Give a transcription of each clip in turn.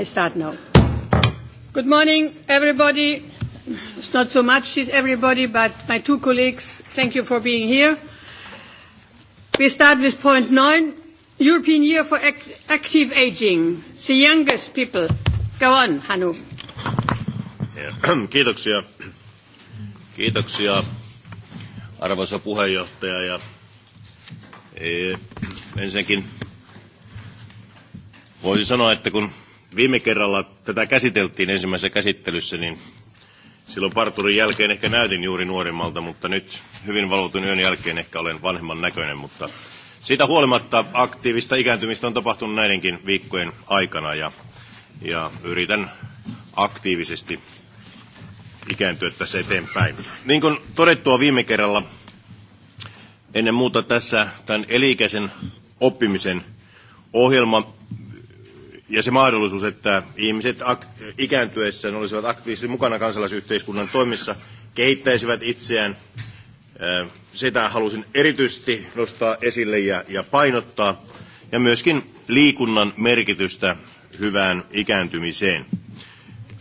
I start now. Good morning, everybody. It's not so much everybody, but my two colleagues, thank you for being here. We start with point nine, European Year for Act Active Aging. The youngest people. Go on, Hanu. Kiitoksia. Kiitoksia, arvoisa puheenjohtaja. Ja, e, eh, ensinnäkin voisin sanoa, että kun viime kerralla tätä käsiteltiin ensimmäisessä käsittelyssä, niin silloin parturin jälkeen ehkä näytin juuri nuorimmalta, mutta nyt hyvin valvotun yön jälkeen ehkä olen vanhemman näköinen, mutta siitä huolimatta aktiivista ikääntymistä on tapahtunut näidenkin viikkojen aikana ja, ja yritän aktiivisesti ikääntyä tässä eteenpäin. Niin kuin todettua viime kerralla, ennen muuta tässä tämän elikäisen oppimisen ohjelma ja se mahdollisuus, että ihmiset ak- ikääntyessään olisivat aktiivisesti mukana kansalaisyhteiskunnan toimissa, kehittäisivät itseään. Sitä halusin erityisesti nostaa esille ja, ja painottaa, ja myöskin liikunnan merkitystä hyvään ikääntymiseen.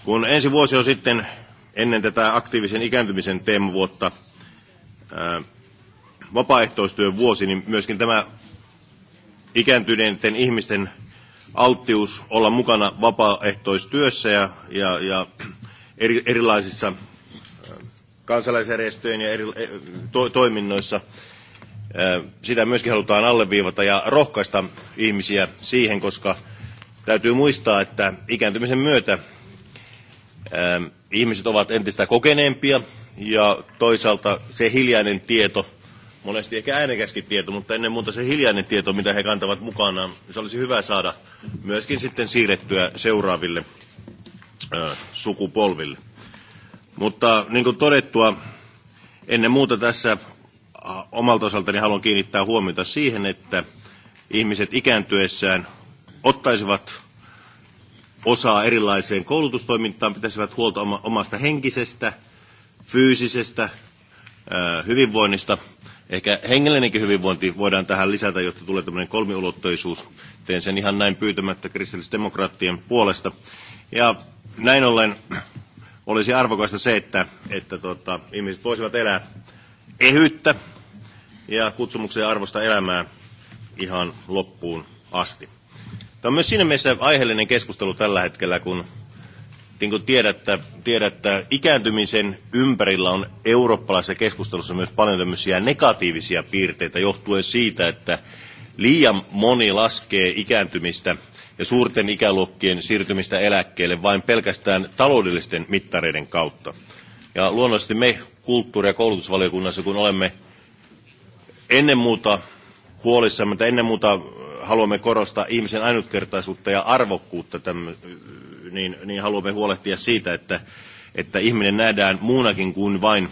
Kun ensi vuosi on sitten ennen tätä aktiivisen ikääntymisen teemavuotta vapaaehtoistyön vuosi, niin myöskin tämä ikääntyneiden ihmisten alttius olla mukana vapaaehtoistyössä ja, ja, ja eri, erilaisissa äh, kansalaisjärjestöjen ja eri, to, toiminnoissa. Äh, sitä myöskin halutaan alleviivata ja rohkaista ihmisiä siihen, koska täytyy muistaa, että ikääntymisen myötä äh, ihmiset ovat entistä kokeneempia ja toisaalta se hiljainen tieto – monesti ehkä äänekäskin tieto, mutta ennen muuta se hiljainen tieto, mitä he kantavat mukanaan, se olisi hyvä saada myöskin sitten siirrettyä seuraaville ö, sukupolville. Mutta niin kuin todettua, ennen muuta tässä omalta osaltani haluan kiinnittää huomiota siihen, että ihmiset ikääntyessään ottaisivat osaa erilaiseen koulutustoimintaan, pitäisivät huolta omasta henkisestä, fyysisestä hyvinvoinnista Ehkä hengellinenkin hyvinvointi voidaan tähän lisätä, jotta tulee tämmöinen kolmiulotteisuus. Teen sen ihan näin pyytämättä kristillisdemokraattien puolesta. Ja näin ollen olisi arvokasta se, että, että tota, ihmiset voisivat elää ehyttä ja kutsumuksen arvosta elämää ihan loppuun asti. Tämä on myös siinä mielessä aiheellinen keskustelu tällä hetkellä, kun niin kuin tiedätte, tiedätte, ikääntymisen ympärillä on eurooppalaisessa keskustelussa myös paljon tämmöisiä negatiivisia piirteitä johtuen siitä, että liian moni laskee ikääntymistä ja suurten ikäluokkien siirtymistä eläkkeelle vain pelkästään taloudellisten mittareiden kautta. Ja luonnollisesti me kulttuuri- ja koulutusvaliokunnassa, kun olemme ennen muuta huolissamme, että ennen muuta haluamme korostaa ihmisen ainutkertaisuutta ja arvokkuutta tämän niin, niin haluamme huolehtia siitä, että, että ihminen nähdään muunakin kuin vain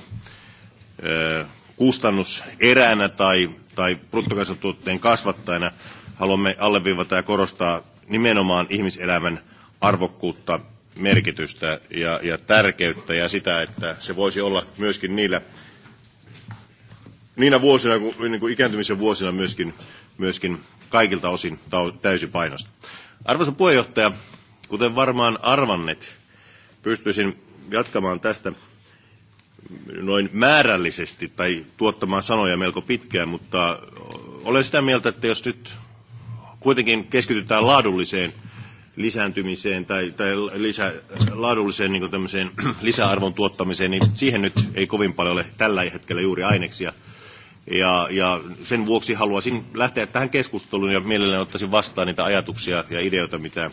ö, kustannuseränä tai, tai bruttokansantuotteen kasvattajana. Haluamme alleviivata ja korostaa nimenomaan ihmiselämän arvokkuutta, merkitystä ja, ja tärkeyttä ja sitä, että se voisi olla myöskin niillä niinä vuosina, niin kuin ikääntymisen vuosina myöskin, myöskin kaikilta osin täysipainosta. Arvoisa puheenjohtaja, Kuten varmaan arvannet, pystyisin jatkamaan tästä noin määrällisesti tai tuottamaan sanoja melko pitkään, mutta olen sitä mieltä, että jos nyt kuitenkin keskitytään laadulliseen lisääntymiseen tai, tai lisä, laadulliseen niin kuin lisäarvon tuottamiseen, niin siihen nyt ei kovin paljon ole tällä hetkellä juuri aineksia. Ja, ja sen vuoksi haluaisin lähteä tähän keskusteluun ja mielelläni ottaisin vastaan niitä ajatuksia ja ideoita, mitä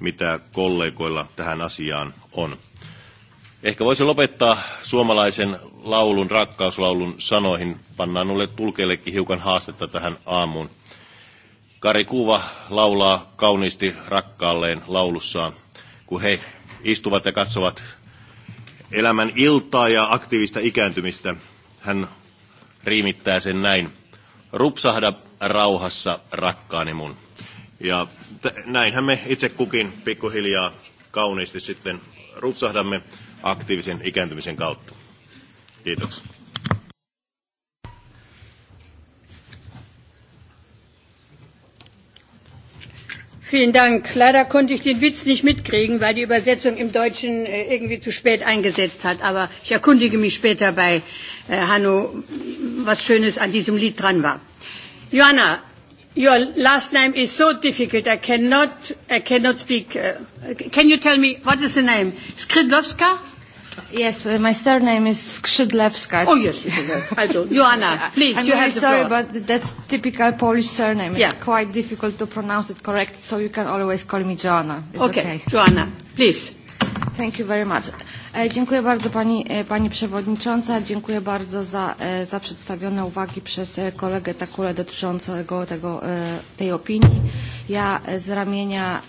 mitä kollegoilla tähän asiaan on. Ehkä voisi lopettaa suomalaisen laulun, rakkauslaulun sanoihin. Pannaan nulle tulkeillekin hiukan haastetta tähän aamuun. Kari Kuva laulaa kauniisti rakkaalleen laulussaan, kun he istuvat ja katsovat elämän iltaa ja aktiivista ikääntymistä. Hän riimittää sen näin. Rupsahda rauhassa rakkaani mun. Ja näinhän me itse kukin pikkuhiljaa kauniisti sitten rutsahdamme aktiivisen ikääntymisen kautta. Kiitoksia. Vielen Dank. Leider konnte ich den Witz nicht mitkriegen, weil die Übersetzung im Deutschen äh, irgendwie zu spät eingesetzt hat. Aber ich erkundige mich später bei äh, Hanno, was Schönes an diesem Lied dran war. Johanna, Your last name is so difficult. I cannot, I cannot speak. Uh, can you tell me what is the name? Skridlovska? Yes, uh, my surname is Skrzydlewska. Oh yes, I do. Joanna, please, I'm you have the sorry, floor. but that's typical Polish surname. It's yeah. quite difficult to pronounce it correct, so you can always call me Joanna. It's okay. okay, Joanna, please. Thank you very much. Dziękuję bardzo Pani, Pani Przewodnicząca. Dziękuję bardzo za, za przedstawione uwagi przez kolegę Takule dotyczącego tego, tej opinii. Ja z ramienia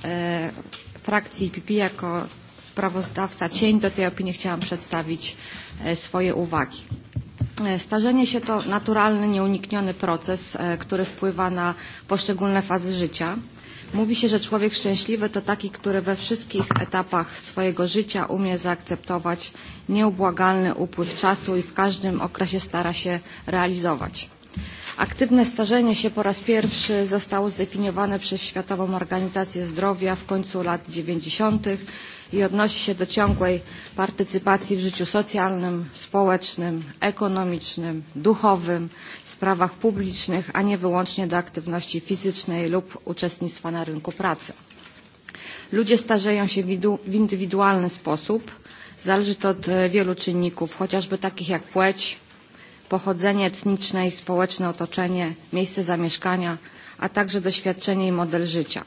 frakcji PP jako sprawozdawca cień do tej opinii chciałam przedstawić swoje uwagi. Starzenie się to naturalny, nieunikniony proces, który wpływa na poszczególne fazy życia. Mówi się, że człowiek szczęśliwy to taki, który we wszystkich etapach swojego życia umie zaakceptować nieubłagalny upływ czasu i w każdym okresie stara się realizować. Aktywne starzenie się po raz pierwszy zostało zdefiniowane przez Światową Organizację Zdrowia w końcu lat 90 i odnosi się do ciągłej partycypacji w życiu socjalnym, społecznym, ekonomicznym, duchowym, sprawach publicznych, a nie wyłącznie do aktywności fizycznej lub uczestnictwa na rynku pracy. Ludzie starzeją się w indywidualny sposób. Zależy to od wielu czynników, chociażby takich jak płeć, pochodzenie etniczne i społeczne otoczenie, miejsce zamieszkania, a także doświadczenie i model życia.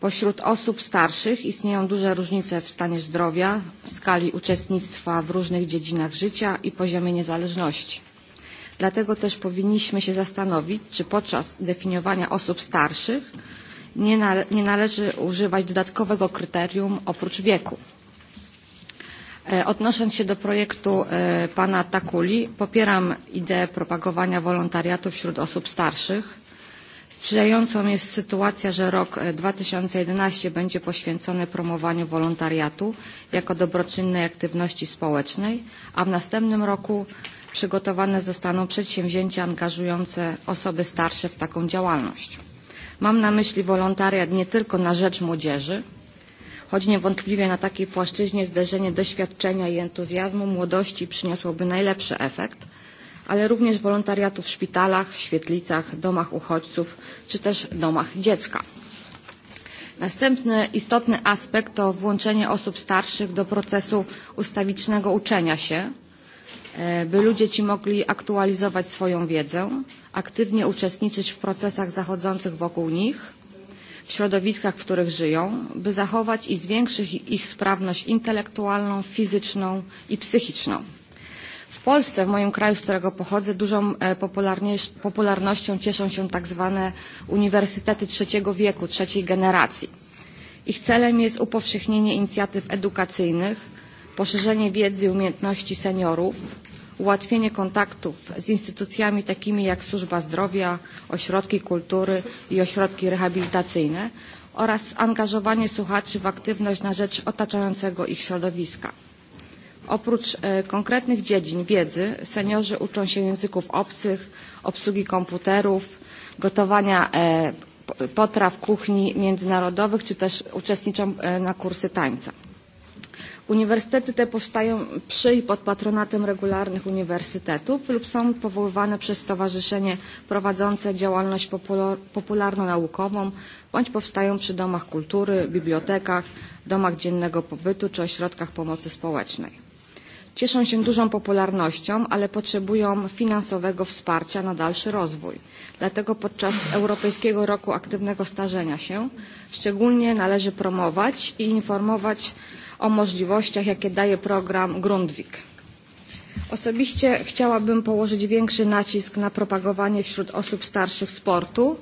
Pośród osób starszych istnieją duże różnice w stanie zdrowia, skali uczestnictwa w różnych dziedzinach życia i poziomie niezależności. Dlatego też powinniśmy się zastanowić, czy podczas definiowania osób starszych nie, nale nie należy używać dodatkowego kryterium oprócz wieku. Odnosząc się do projektu pana Takuli, popieram ideę propagowania wolontariatu wśród osób starszych Sprzyjającą jest sytuacja, że rok 2011 będzie poświęcony promowaniu wolontariatu jako dobroczynnej aktywności społecznej, a w następnym roku przygotowane zostaną przedsięwzięcia angażujące osoby starsze w taką działalność. Mam na myśli wolontariat nie tylko na rzecz młodzieży, choć niewątpliwie na takiej płaszczyźnie zderzenie doświadczenia i entuzjazmu młodości przyniosłoby najlepszy efekt – ale również wolontariatu w szpitalach, świetlicach, domach uchodźców czy też domach dziecka. Następny istotny aspekt to włączenie osób starszych do procesu ustawicznego uczenia się, by ludzie ci mogli aktualizować swoją wiedzę, aktywnie uczestniczyć w procesach zachodzących wokół nich, w środowiskach, w których żyją, by zachować i zwiększyć ich sprawność intelektualną, fizyczną i psychiczną. Polsce, w moim kraju, z którego pochodzę, dużą popularnością cieszą się tak zwane uniwersytety trzeciego wieku, trzeciej generacji. Ich celem jest upowszechnienie inicjatyw edukacyjnych, poszerzenie wiedzy i umiejętności seniorów, ułatwienie kontaktów z instytucjami takimi jak służba zdrowia, ośrodki kultury i ośrodki rehabilitacyjne oraz angażowanie słuchaczy w aktywność na rzecz otaczającego ich środowiska. Oprócz konkretnych dziedzin wiedzy seniorzy uczą się języków obcych, obsługi komputerów, gotowania potraw kuchni międzynarodowych, czy też uczestniczą na kursy tańca. Uniwersytety te powstają przy i pod patronatem regularnych uniwersytetów lub są powoływane przez stowarzyszenie prowadzące działalność popularno-naukową bądź powstają przy domach kultury, bibliotekach, domach dziennego pobytu czy ośrodkach pomocy społecznej cieszą się dużą popularnością, ale potrzebują finansowego wsparcia na dalszy rozwój. Dlatego podczas Europejskiego Roku Aktywnego Starzenia się szczególnie należy promować i informować o możliwościach, jakie daje program Grundwik. Osobiście chciałabym położyć większy nacisk na propagowanie wśród osób starszych sportu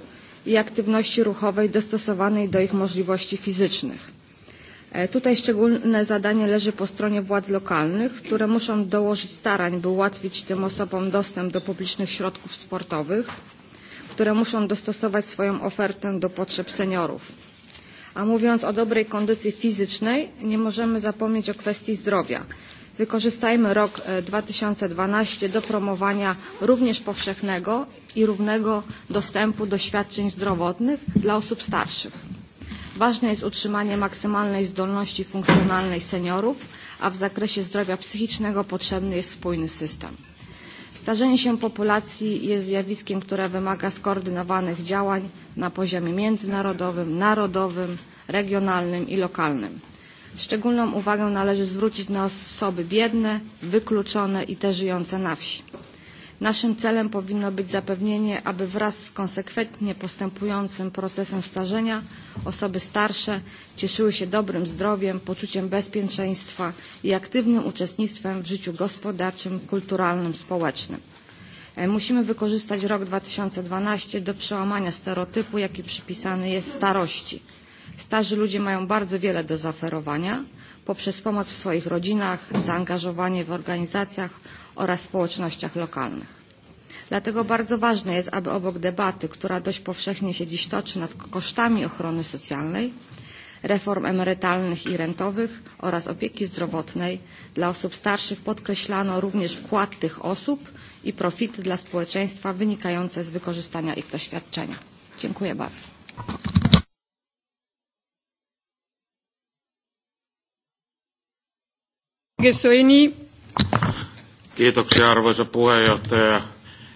i aktywności ruchowej dostosowanej do ich możliwości fizycznych Tutaj szczególne zadanie leży po stronie władz lokalnych, które muszą dołożyć starań, by ułatwić tym osobom dostęp do publicznych środków sportowych, które muszą dostosować swoją ofertę do potrzeb seniorów. A mówiąc o dobrej kondycji fizycznej, nie możemy zapomnieć o kwestii zdrowia. Wykorzystajmy rok 2012 do promowania również powszechnego i równego dostępu do świadczeń zdrowotnych dla osób starszych. Ważne jest utrzymanie maksymalnej zdolności funkcjonalnej seniorów, a w zakresie zdrowia psychicznego potrzebny jest spójny system. Starzenie się populacji jest zjawiskiem, które wymaga skoordynowanych działań na poziomie międzynarodowym, narodowym, regionalnym i lokalnym. Szczególną uwagę należy zwrócić na osoby biedne, wykluczone i te żyjące na wsi. Naszym celem powinno być zapewnienie, aby wraz z konsekwentnie postępującym procesem starzenia osoby starsze cieszyły się dobrym zdrowiem, poczuciem bezpieczeństwa i aktywnym uczestnictwem w życiu gospodarczym, kulturalnym, społecznym. Musimy wykorzystać rok 2012 do przełamania stereotypu, jaki przypisany jest starości. Starzy ludzie mają bardzo wiele do zaoferowania poprzez pomoc w swoich rodzinach, zaangażowanie w organizacjach oraz społecznościach lokalnych. Dlatego bardzo ważne jest, aby obok debaty, która dość powszechnie się dziś toczy nad kosztami ochrony socjalnej, reform emerytalnych i rentowych oraz opieki zdrowotnej dla osób starszych podkreślano również wkład tych osób i profity dla społeczeństwa wynikające z wykorzystania ich doświadczenia. Dziękuję bardzo. Gessoini. Kiitoksia arvoisa puheenjohtaja.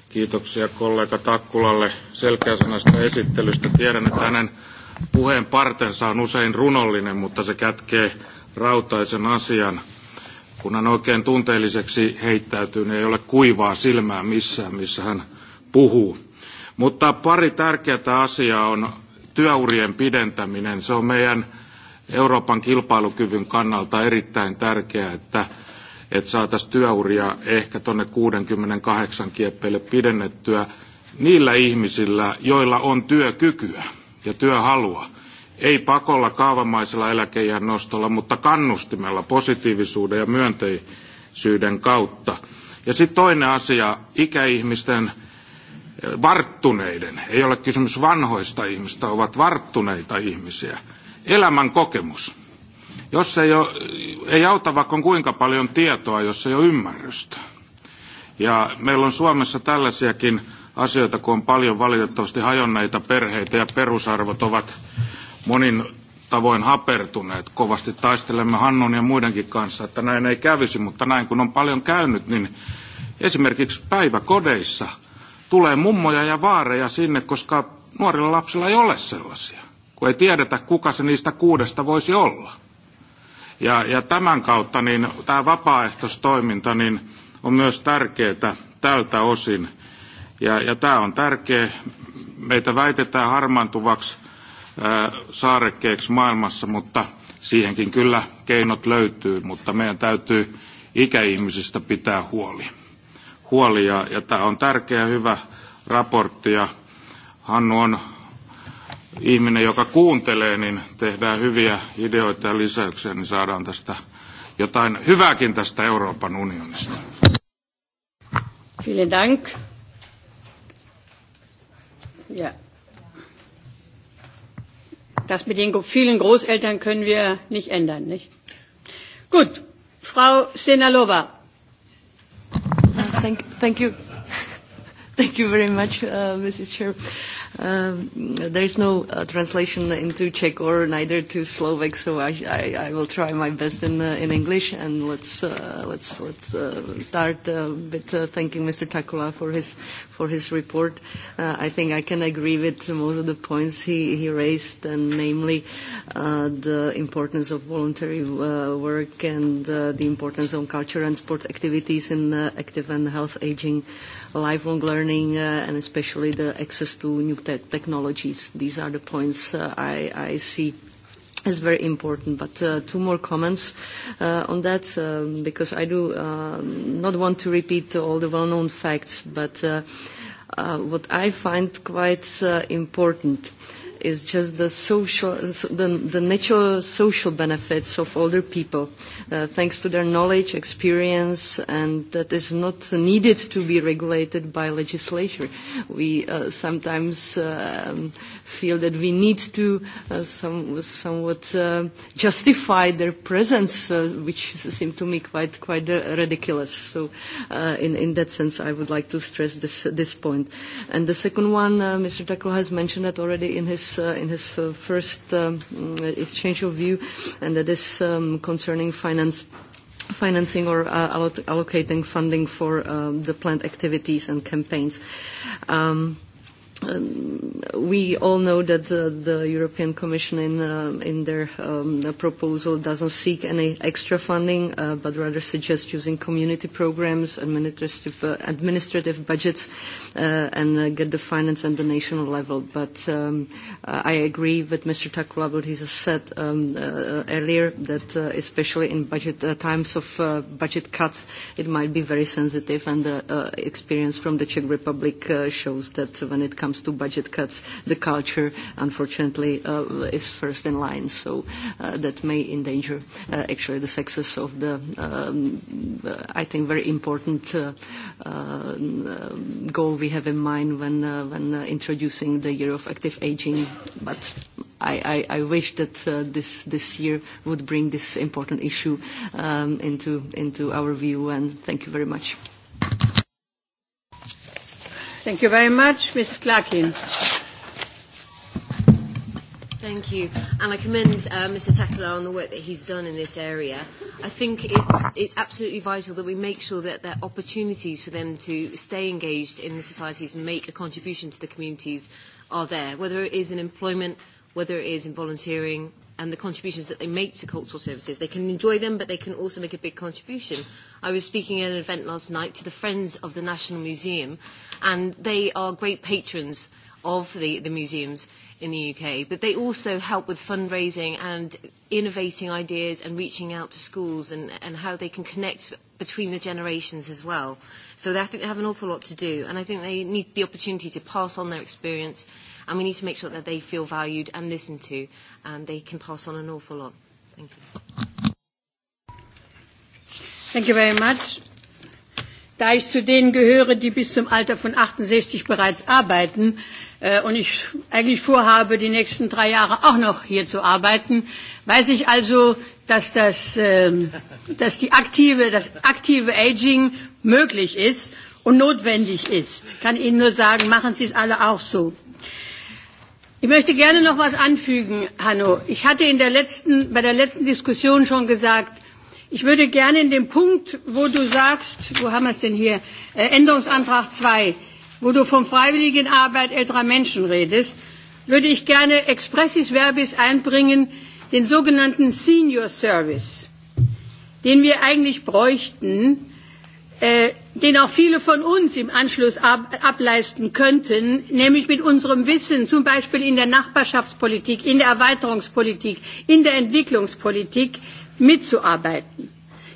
Kiitoksia kollega Takkulalle selkeäsanasta esittelystä. Tiedän, että hänen puheen partensa on usein runollinen, mutta se kätkee rautaisen asian. Kun hän oikein tunteelliseksi heittäytyy, niin ei ole kuivaa silmää missään, missä hän puhuu. Mutta pari tärkeää asiaa on työurien pidentäminen. Se on meidän Euroopan kilpailukyvyn kannalta erittäin tärkeää, että että saataisiin työuria ehkä tuonne 68 kieppeille pidennettyä niillä ihmisillä, joilla on työkykyä ja työhalua. Ei pakolla kaavamaisella eläkeijän nostolla, mutta kannustimella, positiivisuuden ja myönteisyyden kautta. Ja sitten toinen asia, ikäihmisten eh, varttuneiden, ei ole kysymys vanhoista ihmistä, ovat varttuneita ihmisiä. Elämän kokemus Jos ei, ole, ei auta vaikka on kuinka paljon tietoa, jos ei ole ymmärrystä. Ja meillä on Suomessa tällaisiakin asioita, kun on paljon valitettavasti hajonneita perheitä ja perusarvot ovat monin tavoin hapertuneet. Kovasti taistelemme Hannun ja muidenkin kanssa, että näin ei kävisi, mutta näin kun on paljon käynyt, niin esimerkiksi päiväkodeissa tulee mummoja ja vaareja sinne, koska nuorilla lapsilla ei ole sellaisia, kun ei tiedetä, kuka se niistä kuudesta voisi olla. Ja, ja tämän kautta niin tämä vapaaehtoistoiminta niin on myös tärkeää tältä osin. Ja, ja tämä on tärkeä. Meitä väitetään harmaantuvaksi ää, saarekkeeksi maailmassa, mutta siihenkin kyllä keinot löytyy, mutta meidän täytyy ikäihmisistä pitää huoli. huoli ja, ja tämä on tärkeä hyvä raportti ja Hannu on ihminen, joka kuuntelee, niin tehdään hyviä ideoita ja lisäyksiä, niin saadaan tästä jotain hyvääkin tästä Euroopan unionista. Vielen Dank. Ja. Das mit den vielen Großeltern können wir nicht ändern, nicht? Gut, Frau Senalova. thank, thank you. Thank you very much, uh, Mrs. Chair. Uh, Uh, there is no uh, translation into Czech or neither to Slovak, so I, I, I will try my best in, uh, in English. And let's uh, let's let's uh, start uh, with uh, thanking Mr. Takula for his for his report. Uh, I think I can agree with most of the points he, he raised, and namely uh, the importance of voluntary uh, work and uh, the importance of culture and sport activities in uh, active and health aging, lifelong learning, uh, and especially the access to new te technologies. These are the points uh, I, I see is very important. But uh, two more comments uh, on that, um, because I do um, not want to repeat all the well-known facts, but what I find quite important is just the social, the, the natural social benefits of older people, uh, thanks to their knowledge, experience, and that is not needed to be regulated by legislature. We uh, sometimes um, feel that we need to uh, some, somewhat uh, justify their presence, uh, which seemed to me quite, quite uh, ridiculous. So uh, in, in that sense, I would like to stress this, this point. And the second one, uh, Mr. Tackle has mentioned that already in his, uh, in his uh, first um, exchange of view, and that is um, concerning finance financing or uh, allocating funding for um, the planned activities and campaigns. Um, Um, we all know that uh, the European Commission in, uh, in their um, proposal doesn't seek any extra funding, uh, but rather suggests using community programs, administrative, uh, administrative budgets, uh, and uh, get the finance at the national level. But um, I agree with Mr. Takula what he has said um, uh, earlier, that uh, especially in budget uh, times of uh, budget cuts, it might be very sensitive, and the uh, uh, experience from the Czech Republic uh, shows that when it comes comes to budget cuts, the culture, unfortunately, uh, is first in line. So uh, that may endanger uh, actually the success of the, um, uh, I think, very important uh, uh, goal we have in mind when, uh, when uh, introducing the year of active aging. But I, I, I wish that uh, this, this year would bring this important issue um, into, into our view, and thank you very much. Thank you very much, Ms. Clarkin. Thank you. And I commend uh, Mr. Takala on the work that he's done in this area. I think it's, it's absolutely vital that we make sure that there are opportunities for them to stay engaged in the societies and make a contribution to the communities are there, whether it is in employment, whether it is in volunteering and the contributions that they make to cultural services. They can enjoy them, but they can also make a big contribution. I was speaking at an event last night to the Friends of the National Museum, and they are great patrons of the, the museums in the UK, but they also help with fundraising and innovating ideas and reaching out to schools and, and how they can connect between the generations as well. So they, I think they have an awful lot to do, and I think they need the opportunity to pass on their experience and we need to make sure that they feel valued and listened to. Um, they can pass on an awful lot. Thank you. Thank you very much. Da ich zu denen gehöre, die bis zum Alter von 68 bereits arbeiten äh, und ich eigentlich vorhabe, die nächsten drei Jahre auch noch hier zu arbeiten, weiß ich also, dass, das, äh, dass die aktive, das aktive Aging möglich ist und notwendig ist. Ich kann Ihnen nur sagen, machen Sie es alle auch so. Ich möchte gerne noch was anfügen, Hanno. Ich hatte in der letzten, bei der letzten Diskussion schon gesagt, ich würde gerne in dem Punkt, wo du sagst, wo haben wir es denn hier, äh, Änderungsantrag 2, wo du von Freiwilligenarbeit älterer Menschen redest, würde ich gerne expressis verbis einbringen, den sogenannten Senior Service, den wir eigentlich bräuchten, Äh, den auch viele von uns im Anschluss ab, ableisten könnten, nämlich mit unserem Wissen, zum Beispiel in der Nachbarschaftspolitik, in der Erweiterungspolitik, in der Entwicklungspolitik mitzuarbeiten.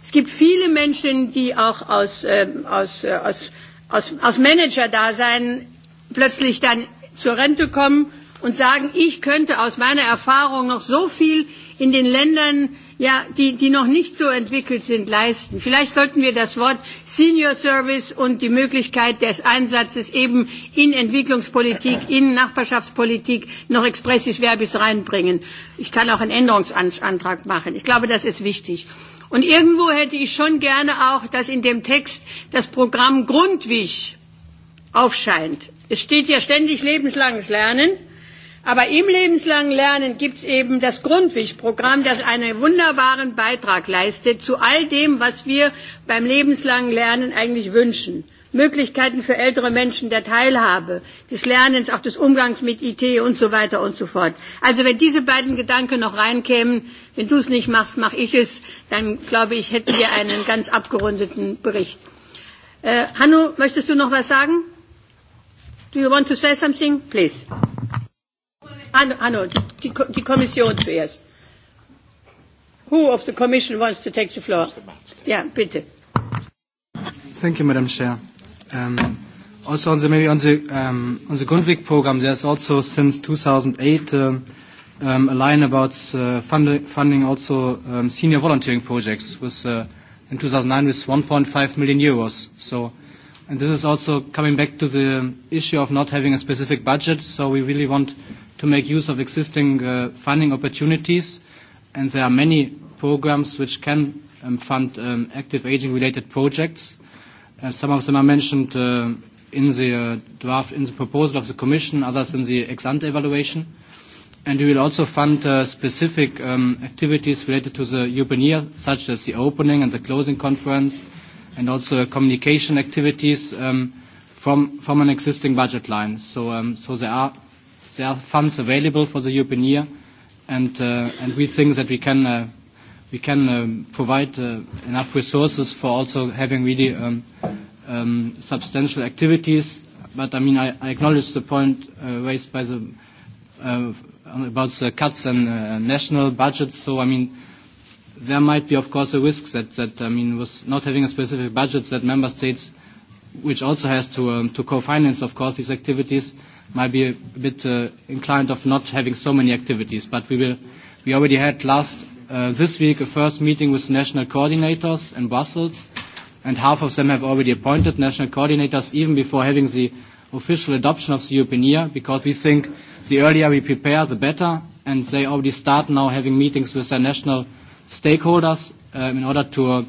Es gibt viele Menschen, die auch aus, äh, aus, äh, aus, aus, aus Manager-Dasein plötzlich dann zur Rente kommen und sagen, ich könnte aus meiner Erfahrung noch so viel in den Ländern ja, die, die noch nicht so entwickelt sind, leisten. Vielleicht sollten wir das Wort Senior Service und die Möglichkeit des Einsatzes eben in Entwicklungspolitik, in Nachbarschaftspolitik noch expressis verbis reinbringen. Ich kann auch einen Änderungsantrag machen. Ich glaube, das ist wichtig. Und irgendwo hätte ich schon gerne auch, dass in dem Text das Programm Grundwig aufscheint. Es steht ja ständig lebenslanges Lernen. Aber im lebenslangen Lernen gibt es eben das grundwig das einen wunderbaren Beitrag leistet zu all dem, was wir beim lebenslangen Lernen eigentlich wünschen. Möglichkeiten für ältere Menschen der Teilhabe, des Lernens, auch des Umgangs mit IT und so weiter und so fort. Also wenn diese beiden Gedanken noch reinkämen, wenn du es nicht machst, mache ich es, dann glaube ich, hätten wir einen ganz abgerundeten Bericht. Äh, Hanno, möchtest du noch was sagen? Do you want to say something? Please. Ah, no, ah, no die, die Kommission zuerst. Who of the Commission wants to take the floor? Yeah, bitte. Thank you, Madam Chair. Um, also, on the, maybe on the um, on the Grundvig program, there's also since 2008 uh, um, um, a line about uh, fund, funding also um, senior volunteering projects. With uh, in 2009 with 1.5 million euros. So, and this is also coming back to the issue of not having a specific budget. So we really want to make use of existing uh, funding opportunities, and there are many programs which can um, fund um, active aging related projects. Uh, some of them are mentioned uh, in the uh, draft, in the proposal of the Commission, others in the ex-ante evaluation. And we will also fund uh, specific um, activities related to the European year, such as the opening and the closing conference, and also uh, communication activities um, from, from an existing budget line. So, um, so there are There are funds available for the European year, and, uh, and we think that we can, uh, we can um, provide uh, enough resources for also having really um, um, substantial activities. But I mean, I, I acknowledge the point uh, raised by the, uh, about the cuts and uh, national budgets. So I mean, there might be, of course, a risk that, that I mean, with not having a specific budget, that member states, which also has to, um, to co-finance, of course, these activities, might be a bit uh, inclined of not having so many activities, but we will. We already had last uh, this week a first meeting with national coordinators in Brussels, and half of them have already appointed national coordinators even before having the official adoption of the European year, because we think the earlier we prepare, the better, and they already start now having meetings with their national stakeholders um, in order to uh,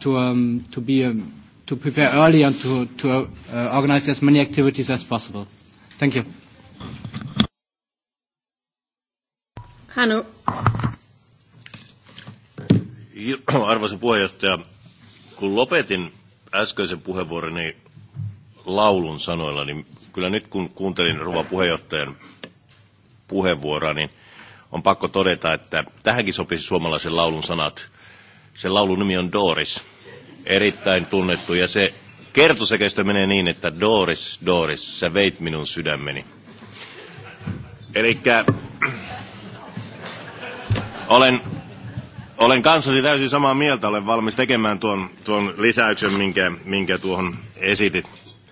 to um, to be um, to prepare early and to to uh, organize as many activities as possible. Thank you. Hannu. Arvoisa puheenjohtaja, kun lopetin äskeisen puheenvuoroni laulun sanoilla, niin kyllä nyt kun kuuntelin rouva puheenjohtajan puheenvuoroa, niin on pakko todeta, että tähänkin sopisi suomalaisen laulun sanat. Sen laulun nimi on Doris, erittäin tunnettu, ja se Kertosäkeistö menee niin, että Doris, Doris, sä veit minun sydämeni. Eli olen, olen kanssasi täysin samaa mieltä, olen valmis tekemään tuon, tuon lisäyksen, minkä, minkä tuohon esitit.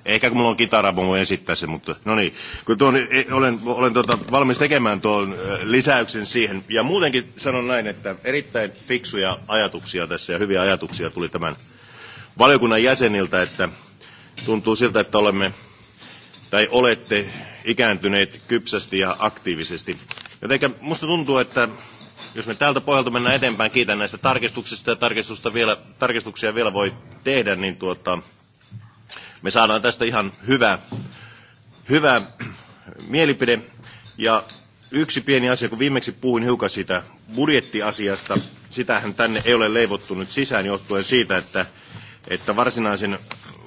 Ehkä kun mulla on kitara, mä voin esittää se, mutta no niin. Kun tuon, olen, olen tota, valmis tekemään tuon lisäyksen siihen. Ja muutenkin sanon näin, että erittäin fiksuja ajatuksia tässä ja hyviä ajatuksia tuli tämän valiokunnan jäseniltä, että tuntuu siltä, että olemme tai olette ikääntyneet kypsästi ja aktiivisesti. Joten minusta tuntuu, että jos me tältä pohjalta mennään eteenpäin, kiitän näistä tarkistuksista ja tarkistusta vielä, tarkistuksia vielä voi tehdä, niin tuota, me saadaan tästä ihan hyvä, hyvä mielipide. Ja yksi pieni asia, kun viimeksi puhuin hiukan siitä budjettiasiasta, sitähän tänne ei ole leivottu nyt sisään johtuen siitä, että että varsinaisen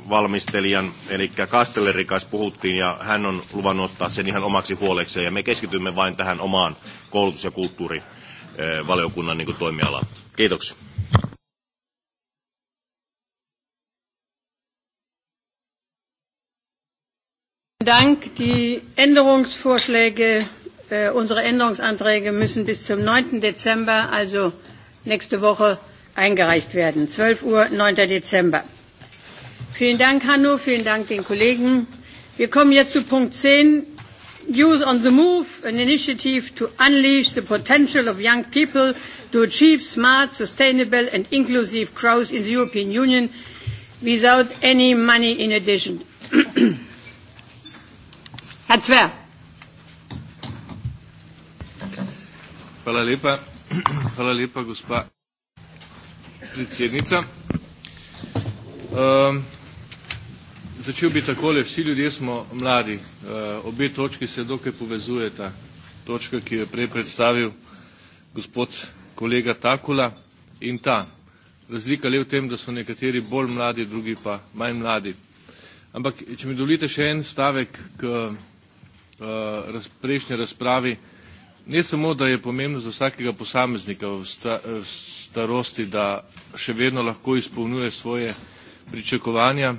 valmistelijan, eli Kastellerin kanssa puhuttiin, ja hän on luvannut ottaa sen ihan omaksi huolekseen, ja me keskitymme vain tähän omaan koulutus- ja kulttuurivaliokunnan niin toimialaan. Kiitoksia. Dank. Die Änderungsvorschläge, äh, unsere Änderungsanträge müssen bis zum 9. Dezember, also nächste Woche, eingereicht werden. 12 Uhr, 9. Dezember. Vielen Dank, Hanno. Vielen Dank den Kollegen. Wir kommen jetzt zu Punkt 10. Youth on the Move, an initiative to unleash the potential of young people to achieve smart, sustainable and inclusive growth in the European Union without any money in addition. Herr Zwer. Hvala lepa. Hvala lepa, gospa predsednica. Um, ehm, začel bi takole, vsi ljudje smo mladi. Uh, ehm, obe točki se dokaj povezujeta. Točka, ki jo je prej predstavil gospod kolega Takula in ta. Razlika le v tem, da so nekateri bolj mladi, drugi pa manj mladi. Ampak, če mi dovolite še en stavek k uh, raz, prejšnji razpravi. Ne samo, da je pomembno za vsakega posameznika v, sta, v starosti, da še vedno lahko izpolnjuje svoje pričakovanja,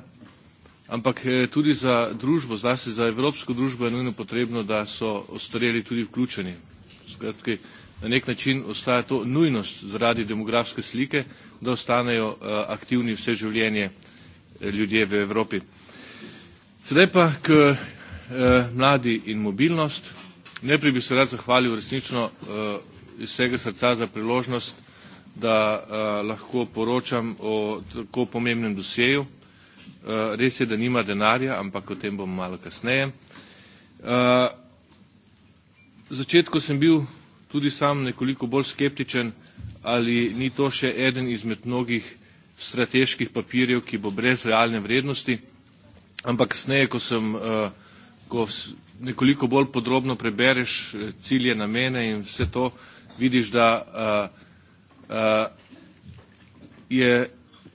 ampak eh, tudi za družbo, zlasti za evropsko družbo je nujno potrebno, da so ostareli tudi vključeni. Skratke, na nek način ostaja to nujnost zaradi demografske slike, da ostanejo eh, aktivni vse življenje eh, ljudje v Evropi. Sedaj pa k mladi in mobilnost. Najprej bi se rad zahvalil resnično iz vsega srca za priložnost, da uh, lahko poročam o tako pomembnem dosjeju. Uh, res je, da nima denarja, ampak o tem bom malo kasneje. Uh, v začetku sem bil tudi sam nekoliko bolj skeptičen, ali ni to še eden izmed mnogih strateških papirjev, ki bo brez realne vrednosti, ampak kasneje, ko sem uh, ko nekoliko bolj podrobno prebereš cilje, namene in vse to, vidiš, da uh, Eh, je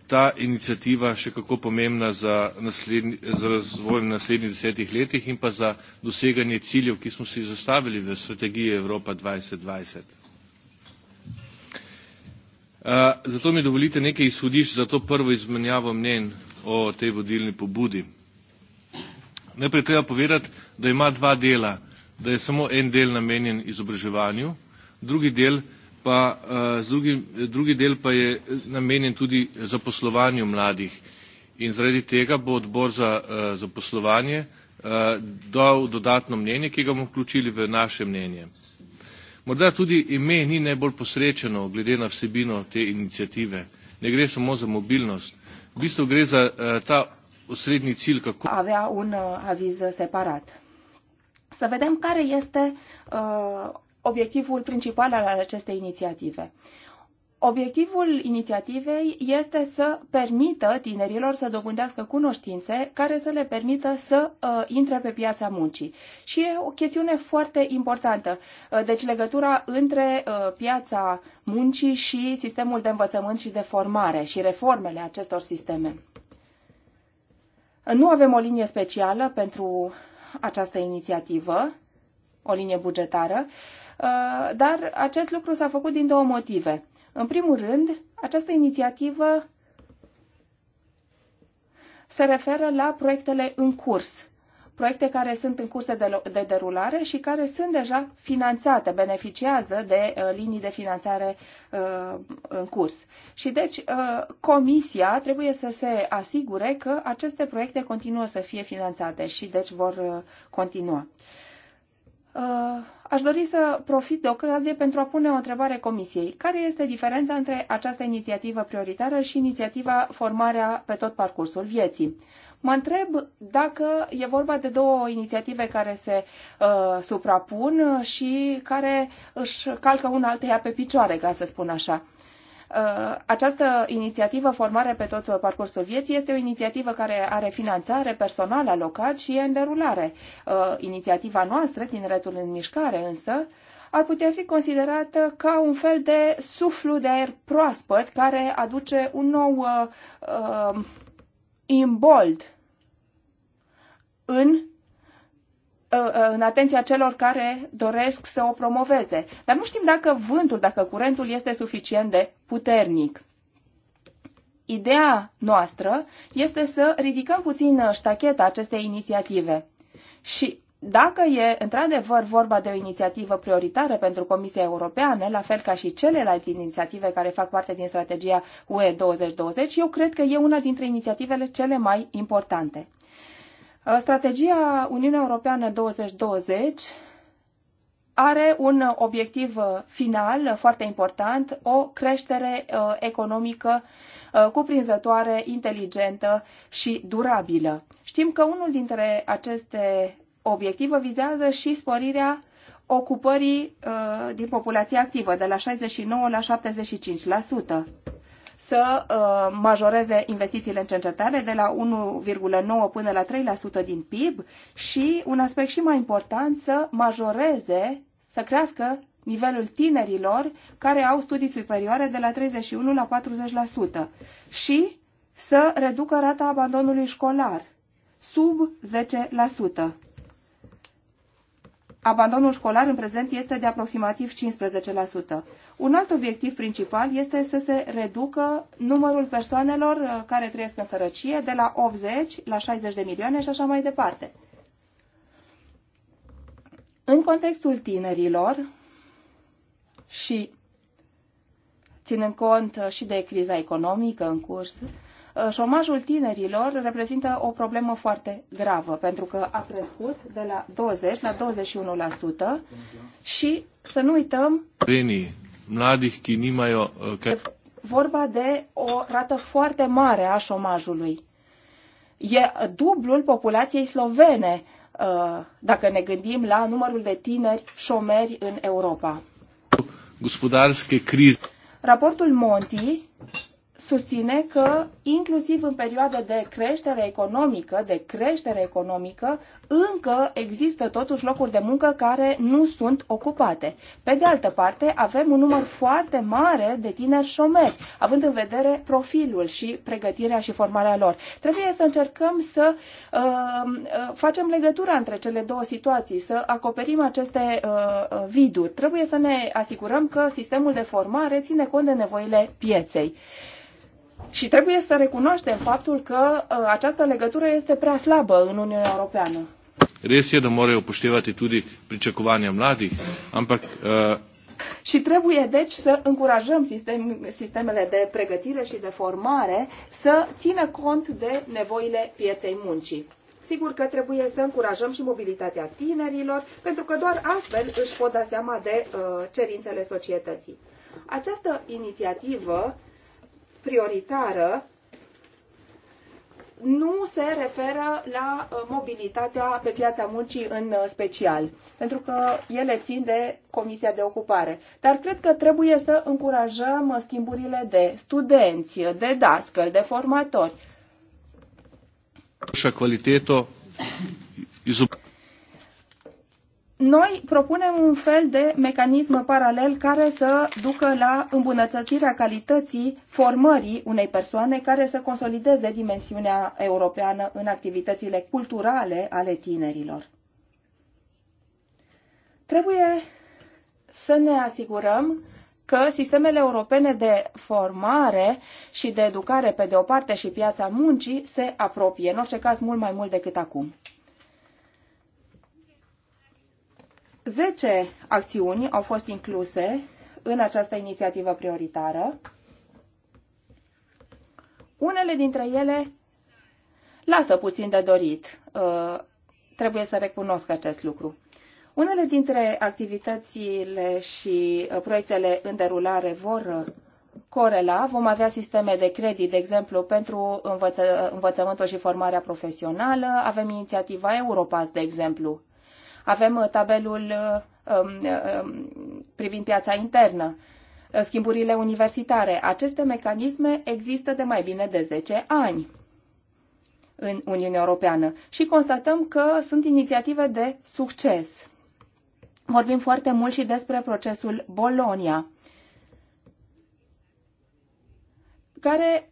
ta inicijativa še kako pomembna za, naslednji, za razvoj v naslednjih desetih letih in pa za doseganje ciljev, ki smo si jih zastavili v strategiji Evropa 2020. Uh, eh, zato mi dovolite nekaj izhodišč za to prvo izmenjavo mnen o tej vodilni pobudi. Najprej treba povedati, da ima dva dela, da je samo en del namenjen izobraževanju, drugi del pa uh, eh, drugi, drugi del pa je namenjen tudi zaposlovanju mladih. In zaradi tega bo odbor za eh, zaposlovanje eh, dal dodatno mnenje, ki ga bomo vključili v naše mnenje. Morda tudi ime ni najbolj posrečeno glede na vsebino te inicijative. Ne gre samo za mobilnost. V bistvu gre za ta osrednji cilj, kako. Avea un aviz separat. Să vedem care este uh, obiectivul principal al acestei inițiative. Obiectivul inițiativei este să permită tinerilor să dobândească cunoștințe care să le permită să uh, intre pe piața muncii. Și e o chestiune foarte importantă. Uh, deci legătura între uh, piața muncii și sistemul de învățământ și de formare și reformele acestor sisteme. Nu avem o linie specială pentru această inițiativă, o linie bugetară. Uh, Uh, dar acest lucru s-a făcut din două motive. În primul rând, această inițiativă se referă la proiectele în curs, proiecte care sunt în curs de, de derulare și care sunt deja finanțate, beneficiază de uh, linii de finanțare uh, în curs. Și deci uh, comisia trebuie să se asigure că aceste proiecte continuă să fie finanțate și deci vor uh, continua. Uh, Aș dori să profit de ocazie pentru a pune o întrebare Comisiei. Care este diferența între această inițiativă prioritară și inițiativa formarea pe tot parcursul vieții? Mă întreb dacă e vorba de două inițiative care se uh, suprapun și care își calcă una alteia pe picioare, ca să spun așa. Uh, Uh, această inițiativă Formare pe tot parcursul vieții este o inițiativă care are finanțare personală alocat și e în derulare. Uh, inițiativa noastră, Tineretul în Mișcare, însă, ar putea fi considerată ca un fel de suflu de aer proaspăt care aduce un nou uh, uh imbold în Uh, uh, în atenția celor care doresc să o promoveze. Dar nu știm dacă vântul, dacă curentul este suficient de puternic. Ideea noastră este să ridicăm puțin ștacheta acestei inițiative. Și dacă e într-adevăr vorba de o inițiativă prioritară pentru Comisia Europeană, la fel ca și celelalte inițiative care fac parte din strategia UE 2020, eu cred că e una dintre inițiativele cele mai importante. Uh, strategia Uniunea Europeană 2020 are un obiectiv uh, final uh, foarte important, o creștere economică cuprinzătoare, inteligentă și durabilă. Știm că unul dintre aceste obiective vizează și sporirea ocupării din populația activă de la 69 la 75% să uh, majoreze investițiile în cercetare de la 1,9 până la 3% din PIB și un aspect și mai important să majoreze, să crească nivelul tinerilor care au studii superioare de la 31 la 40% și să reducă rata abandonului școlar sub 10%. Abandonul școlar în prezent este de aproximativ 15%. Un alt obiectiv principal este să se reducă numărul persoanelor uh, care trăiesc în sărăcie de la 80 la 60 de milioane și așa mai departe. În contextul tinerilor și ținând cont uh, și de criza economică în curs, uh, șomajul tinerilor reprezintă o problemă foarte gravă, pentru că a crescut de la 20 la 21% și să nu uităm Bine mladih, ki nimajo... Eh, Kaj... Vorba de o rată foarte mare a șomajului. E dublul populației slovene, eh, dacă ne gândim la numărul de tineri șomeri în Europa. crize. Raportul Monti susține că, inclusiv în perioada de creștere economică, de creștere economică, încă există totuși locuri de muncă care nu sunt ocupate. Pe de altă parte, avem un număr foarte mare de tineri șomeri, având în vedere profilul și pregătirea și formarea lor. Trebuie să încercăm să uh, uh facem legătura între cele două situații, să acoperim aceste uh, uh, viduri. Trebuie să ne asigurăm că sistemul de formare ține cont de nevoile pieței. Și trebuie să recunoaștem faptul că uh, această legătură este prea slabă în Uniunea Europeană. Res je, da morajo upoštevati tudi pričakovanja mladih, ampak. Eh, și trebuie, deci, să încurajăm sistem, sistemele de pregătire și de formare să țină cont de nevoile pieței muncii. Sigur că trebuie să încurajăm și mobilitatea tinerilor, pentru că doar astfel își pot da seama de uh, cerințele societății. Această inițiativă prioritară nu se referă la uh, mobilitatea pe piața muncii în uh, special, pentru că ele țin de Comisia de Ocupare. Dar cred că trebuie să încurajăm uh, schimburile de studenți, de dascăl, de formatori. Și calitatea noi propunem un fel de mecanism paralel care să ducă la îmbunătățirea calității formării unei persoane care să consolideze dimensiunea europeană în activitățile culturale ale tinerilor. Trebuie să ne asigurăm că sistemele europene de formare și de educare, pe de o parte, și piața muncii se apropie, în orice caz mult mai mult decât acum. 10 acțiuni au fost incluse în această inițiativă prioritară. Unele dintre ele lasă puțin de dorit. Uh, trebuie să recunosc acest lucru. Unele dintre activitățile și uh, proiectele în derulare vor uh, corela. Vom avea sisteme de credit, de exemplu, pentru învăță- învățământul și formarea profesională. Avem inițiativa Europass, de exemplu, avem uh, tabelul uh, um, uh, um, privind piața internă, schimburile universitare. Aceste mecanisme există de mai bine de 10 ani în Uniunea Europeană și constatăm că sunt inițiative de succes. Vorbim foarte mult și despre procesul Bolonia, care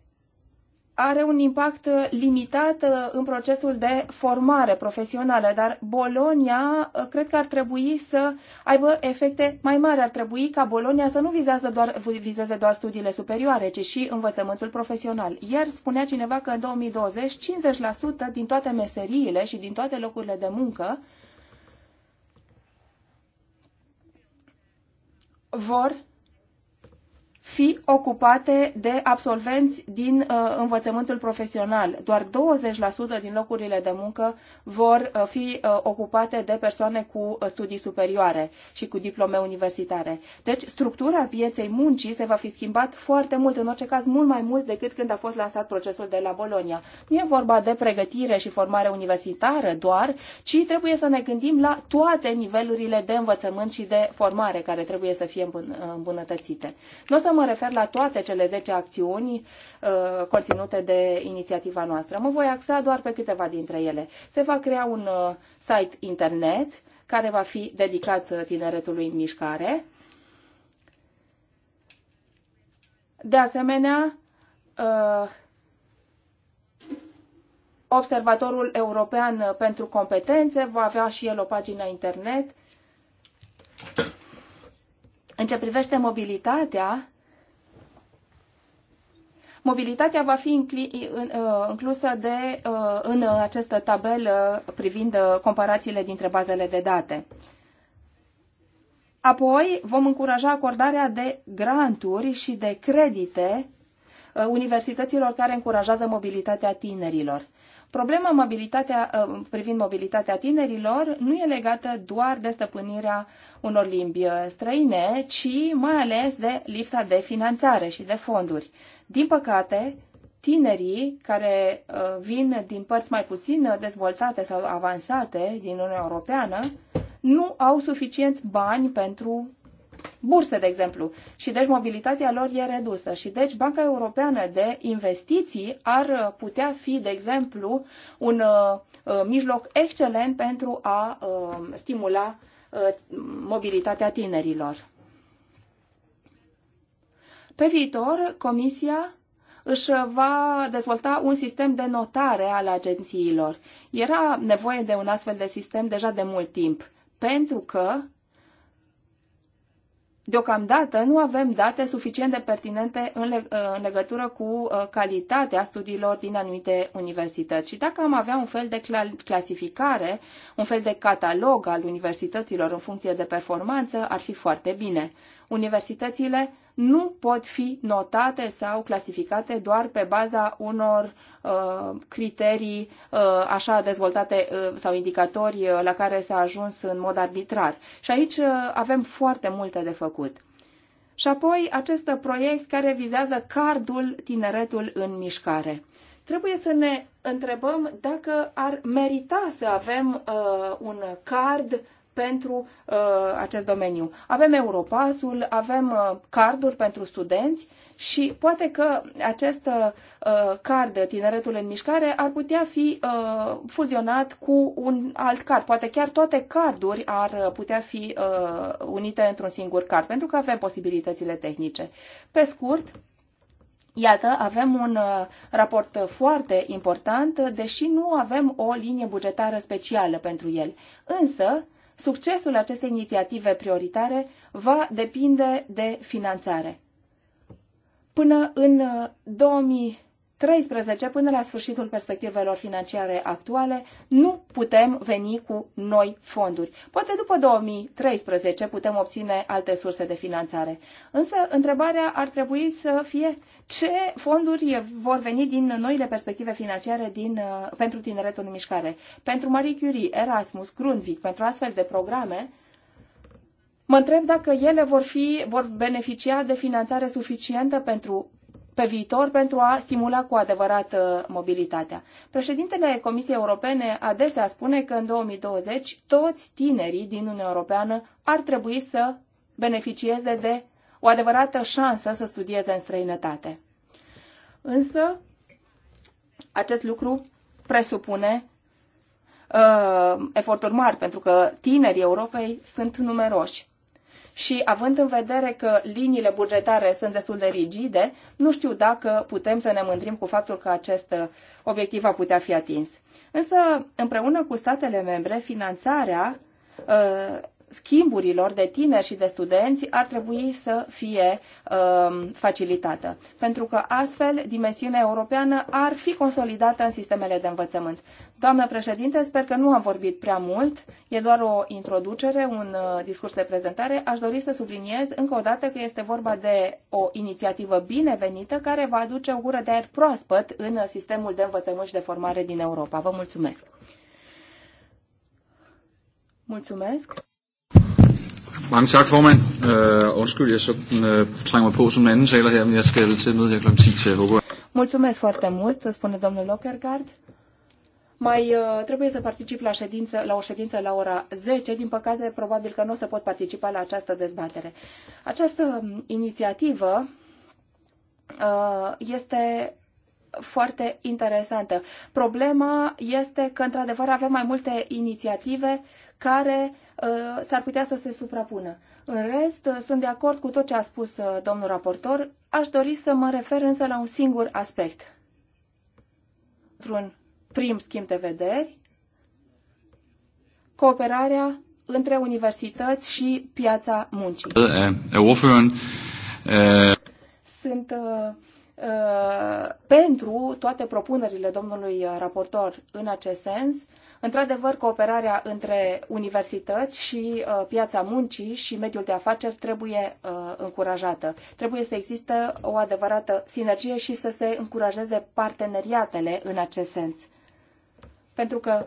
are un impact uh, limitat uh, în procesul de formare profesională, dar Bolonia uh, cred că ar trebui să aibă efecte mai mari. Ar trebui ca Bolonia să nu vizează doar, vizeze doar studiile superioare, ci și învățământul profesional. Ieri spunea cineva că în 2020 50% din toate meseriile și din toate locurile de muncă vor fi ocupate de absolvenți din uh, învățământul profesional. Doar 20% din locurile de muncă vor uh, fi uh, ocupate de persoane cu uh, studii superioare și cu diplome universitare. Deci structura pieței muncii se va fi schimbat foarte mult, în orice caz mult mai mult decât când a fost lansat procesul de la Bologna. Nu e vorba de pregătire și formare universitară doar, ci trebuie să ne gândim la toate nivelurile de învățământ și de formare care trebuie să fie îmbun- uh, îmbunătățite. Nu o să mă refer la toate cele 10 acțiuni uh, conținute de inițiativa noastră. Mă voi axa doar pe câteva dintre ele. Se va crea un uh, site internet care va fi dedicat uh, tineretului în mișcare. De asemenea, uh, Observatorul European uh, pentru Competențe va avea și el o pagină internet. În ce privește mobilitatea, mobilitatea va fi uh, inclusă de, uh, în uh, această tabelă privind comparațiile dintre bazele de date. Apoi vom încuraja acordarea de granturi și de credite universităților care încurajează mobilitatea tinerilor. Problema mobilitatea, uh, privind mobilitatea tinerilor nu e legată doar de stăpânirea unor limbi uh, străine, ci mai ales de lipsa de finanțare și de fonduri. Din păcate, tinerii care uh, vin din părți mai puțin dezvoltate sau avansate din Uniunea Europeană nu au suficienți bani pentru burse, de exemplu. Și deci mobilitatea lor e redusă. Și deci Banca Europeană de Investiții ar putea fi, de exemplu, un uh, uh, mijloc excelent pentru a uh, stimula uh, mobilitatea tinerilor. Pe viitor, Comisia își va dezvolta un sistem de notare al agențiilor. Era nevoie de un astfel de sistem deja de mult timp, pentru că Deocamdată nu avem date suficient de pertinente în, leg- uh, în legătură cu uh, calitatea studiilor din anumite universități. Și dacă am avea un fel de cl- clasificare, un fel de catalog al universităților în funcție de performanță, ar fi foarte bine. Universitățile nu pot fi notate sau clasificate doar pe baza unor Uh, criterii uh, așa dezvoltate uh, sau indicatori la care s-a ajuns în mod arbitrar. Și aici avem foarte multe de făcut. Și apoi acest proiect care vizează cardul Tineretul în Mișcare. Trebuie să ne întrebăm dacă ar merita să avem uh, un card pentru uh, acest domeniu. Avem Europasul, avem uh, carduri pentru studenți și poate că acest uh, card Tineretul în Mișcare ar putea fi uh, fuzionat cu un alt card. Poate chiar toate carduri ar putea fi uh, unite într-un singur card, pentru că avem posibilitățile tehnice. Pe scurt, Iată, avem un uh, raport foarte important, deși nu avem o linie bugetară specială pentru el. Însă, succesul acestei inițiative prioritare va depinde de finanțare. Până în 2000 uh, 13 până la sfârșitul perspectivelor financiare actuale, nu putem veni cu noi fonduri. Poate după 2013 putem obține alte surse de finanțare. Însă întrebarea ar trebui să fie ce fonduri vor veni din noile perspective financiare din, uh, pentru tineretul în mișcare. Pentru Marie Curie, Erasmus, Grundvik, pentru astfel de programe, Mă întreb dacă ele vor, fi, vor beneficia de finanțare suficientă pentru pe viitor pentru a stimula cu adevărat uh, mobilitatea. Președintele Comisiei Europene adesea spune că în 2020 toți tinerii din Uniunea Europeană ar trebui să beneficieze de o adevărată șansă să studieze în străinătate. Însă, acest lucru presupune uh, eforturi mari, pentru că tinerii Europei sunt numeroși și având în vedere că liniile bugetare sunt destul de rigide, nu știu dacă putem să ne mândrim cu faptul că acest obiectiv va putea fi atins. Însă, împreună cu statele membre, finanțarea uh, schimburilor de tineri și de studenți ar trebui să fie uh, facilitată, pentru că astfel dimensiunea europeană ar fi consolidată în sistemele de învățământ. Doamnă președinte, sper că nu am vorbit prea mult, e doar o introducere, un uh, discurs de prezentare. Aș dori să subliniez încă o dată că este vorba de o inițiativă binevenită care va aduce o gură de aer proaspăt în sistemul de învățământ și de formare din Europa. Vă mulțumesc! Mulțumesc! Mange tak, formand. Uh, undskyld, jeg uh, trænger mig på som anden taler her, men jeg skal til møde her kl. 10, så jeg håber... Mulțumesc foarte mult, spune domnul Lockergard. Mai uh, trebuie să particip la, ședință, la o ședință la ora 10. Din păcate, probabil că nu o să pot participa la această dezbatere. Această um, inițiativă uh, este foarte interesantă. Problema este că, într-adevăr, avem mai multe inițiative care uh, Uh, s-ar putea să se suprapună. În rest, uh, sunt de acord cu tot ce a spus uh, domnul raportor. Aș dori să mă refer însă la un singur aspect. Într-un prim schimb de vederi, cooperarea între universități și piața muncii. Øh, er øh, sunt pentru toate propunerile domnului raportor în acest sens Într-adevăr, cooperarea între universități și uh, piața muncii și mediul de afaceri trebuie uh, încurajată. Trebuie să existe o adevărată sinergie și să se încurajeze parteneriatele în acest sens. Pentru că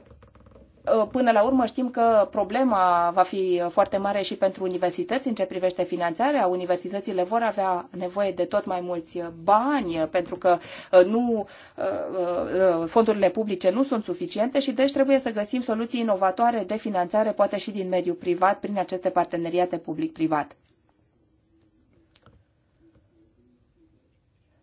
Uh, până la urmă știm că problema va fi foarte mare și pentru universități în ce privește finanțarea. Universitățile vor avea nevoie de tot mai mulți bani pentru că uh, nu, uh, fondurile publice nu sunt suficiente și deci trebuie să găsim soluții inovatoare de finanțare, poate și din mediul privat, prin aceste parteneriate public-privat.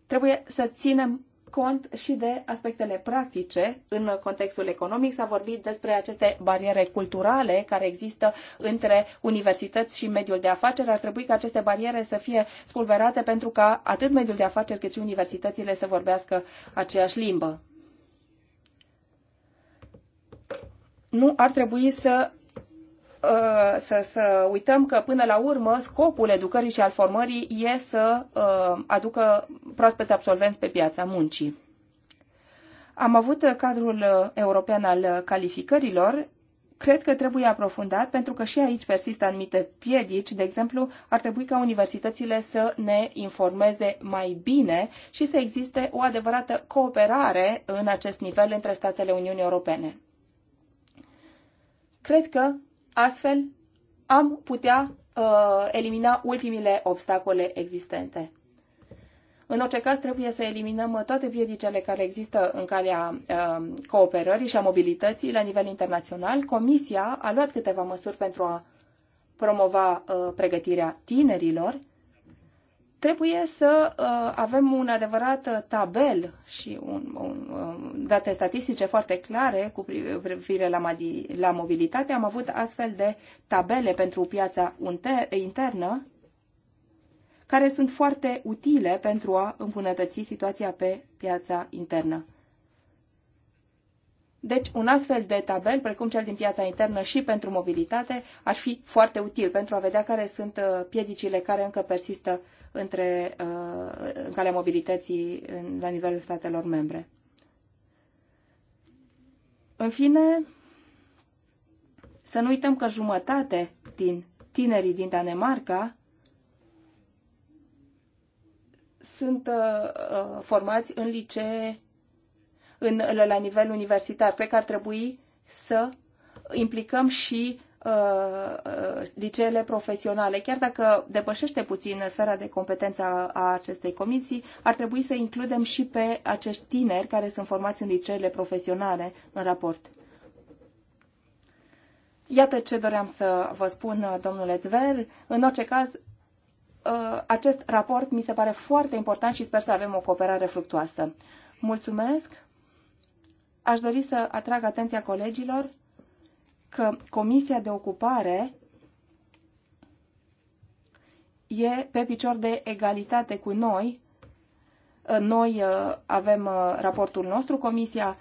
Trebuie să ținem cont și de aspectele practice în contextul economic. S-a vorbit despre aceste bariere culturale care există între universități și mediul de afaceri. Ar trebui ca aceste bariere să fie spulberate pentru ca atât mediul de afaceri cât și universitățile să vorbească aceeași limbă. Nu ar trebui să Uh, să, să uităm că până la urmă scopul educării și al formării e să uh, aducă proaspeți absolvenți pe piața muncii. Am avut cadrul european al calificărilor, cred că trebuie aprofundat pentru că și aici persistă anumite piedici. De exemplu, ar trebui ca universitățile să ne informeze mai bine și să existe o adevărată cooperare în acest nivel între statele Uniunii Europene. Cred că Astfel, am putea uh, elimina ultimile obstacole existente. În orice caz, trebuie să eliminăm uh, toate piedicele care există în calea uh, cooperării și a mobilității la nivel internațional. Comisia a luat câteva măsuri pentru a promova uh, pregătirea tinerilor Trebuie să uh, avem un adevărat uh, tabel și un, un, um, date statistice foarte clare cu privire la, madi, la mobilitate. Am avut astfel de tabele pentru piața internă care sunt foarte utile pentru a îmbunătăți situația pe piața internă. Deci, un astfel de tabel, precum cel din piața internă și pentru mobilitate, ar fi foarte util pentru a vedea care sunt uh, piedicile care încă persistă între, uh, în calea mobilității la nivelul statelor membre. În fine, să nu uităm că jumătate din tinerii din Danemarca sunt uh, uh, formați în licee în, la nivel universitar. Cred că ar trebui să implicăm și Uh, uh, liceele profesionale. Chiar dacă depășește puțin sfera de competență a acestei comisii, ar trebui să includem și pe acești tineri care sunt formați în liceele profesionale în raport. Iată ce doream să vă spun, domnule Zver. În orice caz, uh, acest raport mi se pare foarte important și sper să avem o cooperare fructuoasă. Mulțumesc! Aș dori să atrag atenția colegilor că Comisia de Ocupare e pe picior de egalitate cu noi. Uh, noi uh, avem uh, raportul nostru, Comisia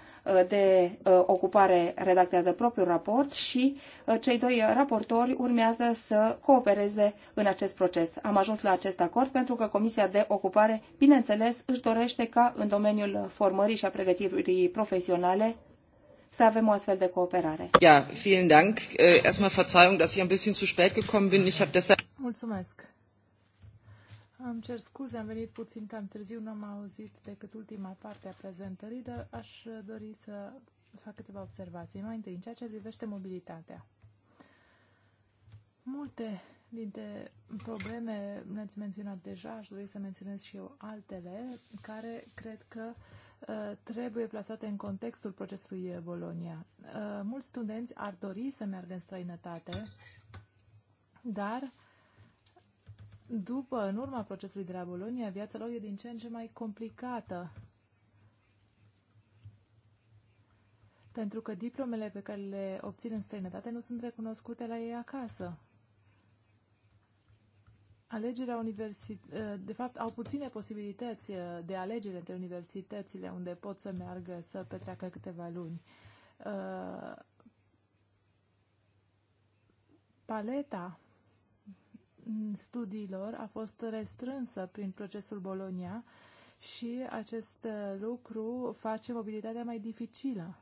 de Ocupare redactează propriul raport și cei doi raportori urmează să coopereze în acest proces. Am ajuns la acest acord pentru că Comisia de Ocupare, bineînțeles, își dorește ca în domeniul formării și a pregătirii profesionale să avem o astfel de cooperare. Ja, vielen Dank. Äh, erstmal Verzeihung, dass ich ein bisschen zu spät gekommen bin. Ich habe deshalb Mulțumesc. Am cer scuze, am venit puțin cam târziu, nu am auzit decât ultima parte a prezentării, dar aș dori să fac câteva observații. Mai întâi, în ceea ce privește mobilitatea. Multe dintre probleme le-ați menționat deja, aș dori să menționez și eu altele, care cred că uh, Uh, trebuie plasate în contextul procesului uh, Bologna. Uh, mulți studenți ar dori să meargă în străinătate, dar după, în urma procesului de la Bologna, viața lor e din ce în ce mai complicată. Pentru că diplomele pe care le obțin în străinătate nu sunt recunoscute la ei acasă alegerea universității, eh, de fapt, au puține posibilități eh, de alegere între universitățile unde pot să meargă să petreacă câteva luni. Eh, paleta studiilor a fost restrânsă prin procesul Bolonia și acest lucru face mobilitatea mai dificilă.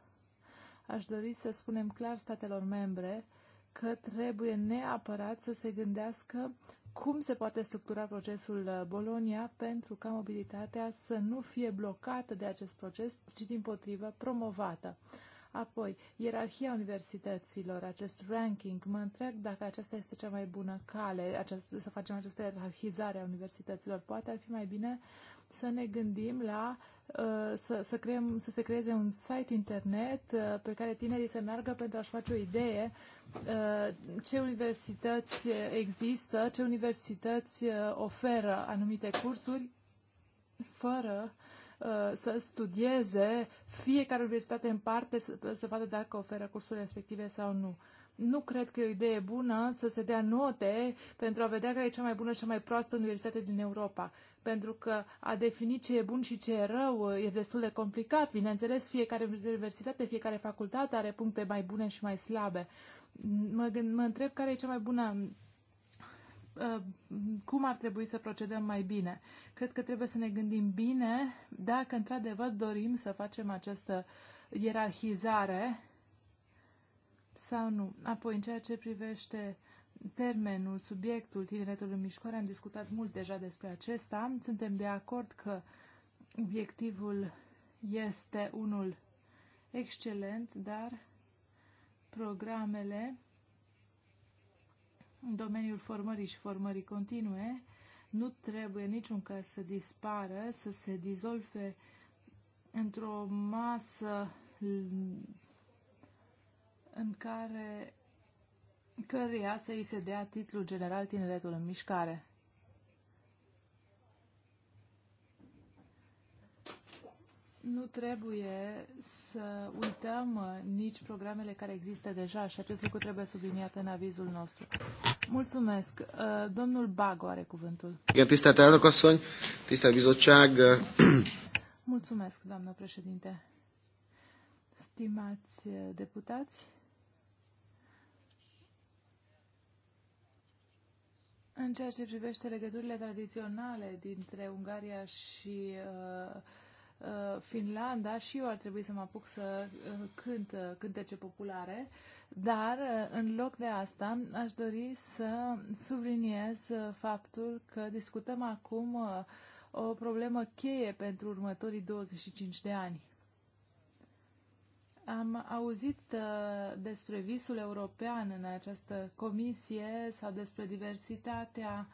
Aș dori să spunem clar statelor membre că trebuie neapărat să se gândească cum se poate structura procesul uh, Bolonia pentru ca mobilitatea să nu fie blocată de acest proces, ci din potrivă promovată. Apoi, ierarhia universităților, acest ranking, mă întreb dacă aceasta este cea mai bună cale, aceast, să facem această ierarhizare a universităților. Poate ar fi mai bine uh, să ne gândim la uh, să, să, creăm, să se creeze un site internet uh, pe care tinerii să meargă pentru a-și face o idee uh, ce universități există, ce universități oferă anumite cursuri fără să studieze fiecare universitate în parte să, să vadă dacă oferă cursurile respective sau nu nu cred că e o idee bună să se dea note pentru a vedea care e cea mai bună și cea mai proastă universitate din Europa. Pentru că a defini ce e bun și ce e rău e destul de complicat. Bineînțeles, fiecare universitate, fiecare facultate are puncte mai bune și mai slabe. Mă, gând, mă întreb care e cea mai bună uh, cum ar trebui să procedăm mai bine. Cred că trebuie să ne gândim bine dacă într-adevăr dorim să facem această ierarhizare sau nu. Apoi, în ceea ce privește termenul, subiectul, tineretul în mișcare, am discutat mult deja despre acesta. Suntem de acord că obiectivul este unul excelent, dar programele în domeniul formării și formării continue nu trebuie niciun caz să dispară, să se dizolve într-o masă în care căreia să îi se dea titlul general Tineretul în Mișcare. Nu trebuie să uităm uh, nici programele care există deja și acest lucru trebuie subliniat în avizul nostru. Mulțumesc. Uh, domnul Bago are cuvântul. Uh, Mulțumesc, doamnă președinte. Stimați deputați, În ceea ce privește legăturile tradiționale dintre Ungaria și uh, uh, Finlanda, și eu ar trebui să mă apuc să uh, cânt uh, cântece populare, dar uh, în loc de asta aș dori să subliniez uh, faptul că discutăm acum uh, o problemă cheie pentru următorii 25 de ani. Am auzit uh, despre visul european în această comisie sau despre diversitatea,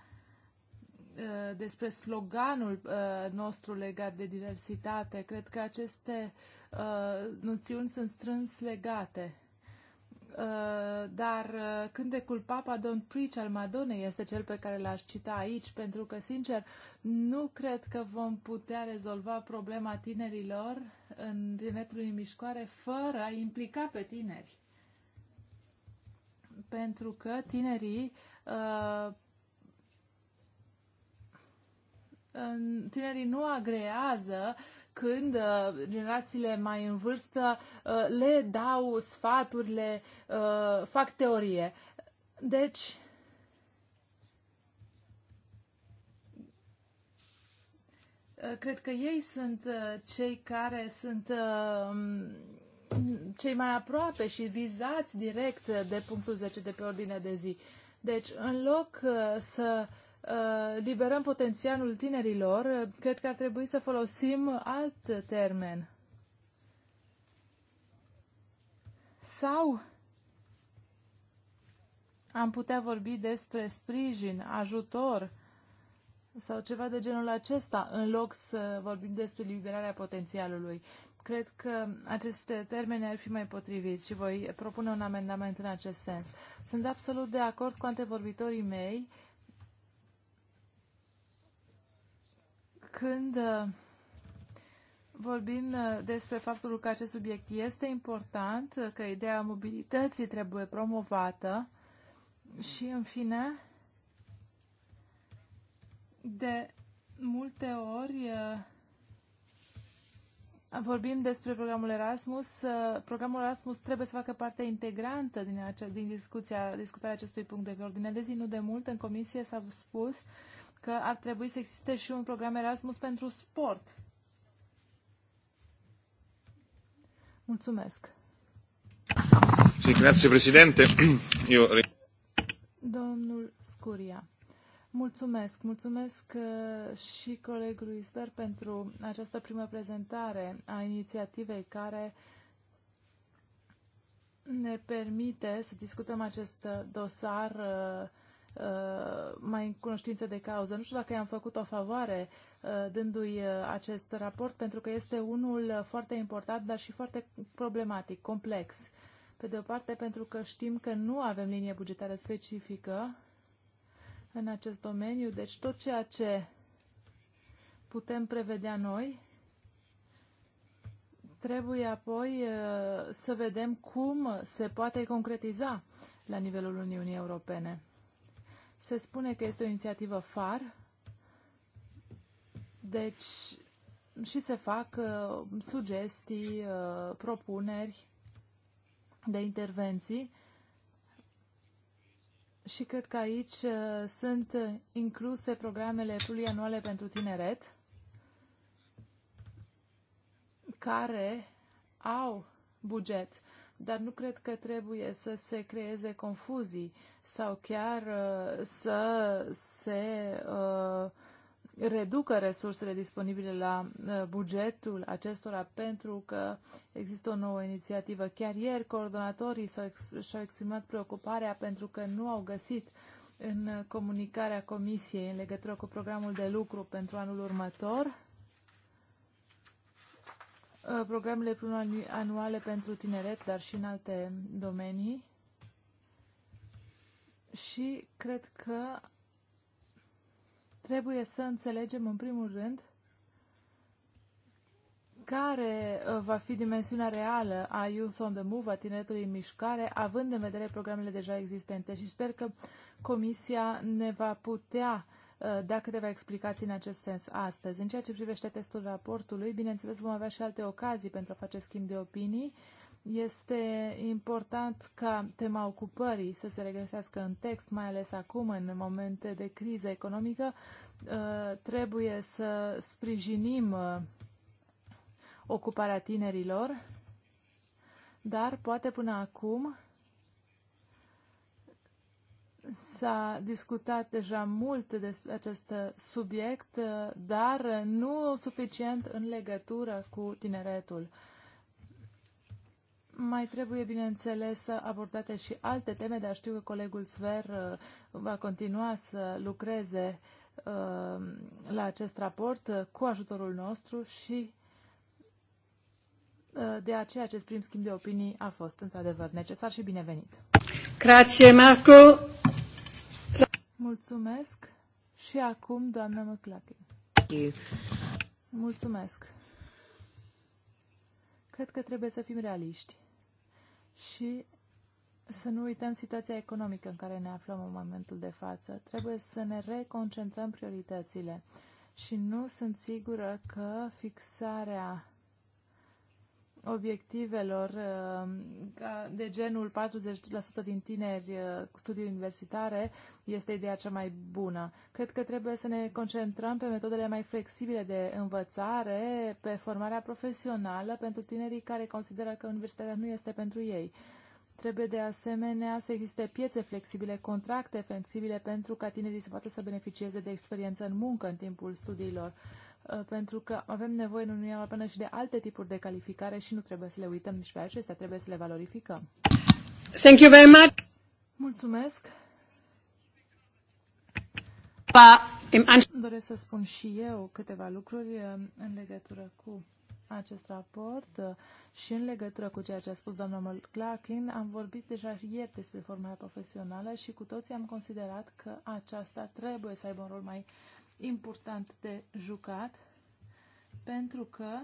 uh, despre sloganul uh, nostru legat de diversitate. Cred că aceste noțiuni sunt strâns legate. Uh, dar uh, cântecul Papa Don't Preach al Madonei este cel pe care l-aș cita aici, pentru că, sincer, nu cred că vom putea rezolva problema tinerilor în tineretul în mișcoare fără a implica pe tineri. Pentru că tinerii uh, tinerii nu agrează uh, când uh, generațiile mai în vârstă uh, le dau sfaturi, le uh, fac teorie. Deci, cred că ei sunt cei care sunt cei mai aproape și vizați direct de punctul 10 de pe ordine de zi. Deci, în loc să uh, Uh, liberăm potențialul tinerilor, uh, cred că ar trebui să folosim alt termen. Sau am putea vorbi despre sprijin, ajutor sau ceva de genul acesta, în loc să vorbim despre liberarea potențialului. Cred că aceste termene ar fi mai potriviți și voi propune un amendament în acest sens. Sunt absolut de acord cu antevorbitorii mei uh, când uh, vorbim uh, despre faptul că acest subiect este important, uh, că ideea mobilității trebuie promovată și, în fine, de multe ori vorbim despre programul Erasmus. Programul Erasmus trebuie să facă parte integrantă din, acea, din discuția, discutarea acestui punct de ordine de zi. Nu de mult în comisie s-a spus că ar trebui să existe și un program Erasmus pentru sport. Mulțumesc. grazie Domnul Scuria. Mulțumesc, mulțumesc uh, și colegului Sper pentru această primă prezentare a inițiativei care ne permite să discutăm acest dosar uh, mai în cunoștință de cauză. Nu știu dacă i-am făcut o favoare uh, dându-i uh, acest raport, pentru că este unul foarte important, dar și foarte problematic, complex. Pe de o parte, pentru că știm că nu avem linie bugetară specifică în acest domeniu, deci tot ceea ce putem prevedea noi, trebuie apoi uh, să vedem cum se poate concretiza la nivelul Uniunii Europene. Se spune că este o inițiativă far, deci și se fac uh, sugestii, uh, propuneri de intervenții și cred că aici uh, sunt incluse programele plurianuale pentru tineret care au buget dar nu cred că trebuie să se creeze confuzii sau chiar uh, să se uh, reducă resursele disponibile la uh, bugetul acestora pentru că există o nouă inițiativă. Chiar ieri coordonatorii și-au exprimat preocuparea pentru că nu au găsit în comunicarea Comisiei în legătură cu programul de lucru pentru anul următor Uh, programele anuale pentru tineret, dar și în alte domenii. Și cred că trebuie să înțelegem în primul rând care uh, va fi dimensiunea reală a Youth on the Move, a tineretului în mișcare, având în vedere programele deja existente și sper că Comisia ne va putea da câteva explicații în acest sens astăzi. În ceea ce privește testul raportului, bineînțeles vom avea și alte ocazii pentru a face schimb de opinii. Este important ca tema ocupării să se regăsească în text, mai ales acum, în momente de criză economică. Uh, trebuie să sprijinim uh, ocuparea tinerilor, dar poate până acum S-a discutat deja mult despre acest subiect, dar nu suficient în legătură cu tineretul. Mai trebuie, bineînțeles, abordate și alte teme, dar știu că colegul Sver uh, va continua să lucreze uh, la acest raport uh, cu ajutorul nostru și de aceea acest prim schimb de opinii a fost într-adevăr necesar și binevenit. Grazie Marco. Mulțumesc. Și acum, doamna McLaughlin. Mulțumesc. Cred că trebuie să fim realiști și să nu uităm situația economică în care ne aflăm în momentul de față. Trebuie să ne reconcentrăm prioritățile și nu sunt sigură că fixarea obiectivelor uh, de genul 40% din tineri uh, cu studii universitare este ideea cea mai bună. Cred că trebuie să ne concentrăm pe metodele mai flexibile de învățare, pe formarea profesională pentru tinerii care consideră că universitatea nu este pentru ei. Trebuie de asemenea să existe piețe flexibile, contracte flexibile pentru ca tinerii să poată să beneficieze de experiență în muncă în timpul studiilor. Uh, pentru că avem nevoie în Uniunea Europeană și de alte tipuri de calificare și nu trebuie să le uităm nici pe acestea, trebuie să le valorificăm. Thank you very much. Mulțumesc. Doresc să spun și eu câteva lucruri uh, în legătură cu acest raport uh, și în legătură cu ceea ce a spus doamna McClarkin, am vorbit deja ieri despre formarea profesională și cu toții am considerat că aceasta trebuie să aibă un rol mai uh, important de jucat, pentru că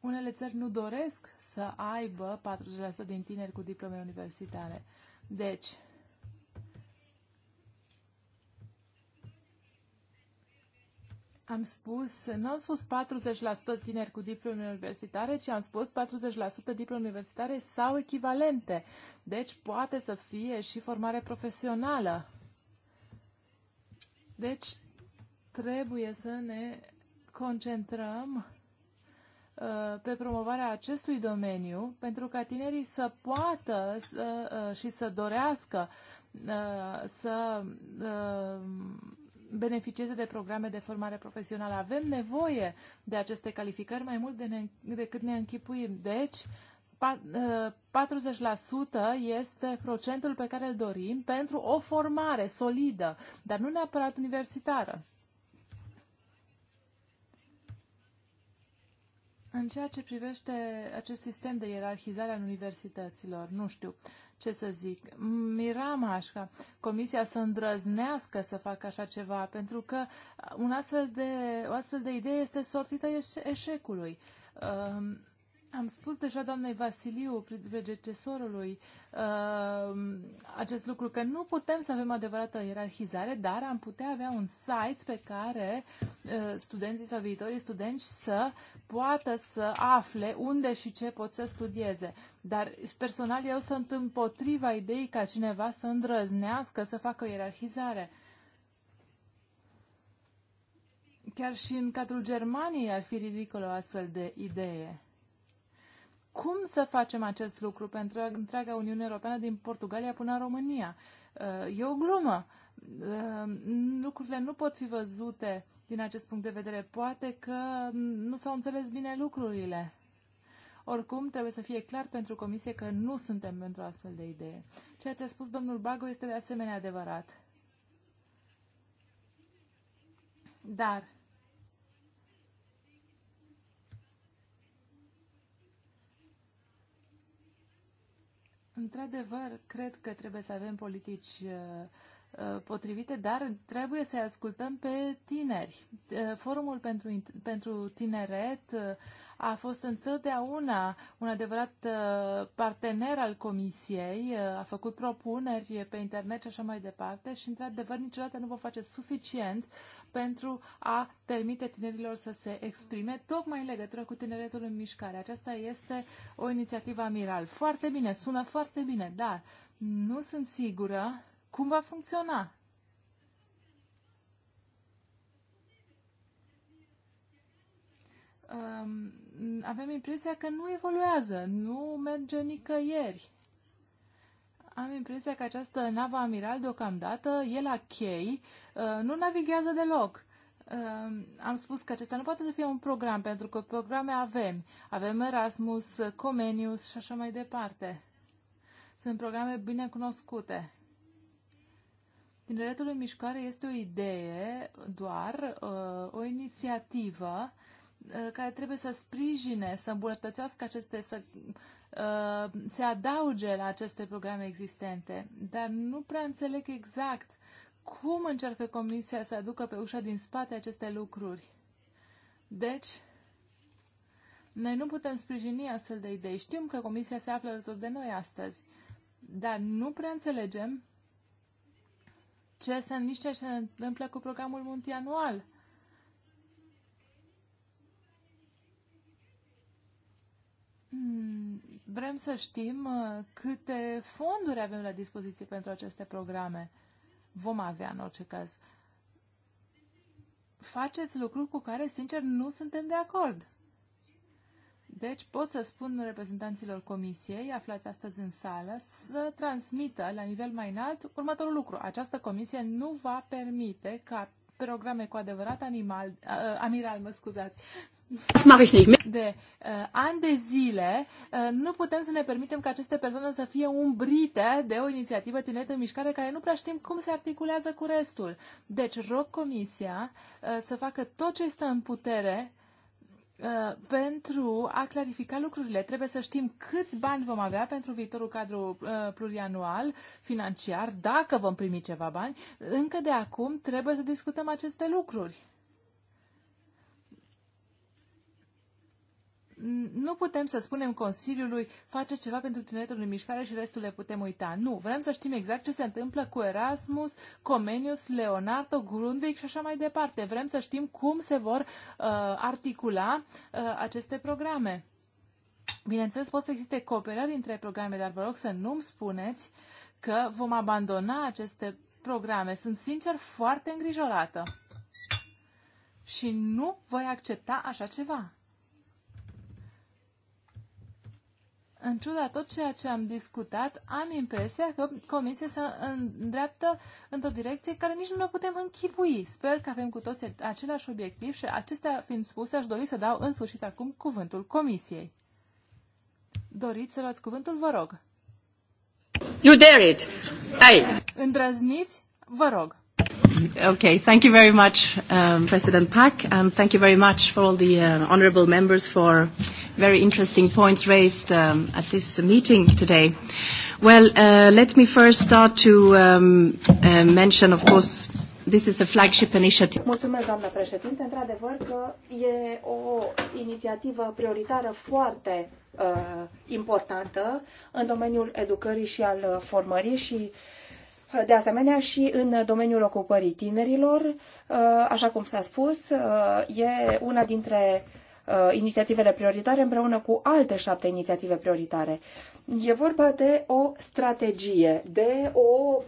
unele țări nu doresc să aibă 40% din tineri cu diplome universitare. Deci, am spus, nu am spus 40% tineri cu diplome universitare, ci am spus 40% diplome universitare sau echivalente. Deci poate să fie și formare profesională. Deci trebuie să ne concentrăm uh, pe promovarea acestui domeniu pentru ca tinerii să poată să, uh, uh, și să dorească să beneficieze de programe de formare profesională. Avem nevoie de aceste calificări mai mult de ne, decât ne închipuim. Deci, 40% ă, este procentul pe care îl dorim pentru o formare solidă, dar nu neapărat universitară. În ceea ce privește acest sistem de ierarhizare a universităților, nu știu, ce să zic, miram ca comisia să îndrăznească să facă așa ceva, pentru că un astfel de, o astfel de idee este sortită eșecului. Uh, am spus deja doamnei Vasiliu, predecesorului, uh, acest lucru, că nu putem să avem adevărată ierarhizare, dar am putea avea un site pe care uh, studenții sau viitorii studenți să poată să afle unde și ce pot să studieze. Dar personal eu sunt împotriva ideii ca cineva să îndrăznească să facă o ierarhizare chiar și în cadrul Germaniei ar fi ridicol o astfel de idee cum să facem acest lucru pentru întreaga Uniune Europeană din Portugalia până în România? Uh, e o glumă. Uh, lucrurile nu pot fi văzute din acest punct de vedere. Poate că nu s-au înțeles bine lucrurile. Oricum, trebuie să fie clar pentru Comisie că nu suntem pentru astfel de idee. Ceea ce a spus domnul Bago este de asemenea adevărat. Dar Într-adevăr, cred că trebuie să avem politici uh, uh, potrivite, dar trebuie să-i ascultăm pe tineri. Uh, Forumul pentru, pentru tineret a fost întotdeauna un adevărat uh, partener al Comisiei, uh, a făcut propuneri pe internet și așa mai departe și, într-adevăr, niciodată nu vă face suficient pentru a permite tinerilor să se exprime, tocmai în legătură cu tineretul în mișcare. Aceasta este o inițiativă amiral. Foarte bine, sună foarte bine, dar nu sunt sigură cum va funcționa. Um, avem impresia că nu evoluează, nu merge nicăieri. Am impresia că această navă amiral deocamdată e la chei, uh, nu navighează deloc. Uh, am spus că acesta nu poate să fie un program, pentru că programe avem. Avem Erasmus, Comenius și așa mai departe. Sunt programe bine cunoscute. Tineretul în mișcare este o idee, doar uh, o inițiativă Uh, care trebuie să sprijine, să îmbunătățească aceste, să uh, se adauge la aceste programe existente. Dar nu prea înțeleg exact cum încearcă Comisia să aducă pe ușa din spate aceste lucruri. Deci, noi nu putem sprijini astfel de idei. Știm că Comisia se află alături de noi astăzi, dar nu prea înțelegem ce se, nici ce se întâmplă cu programul multianual Mm, vrem să știm uh, câte fonduri avem la dispoziție pentru aceste programe. Vom avea în orice caz. Faceți lucruri cu care, sincer, nu suntem de acord. Deci pot să spun reprezentanților comisiei, aflați astăzi în sală, să transmită la nivel mai înalt următorul lucru. Această comisie nu va permite ca programe cu adevărat animal, uh, amiral, mă scuzați, de uh, ani de zile, uh, nu putem să ne permitem ca aceste persoane să fie umbrite de o inițiativă tineret în mișcare care nu prea știm cum se articulează cu restul. Deci rog Comisia uh, să facă tot ce stă în putere Uh, pentru a clarifica lucrurile, trebuie să știm câți bani vom avea pentru viitorul cadru uh, plurianual financiar, dacă vom primi ceva bani. Încă de acum trebuie să discutăm aceste lucruri. nu putem să spunem Consiliului faceți ceva pentru tineretul în mișcare și restul le putem uita. Nu, vrem să știm exact ce se întâmplă cu Erasmus, Comenius, Leonardo, Grundig și așa mai departe. Vrem să știm cum se vor uh, articula uh, aceste programe. Bineînțeles, pot să existe cooperări între programe, dar vă rog să nu-mi spuneți că vom abandona aceste programe. Sunt sincer foarte îngrijorată. Și nu voi accepta așa ceva. în ciuda tot ceea ce am discutat, am impresia că Comisia se îndreaptă într-o direcție care nici nu ne putem închipui. Sper că avem cu toți același obiectiv și acestea fiind spuse, aș dori să dau în sfârșit acum cuvântul Comisiei. Doriți să luați cuvântul? Vă rog. You dare it! Hey. Îndrăzniți? Vă rog. Okay, thank you very much, um, President Pak, and thank you very much for all the uh, honourable members for very interesting points raised um, at this meeting today. Well, uh, let me first start to um, uh, mention, of course, this is a flagship initiative. Mulțumesc, doamnă președinte. Într-adevăr că e o inițiativă prioritară foarte uh, importantă în domeniul educării și al formării și uh, de asemenea și în domeniul ocupării tinerilor. Uh, așa cum s-a spus, uh, e una dintre uh, inițiativele prioritare împreună cu alte șapte inițiative prioritare. E vorba de o strategie, de o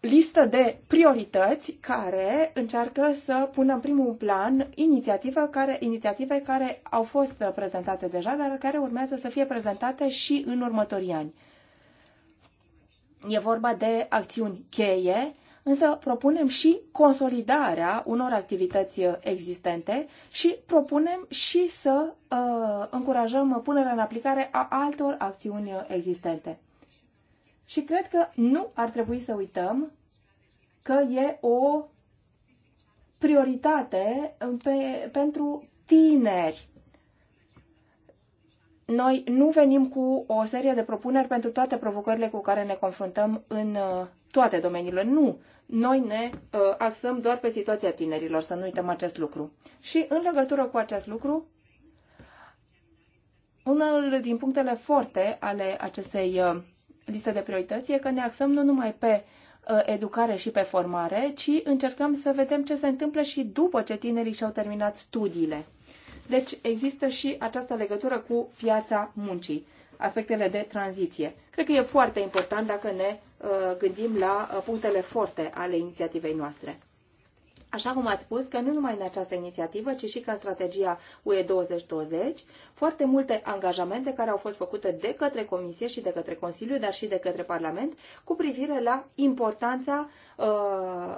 listă de priorități care încearcă să pună în primul plan inițiative care, inițiative care au fost prezentate deja, dar care urmează să fie prezentate și în următorii ani. E vorba de acțiuni cheie, însă propunem și consolidarea unor activități uh, existente și propunem și să uh, încurajăm punerea în aplicare a altor acțiuni uh, existente. Și cred că nu ar trebui să uităm că e o prioritate uh, pe, pentru tineri noi nu venim cu o serie de propuneri pentru toate provocările cu care ne confruntăm în uh, toate domeniile. Nu! Noi ne uh, axăm doar pe situația tinerilor, să nu uităm acest lucru. Și în legătură cu acest lucru, unul din punctele forte ale acestei uh, liste de priorități e că ne axăm nu numai pe educare și pe formare, ci încercăm să vedem ce se întâmplă și după ce tinerii și-au terminat studiile. Deci există și această legătură cu piața muncii, aspectele de tranziție. Cred că e foarte important dacă ne uh, gândim la uh, punctele forte ale inițiativei noastre. Așa cum ați spus că nu numai în această inițiativă, ci și ca strategia UE 2020, foarte multe angajamente care au fost făcute de către Comisie și de către Consiliu, dar și de către Parlament, cu privire la importanța uh,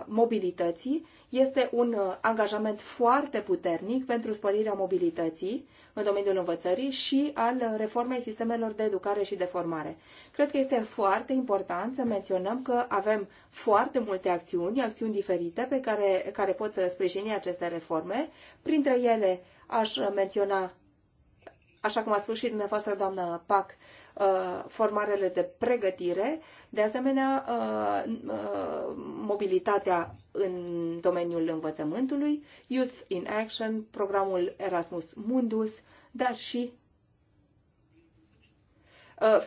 mobilității este un uh, angajament foarte puternic pentru sporirea mobilității în domeniul învățării și al uh, reformei sistemelor de educare și de formare. Cred că este foarte important să menționăm că avem foarte multe acțiuni, acțiuni diferite pe care, care pot uh, sprijini aceste reforme. Printre ele aș menționa, așa cum a spus și dumneavoastră, doamnă Pac, Uh, formarele de pregătire, de asemenea uh, uh, mobilitatea în domeniul învățământului, Youth in Action, programul Erasmus Mundus, dar și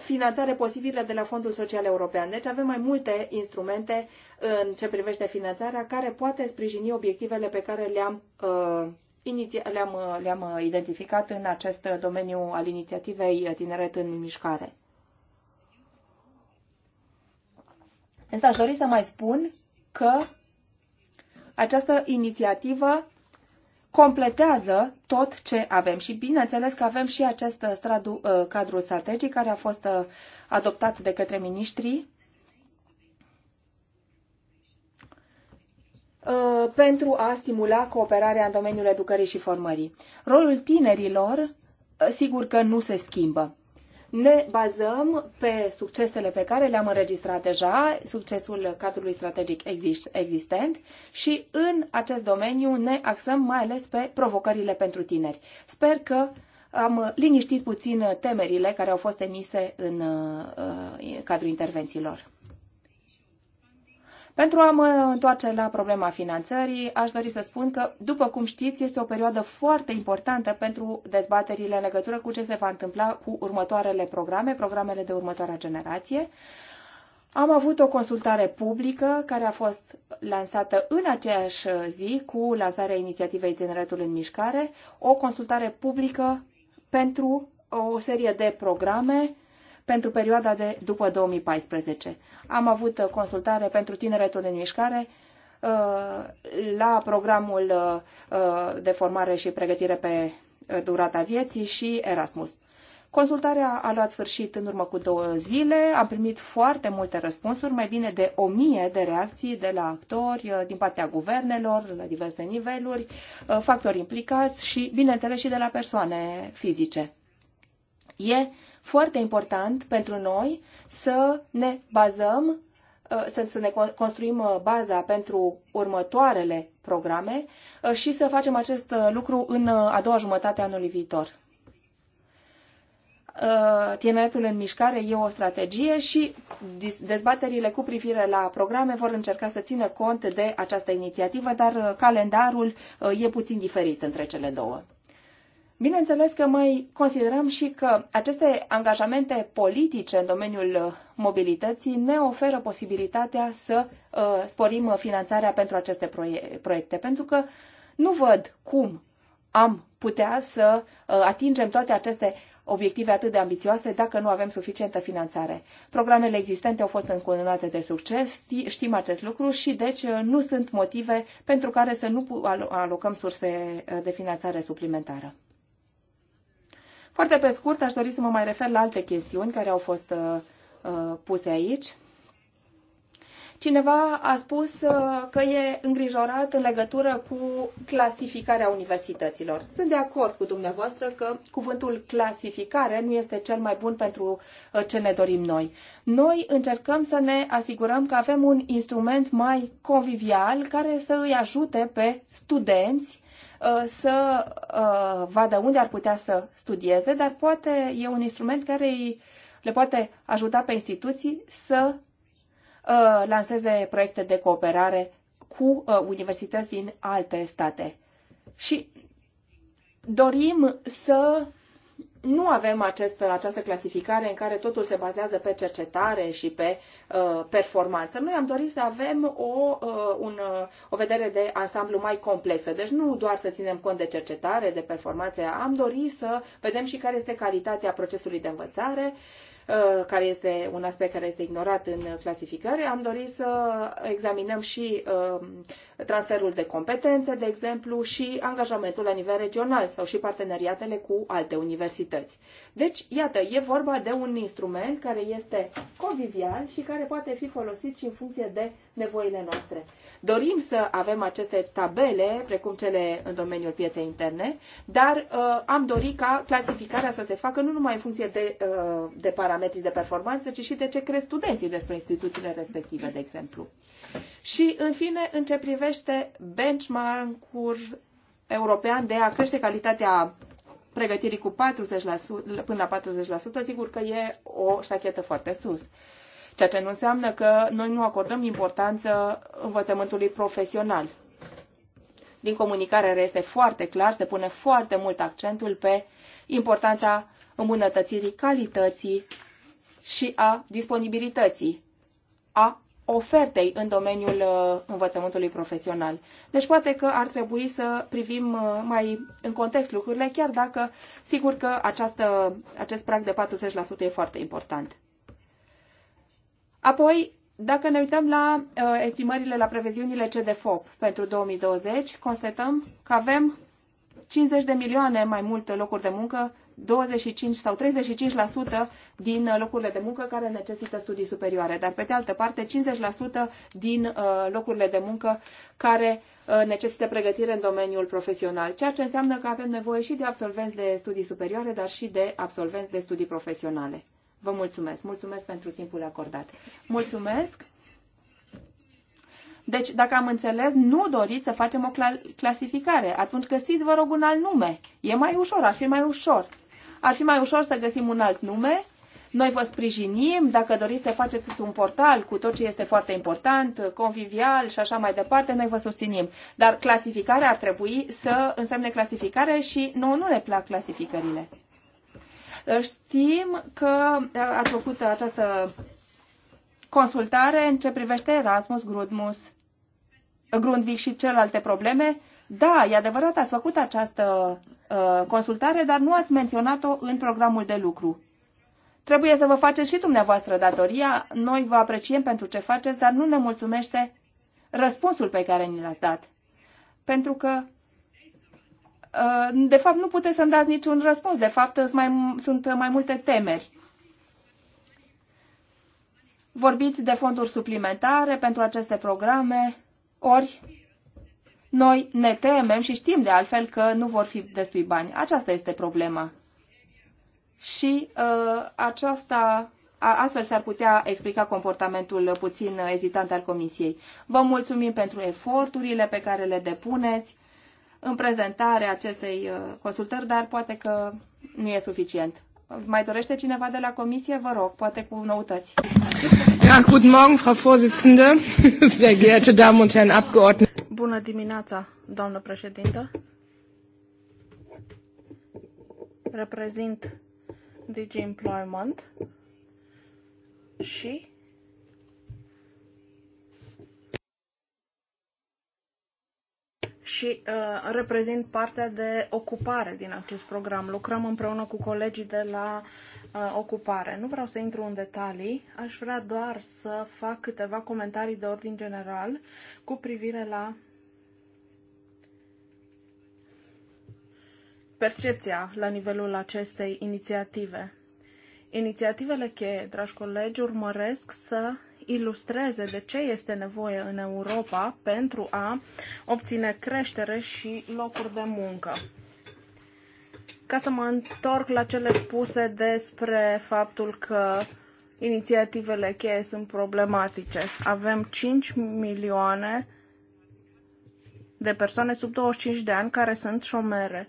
finanțare posibilă de la Fondul Social European. Deci avem mai multe instrumente în ce privește finanțarea care poate sprijini obiectivele pe care le-am uh, le-am, le-am identificat în acest domeniu al inițiativei Tineret în Mișcare. Însă aș dori să mai spun că această inițiativă completează tot ce avem și bineînțeles că avem și acest stradu, uh, cadru strategic care a fost uh, adoptat de către miniștrii Uh, pentru a stimula cooperarea în domeniul educării și formării. Rolul tinerilor, uh, sigur că nu se schimbă. Ne bazăm pe succesele pe care le-am înregistrat deja, succesul cadrului strategic existent și în acest domeniu ne axăm mai ales pe provocările pentru tineri. Sper că am liniștit puțin temerile care au fost emise în uh, cadrul intervențiilor. Pentru a mă întoarce la problema finanțării, aș dori să spun că, după cum știți, este o perioadă foarte importantă pentru dezbaterile în legătură cu ce se va întâmpla cu următoarele programe, programele de următoarea generație. Am avut o consultare publică care a fost lansată în aceeași zi cu lansarea inițiativei Tineretul în Mișcare, o consultare publică pentru o serie de programe pentru perioada de după 2014. Am avut uh, consultare pentru tineretul în mișcare uh, la programul uh, de formare și pregătire pe durata vieții și Erasmus. Consultarea a luat sfârșit în urmă cu două zile, am primit foarte multe răspunsuri, mai bine de o mie de reacții de la actori, din partea guvernelor, la diverse niveluri, factori implicați și, bineînțeles, și de la persoane fizice. E foarte important pentru noi să ne bazăm, uh, să, să ne construim uh, baza pentru următoarele programe uh, și să facem acest lucru în a doua jumătate a anului viitor. Tineretul în mișcare e o strategie și dezbaterile cu privire la programe vor încerca să țină cont de această inițiativă, dar calendarul e puțin diferit între cele două. Bineînțeles că mai considerăm și că aceste angajamente politice în domeniul mobilității ne oferă posibilitatea să uh, sporim finanțarea pentru aceste proiecte, pentru că nu văd cum am putea să uh, atingem toate aceste obiective atât de ambițioase dacă nu avem suficientă finanțare. Programele existente au fost încununate de succes, știm acest lucru și deci uh, nu sunt motive pentru care să nu alocăm surse uh, de finanțare suplimentară. Foarte pe scurt, aș dori să mă mai refer la alte chestiuni care au fost uh, uh puse aici. Cineva a spus uh, că e îngrijorat în legătură cu clasificarea universităților. Sunt de acord cu dumneavoastră că cuvântul clasificare nu este cel mai bun pentru uh, ce ne dorim noi. Noi încercăm să ne asigurăm că avem un instrument mai convivial care să îi ajute pe studenți Uh, să uh, vadă unde ar putea să studieze, dar poate e un instrument care îi, le poate ajuta pe instituții să uh, lanseze proiecte de cooperare cu universități din alte state. Și dorim să nu avem acest, această clasificare în care totul se bazează pe cercetare și pe uh, performanță. Noi am dorit să avem o, uh, un, uh, o vedere de ansamblu mai complexă. Deci nu doar să ținem cont de cercetare, de performanță. am dorit să vedem și care este calitatea procesului de învățare, uh, Uh, care este un aspect care este ignorat în clasificare. Am dorit să examinăm și uh, transferul de competențe, de exemplu, și angajamentul la nivel regional sau și parteneriatele cu alte universități. Deci, iată, e vorba de un instrument care este convivial și care poate fi folosit și în funcție de nevoile noastre. Dorim să avem aceste tabele, precum cele în domeniul pieței interne, dar uh, am dorit ca clasificarea să se facă nu numai în funcție de, uh, de parametri de performanță, ci și de ce cresc studenții despre instituțiile respective, de exemplu. Și, în fine, în ce privește benchmark-ul european de a crește calitatea pregătirii cu 40%, până la 40%, sigur că e o șachetă foarte sus ceea ce nu înseamnă că noi nu acordăm importanță învățământului profesional. Din comunicare este foarte clar, se pune foarte mult accentul pe importanța îmbunătățirii calității și a disponibilității, a ofertei în domeniul uh, învățământului profesional. Deci poate că ar trebui să privim uh, mai în context lucrurile, chiar dacă sigur că această, acest prag de 40% e foarte important. Apoi, dacă ne uităm la uh, estimările, la previziunile CDFOP pentru 2020, constatăm că avem 50 de milioane mai multe locuri de muncă, 25 sau 35% din uh, locurile de muncă care necesită studii superioare, dar pe de altă parte 50% din uh, locurile de muncă care uh, necesită pregătire în domeniul profesional, ceea ce înseamnă că avem nevoie și de absolvenți de studii superioare, dar și de absolvenți de studii profesionale. Vă mulțumesc. Mulțumesc pentru timpul acordat. Mulțumesc. Deci, dacă am înțeles, nu doriți să facem o cl- clasificare. Atunci găsiți, vă rog, un alt nume. E mai ușor, ar fi mai ușor. Ar fi mai ușor să găsim un alt nume. Noi vă sprijinim dacă doriți să faceți un portal cu tot ce este foarte important, convivial și așa mai departe, noi vă susținim. Dar clasificarea ar trebui să însemne clasificare și nouă nu ne plac clasificările. Uh, știm că uh, ați făcut această consultare în ce privește Erasmus, Grudmus, uh, Grundvik și celelalte probleme. Da, e adevărat, ați făcut această uh, consultare, dar nu ați menționat-o în programul de lucru. Trebuie să vă faceți și dumneavoastră datoria. Noi vă apreciem pentru ce faceți, dar nu ne mulțumește răspunsul pe care ni l-ați dat. Pentru că Uh, de fapt, nu puteți să-mi dați niciun răspuns. De fapt, sunt mai, sunt mai multe temeri. Vorbiți de fonduri suplimentare pentru aceste programe, ori noi ne temem și știm de altfel că nu vor fi destui bani. Aceasta este problema. Și uh, aceasta, a, astfel s-ar putea explica comportamentul puțin ezitant al Comisiei. Vă mulțumim pentru eforturile pe care le depuneți în prezentarea acestei uh, consultări, dar poate că nu e suficient. Mai dorește cineva de la comisie? Vă rog, poate cu noutăți. Ja, guten Morgen, Frau Vorsitzende, sehr geehrte Damen und Herren Abgeordnete. Bună dimineața, doamnă președintă. Reprezint Digi Employment și și uh, reprezint partea de ocupare din acest program. Lucrăm împreună cu colegii de la uh, ocupare. Nu vreau să intru în detalii, aș vrea doar să fac câteva comentarii de ordin general cu privire la percepția la nivelul acestei inițiative. Inițiativele cheie, dragi colegi, urmăresc să ilustreze de ce este nevoie în Europa pentru a obține creștere și locuri de muncă ca să mă întorc la cele spuse despre faptul că inițiativele cheie sunt problematice. Avem 5 milioane de persoane sub 25 de ani care sunt șomere.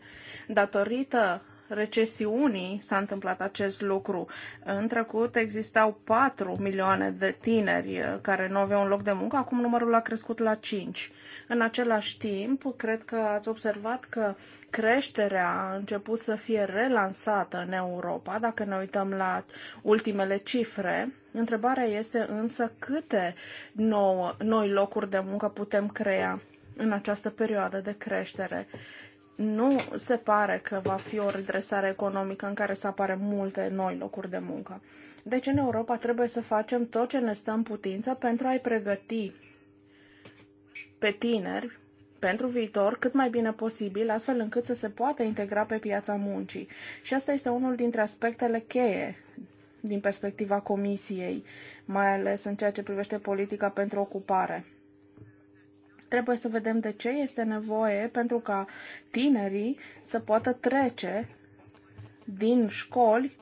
Datorită recesiunii s-a întâmplat acest lucru. În trecut existau 4 milioane de tineri eh, care nu aveau un loc de muncă, acum numărul a crescut la 5. În același timp, cred că ați observat că creșterea a început să fie relansată în Europa, dacă ne uităm la ultimele cifre. Întrebarea este însă câte noi locuri de muncă putem crea în această perioadă de creștere nu se pare că va fi o redresare economică în care să apare multe noi locuri de muncă. Deci în Europa trebuie să facem tot ce ne stă în putință pentru a-i pregăti pe tineri pentru viitor cât mai bine posibil, astfel încât să se poată integra pe piața muncii. Și asta este unul dintre aspectele cheie din perspectiva Comisiei, mai ales în ceea ce privește politica pentru ocupare. Trebuie să vedem de ce este nevoie pentru ca tinerii să poată trece din școli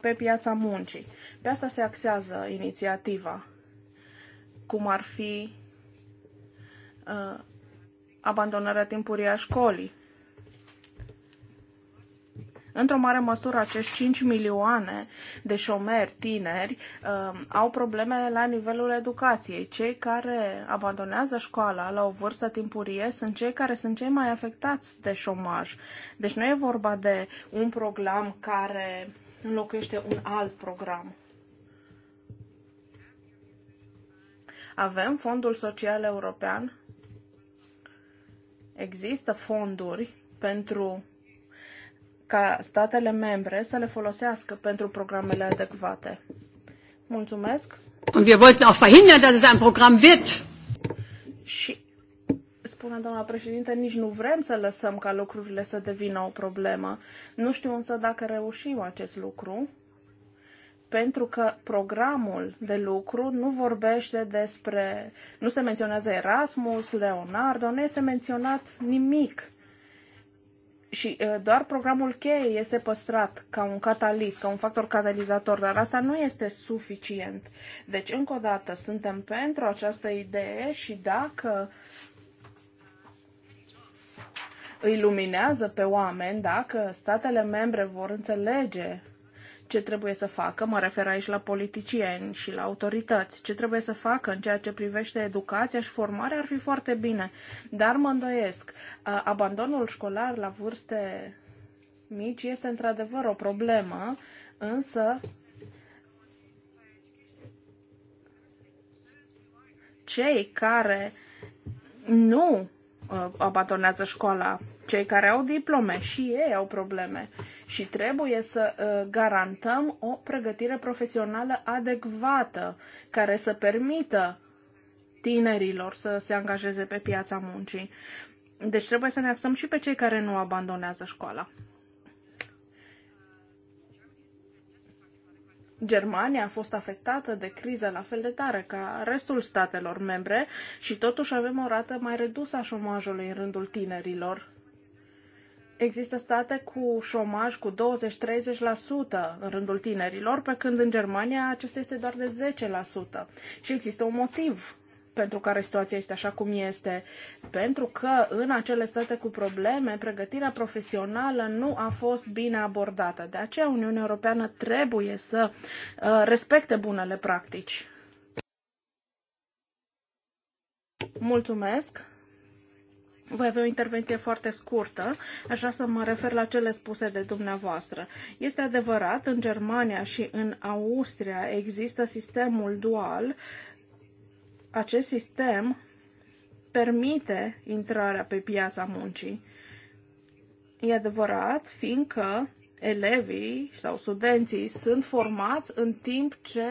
pe piața muncii. Pe asta se axează inițiativa, cum ar fi uh, abandonarea timpurie a școlii, Într-o mare măsură, acești 5 milioane de șomeri tineri uh, au probleme la nivelul educației. Cei care abandonează școala la o vârstă timpurie sunt cei care sunt cei mai afectați de șomaj. Deci nu e vorba de un program care înlocuiește un alt program. Avem Fondul Social European. Există fonduri pentru ca statele membre să le folosească pentru programele adecvate. Mulțumesc. Und wir wollten auch verhindern, dass es ein Programm wird. Și spune doamna președinte, nici nu vrem să lăsăm ca lucrurile să devină o problemă. Nu știu însă dacă reușim acest lucru, pentru că programul de lucru nu vorbește despre, nu se menționează Erasmus, Leonardo, nu este menționat nimic și uh, doar programul cheie este păstrat ca un catalist, ca un factor catalizator, dar asta nu este suficient. Deci, încă o dată, suntem pentru această idee și dacă îi luminează pe oameni, dacă statele membre vor înțelege ce trebuie să facă, mă refer aici la politicieni și la autorități, ce trebuie să facă în ceea ce privește educația și formarea ar fi foarte bine. Dar mă îndoiesc, abandonul școlar la vârste mici este într-adevăr o problemă, însă cei care nu abandonează școala cei care au diplome și ei au probleme și trebuie să uh, garantăm o pregătire profesională adecvată care să permită tinerilor să se angajeze pe piața muncii. Deci trebuie să ne axăm și pe cei care nu abandonează școala. Germania a fost afectată de criză la fel de tare ca restul statelor membre și totuși avem o rată mai redusă a șomajului în rândul tinerilor. Există state cu șomaj cu 20-30% în rândul tinerilor, pe când în Germania acesta este doar de 10%. Și există un motiv pentru care situația este așa cum este, pentru că în acele state cu probleme, pregătirea profesională nu a fost bine abordată. De aceea Uniunea Europeană trebuie să uh, respecte bunele practici. Mulțumesc! Voi avea o intervenție foarte scurtă, așa să mă refer la cele spuse de dumneavoastră. Este adevărat, în Germania și în Austria există sistemul dual. Acest sistem permite intrarea pe piața muncii. E adevărat, fiindcă elevii sau studenții sunt formați în timp ce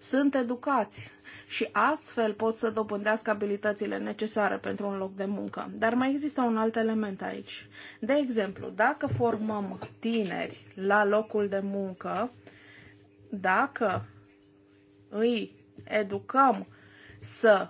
sunt educați și astfel pot să dobândească abilitățile necesare pentru un loc de muncă. Dar mai există un alt element aici. De exemplu, dacă formăm tineri la locul de muncă, dacă îi educăm să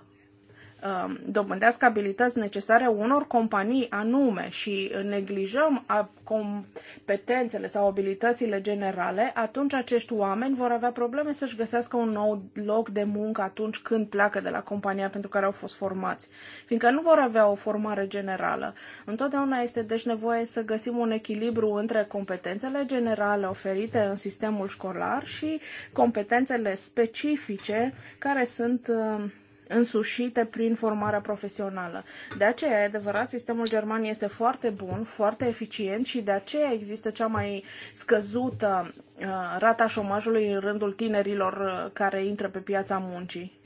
Um, dobândească abilități necesare unor companii anume și neglijăm competențele sau abilitățile generale, atunci acești oameni vor avea probleme să-și găsească un nou loc de muncă atunci când pleacă de la compania pentru care au fost formați, fiindcă nu vor avea o formare generală. Întotdeauna este deci nevoie să găsim un echilibru între competențele generale oferite în sistemul școlar și competențele specifice care sunt uh, însușite prin formarea profesională. De aceea, e adevărat, sistemul german este foarte bun, foarte eficient și de aceea există cea mai scăzută uh, rata șomajului în rândul tinerilor uh, care intră pe piața muncii.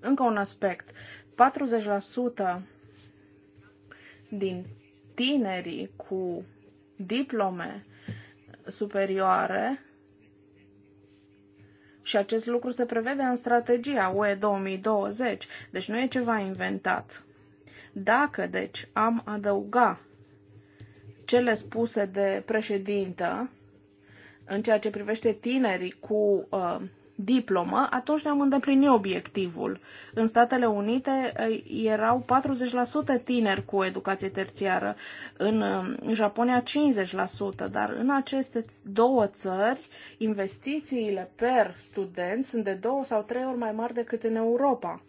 Încă un aspect. 40% din tinerii cu diplome superioare și acest lucru se prevede în strategia UE 2020, deci nu e ceva inventat. Dacă, deci, am adăuga cele spuse de președintă în ceea ce privește tinerii cu uh, diplomă, atunci ne-am îndeplinit obiectivul. În Statele Unite eh, erau 40% tineri cu educație terțiară, în eh, Japonia 50%, dar în aceste două țări investițiile per student sunt de două sau trei ori mai mari decât în Europa.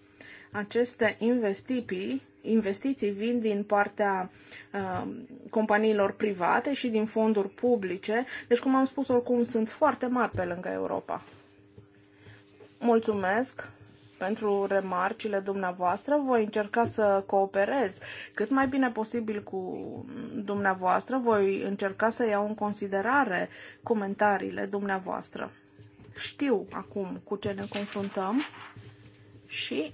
Aceste investiții investiții vin din partea uh, companiilor private și din fonduri publice. Deci, cum am spus, oricum sunt foarte mari pe lângă Europa. Mulțumesc pentru remarcile dumneavoastră. Voi încerca să cooperez cât mai bine posibil cu dumneavoastră. Voi încerca să iau în considerare comentariile dumneavoastră. Știu acum cu ce ne confruntăm și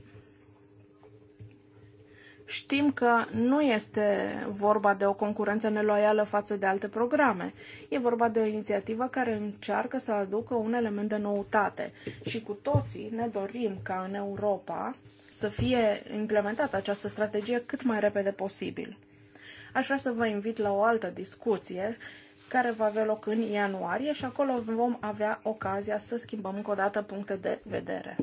Știm că nu este vorba de o concurență neloială față de alte programe. E vorba de o inițiativă care încearcă să aducă un element de noutate. Și cu toții ne dorim ca în Europa să fie implementată această strategie cât mai repede posibil. Aș vrea să vă invit la o altă discuție care va avea loc în ianuarie și acolo vom avea ocazia să schimbăm încă o dată puncte de vedere.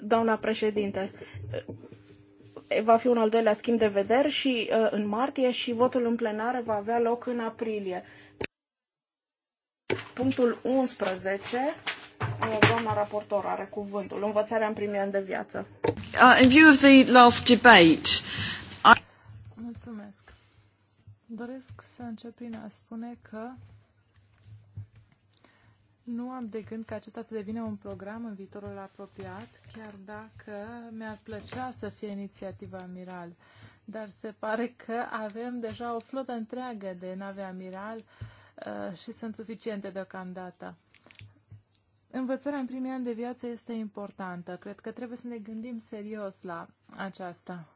doamna președinte. Va fi un al doilea schimb de vederi și în martie și votul în plenară va avea loc în aprilie. Punctul 11. Doamna raportor are cuvântul. Învățarea în primii ani de viață. Uh, in view of the last debate, I... Mulțumesc. Doresc să încep prin a spune că nu am de gând că acesta să devină un program în viitorul apropiat, chiar dacă mi-ar plăcea să fie inițiativa Amiral. Dar se pare că avem deja o flotă întreagă de nave Amiral uh, și sunt suficiente deocamdată. Învățarea în primii ani de viață este importantă. Cred că trebuie să ne gândim serios la aceasta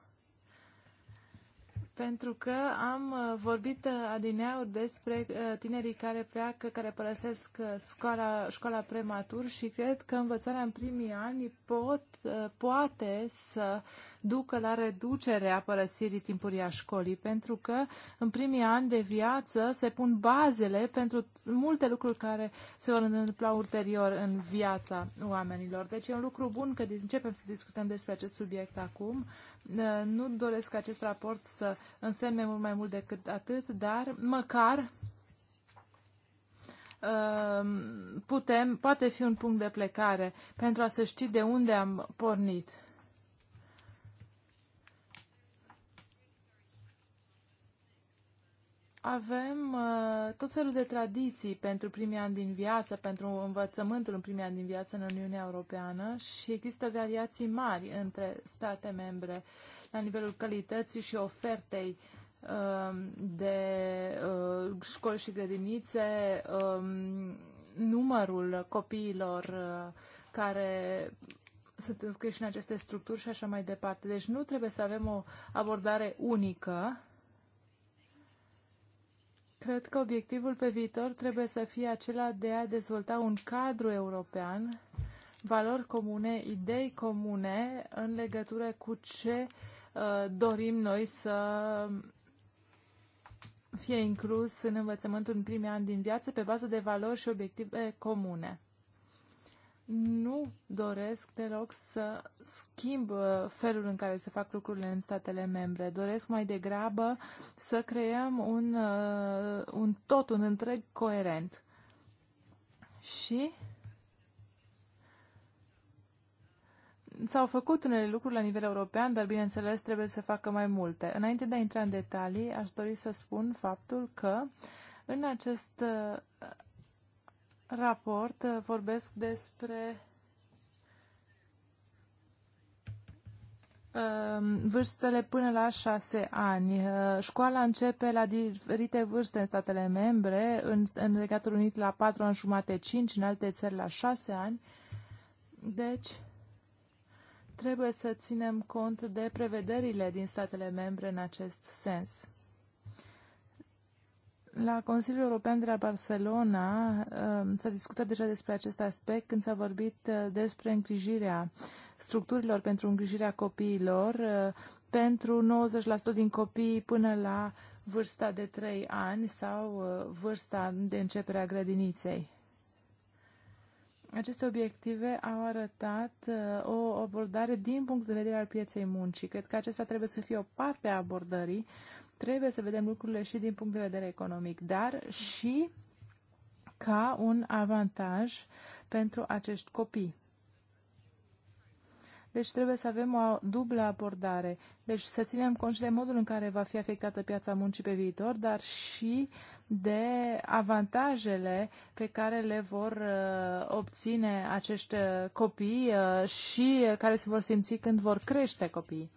pentru că am uh, vorbit uh, adineauri despre uh, tinerii care pleacă, care părăsesc școala, școala prematur și cred că învățarea în primii ani pot, poate să ducă la reducerea părăsirii timpurii a școlii, pentru că în primii ani de viață se pun bazele pentru multe lucruri care se vor întâmpla ulterior în viața oamenilor. Deci e un lucru bun că începem să discutăm despre acest subiect acum. Ă, nu doresc acest raport să însemne mult mai mult decât atât, dar măcar ă, putem, poate fi un punct de plecare pentru a să ști de unde am pornit. avem uh, tot felul de tradiții pentru primii ani din viață, pentru învățământul în primii ani din viață în Uniunea Europeană și există variații mari între state membre la nivelul calității și ofertei uh, de uh, școli și grădinițe, uh, numărul copiilor uh, care sunt înscriși în aceste structuri și așa mai departe. Deci nu trebuie să avem o abordare unică Cred că obiectivul pe viitor trebuie să fie acela de a dezvolta un cadru european, valori comune, idei comune în legătură cu ce uh, dorim noi să fie inclus în învățământul în primii ani din viață pe bază de valori și obiective comune nu doresc deloc să schimb uh, felul în care se fac lucrurile în statele membre. Doresc mai degrabă să creăm un, uh, un tot, un întreg coerent. Și s-au făcut unele lucruri la nivel european, dar bineînțeles trebuie să facă mai multe. Înainte de a intra în detalii, aș dori să spun faptul că în acest uh, raport uh, vorbesc despre um, vârstele până la șase ani. Uh, școala începe la diferite vârste în statele membre, în, în Regatul Unit la patru ani jumate, cinci, în alte țări la șase ani. Deci, trebuie să ținem cont de prevederile din statele membre în acest sens. La Consiliul European de la Barcelona um, s-a discutat deja despre acest aspect când s-a vorbit uh, despre îngrijirea structurilor pentru îngrijirea copiilor uh, pentru 90% din copii până la vârsta de 3 ani sau uh, vârsta de începere a grădiniței. Aceste obiective au arătat o abordare din punct de vedere al pieței muncii. Cred că acesta trebuie să fie o parte a abordării Trebuie să vedem lucrurile și din punct de vedere economic, dar și ca un avantaj pentru acești copii. Deci trebuie să avem o dublă abordare. Deci să ținem cont și de modul în care va fi afectată piața muncii pe viitor, dar și de avantajele pe care le vor uh, obține acești uh, copii uh, și care se vor simți când vor crește copiii.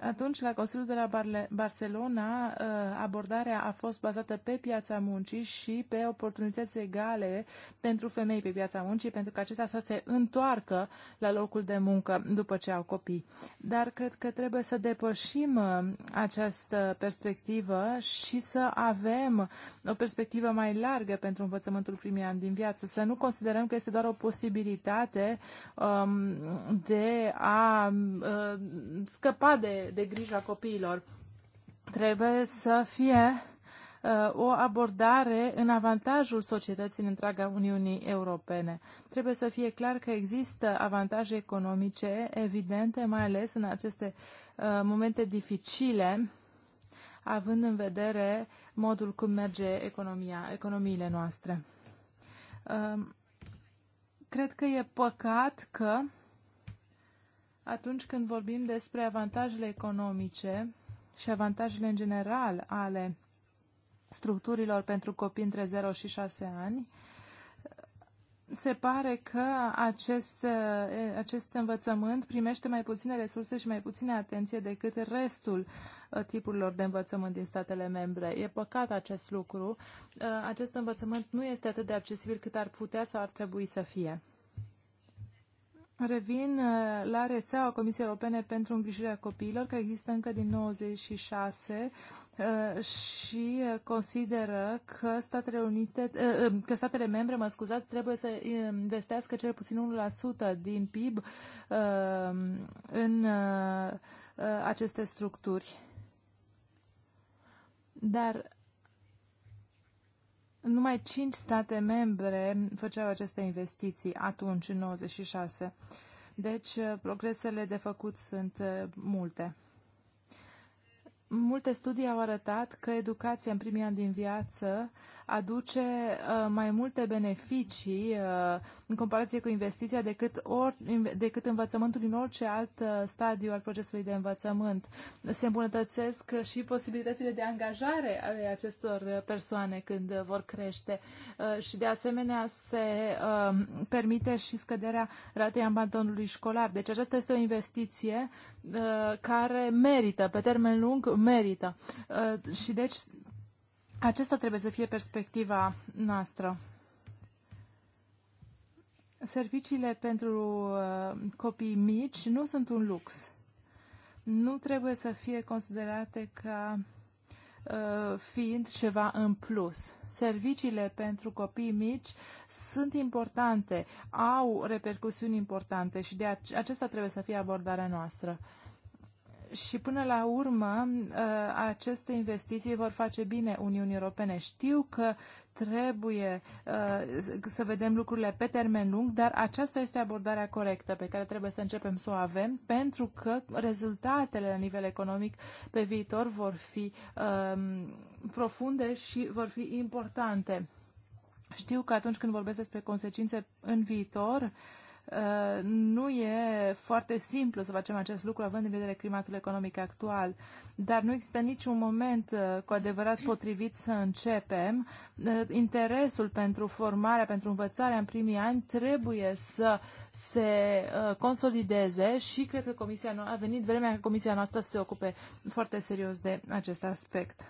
Atunci, la Consiliul de la Barcelona, uh, abordarea a fost bazată pe piața muncii și pe oportunități egale pentru femei pe piața muncii, pentru că acestea să se întoarcă la locul de muncă după ce au copii. Dar cred că trebuie să depășim uh, această perspectivă și să avem o perspectivă mai largă pentru învățământul primii ani din viață, să nu considerăm că este doar o posibilitate um, de a uh, scăpa de de, grijă a copiilor. Trebuie să fie uh, o abordare în avantajul societății în întreaga Uniunii Europene. Trebuie să fie clar că există avantaje economice evidente, mai ales în aceste uh, momente dificile, având în vedere modul cum merge economia, economiile noastre. Uh, cred că e păcat că uh, atunci când vorbim despre avantajele economice și avantajele în general ale structurilor pentru copii între 0 și 6 ani, se pare că acest, acest învățământ primește mai puține resurse și mai puține atenție decât restul tipurilor de învățământ din statele membre. E păcat acest lucru. Acest învățământ nu este atât de accesibil cât ar putea sau ar trebui să fie. Revin uh, la rețeaua Comisiei Europene pentru îngrijirea copiilor, care există încă din 96 și uh, uh, consideră că Statele, Unite, că statele membre mă scuzați, trebuie să investească cel puțin 1% din PIB în aceste structuri. Dar numai cinci state membre făceau aceste investiții atunci, în 96. Deci, eh, progresele de făcut sunt eh, multe multe studii au arătat că educația în primii ani din viață aduce uh, mai multe beneficii uh, în comparație cu investiția decât, or, decât învățământul din orice alt uh, stadiu al procesului de învățământ. Se îmbunătățesc și posibilitățile de angajare ale acestor uh, persoane când uh, vor crește uh, și de asemenea se uh, permite și scăderea ratei abandonului școlar. Deci aceasta este o investiție uh, Uh, care merită, pe termen lung merită. Uh, și deci acesta trebuie să fie perspectiva noastră. Serviciile pentru uh, copii mici nu sunt un lux. Nu trebuie să fie considerate ca Uh, fiind ceva în plus. Serviciile pentru copii mici sunt importante, au repercusiuni importante și de acesta trebuie să fie abordarea noastră. Și până la urmă, uh, aceste investiții vor face bine Uniunii Europene. Știu că Trebuie uh, să vedem lucrurile pe termen lung, dar aceasta este abordarea corectă pe care trebuie să începem să o avem, pentru că rezultatele la nivel economic pe viitor vor fi uh, profunde și vor fi importante. Știu că atunci când vorbesc despre consecințe în viitor, uh, Uh, nu e foarte simplu să facem acest lucru având în vedere climatul economic actual, dar nu există niciun moment uh, cu adevărat potrivit să începem. Uh, interesul pentru formarea, pentru învățarea în primii ani trebuie să se consolideze și cred că comisia a venit vremea ca comisia noastră să se ocupe foarte serios de acest aspect.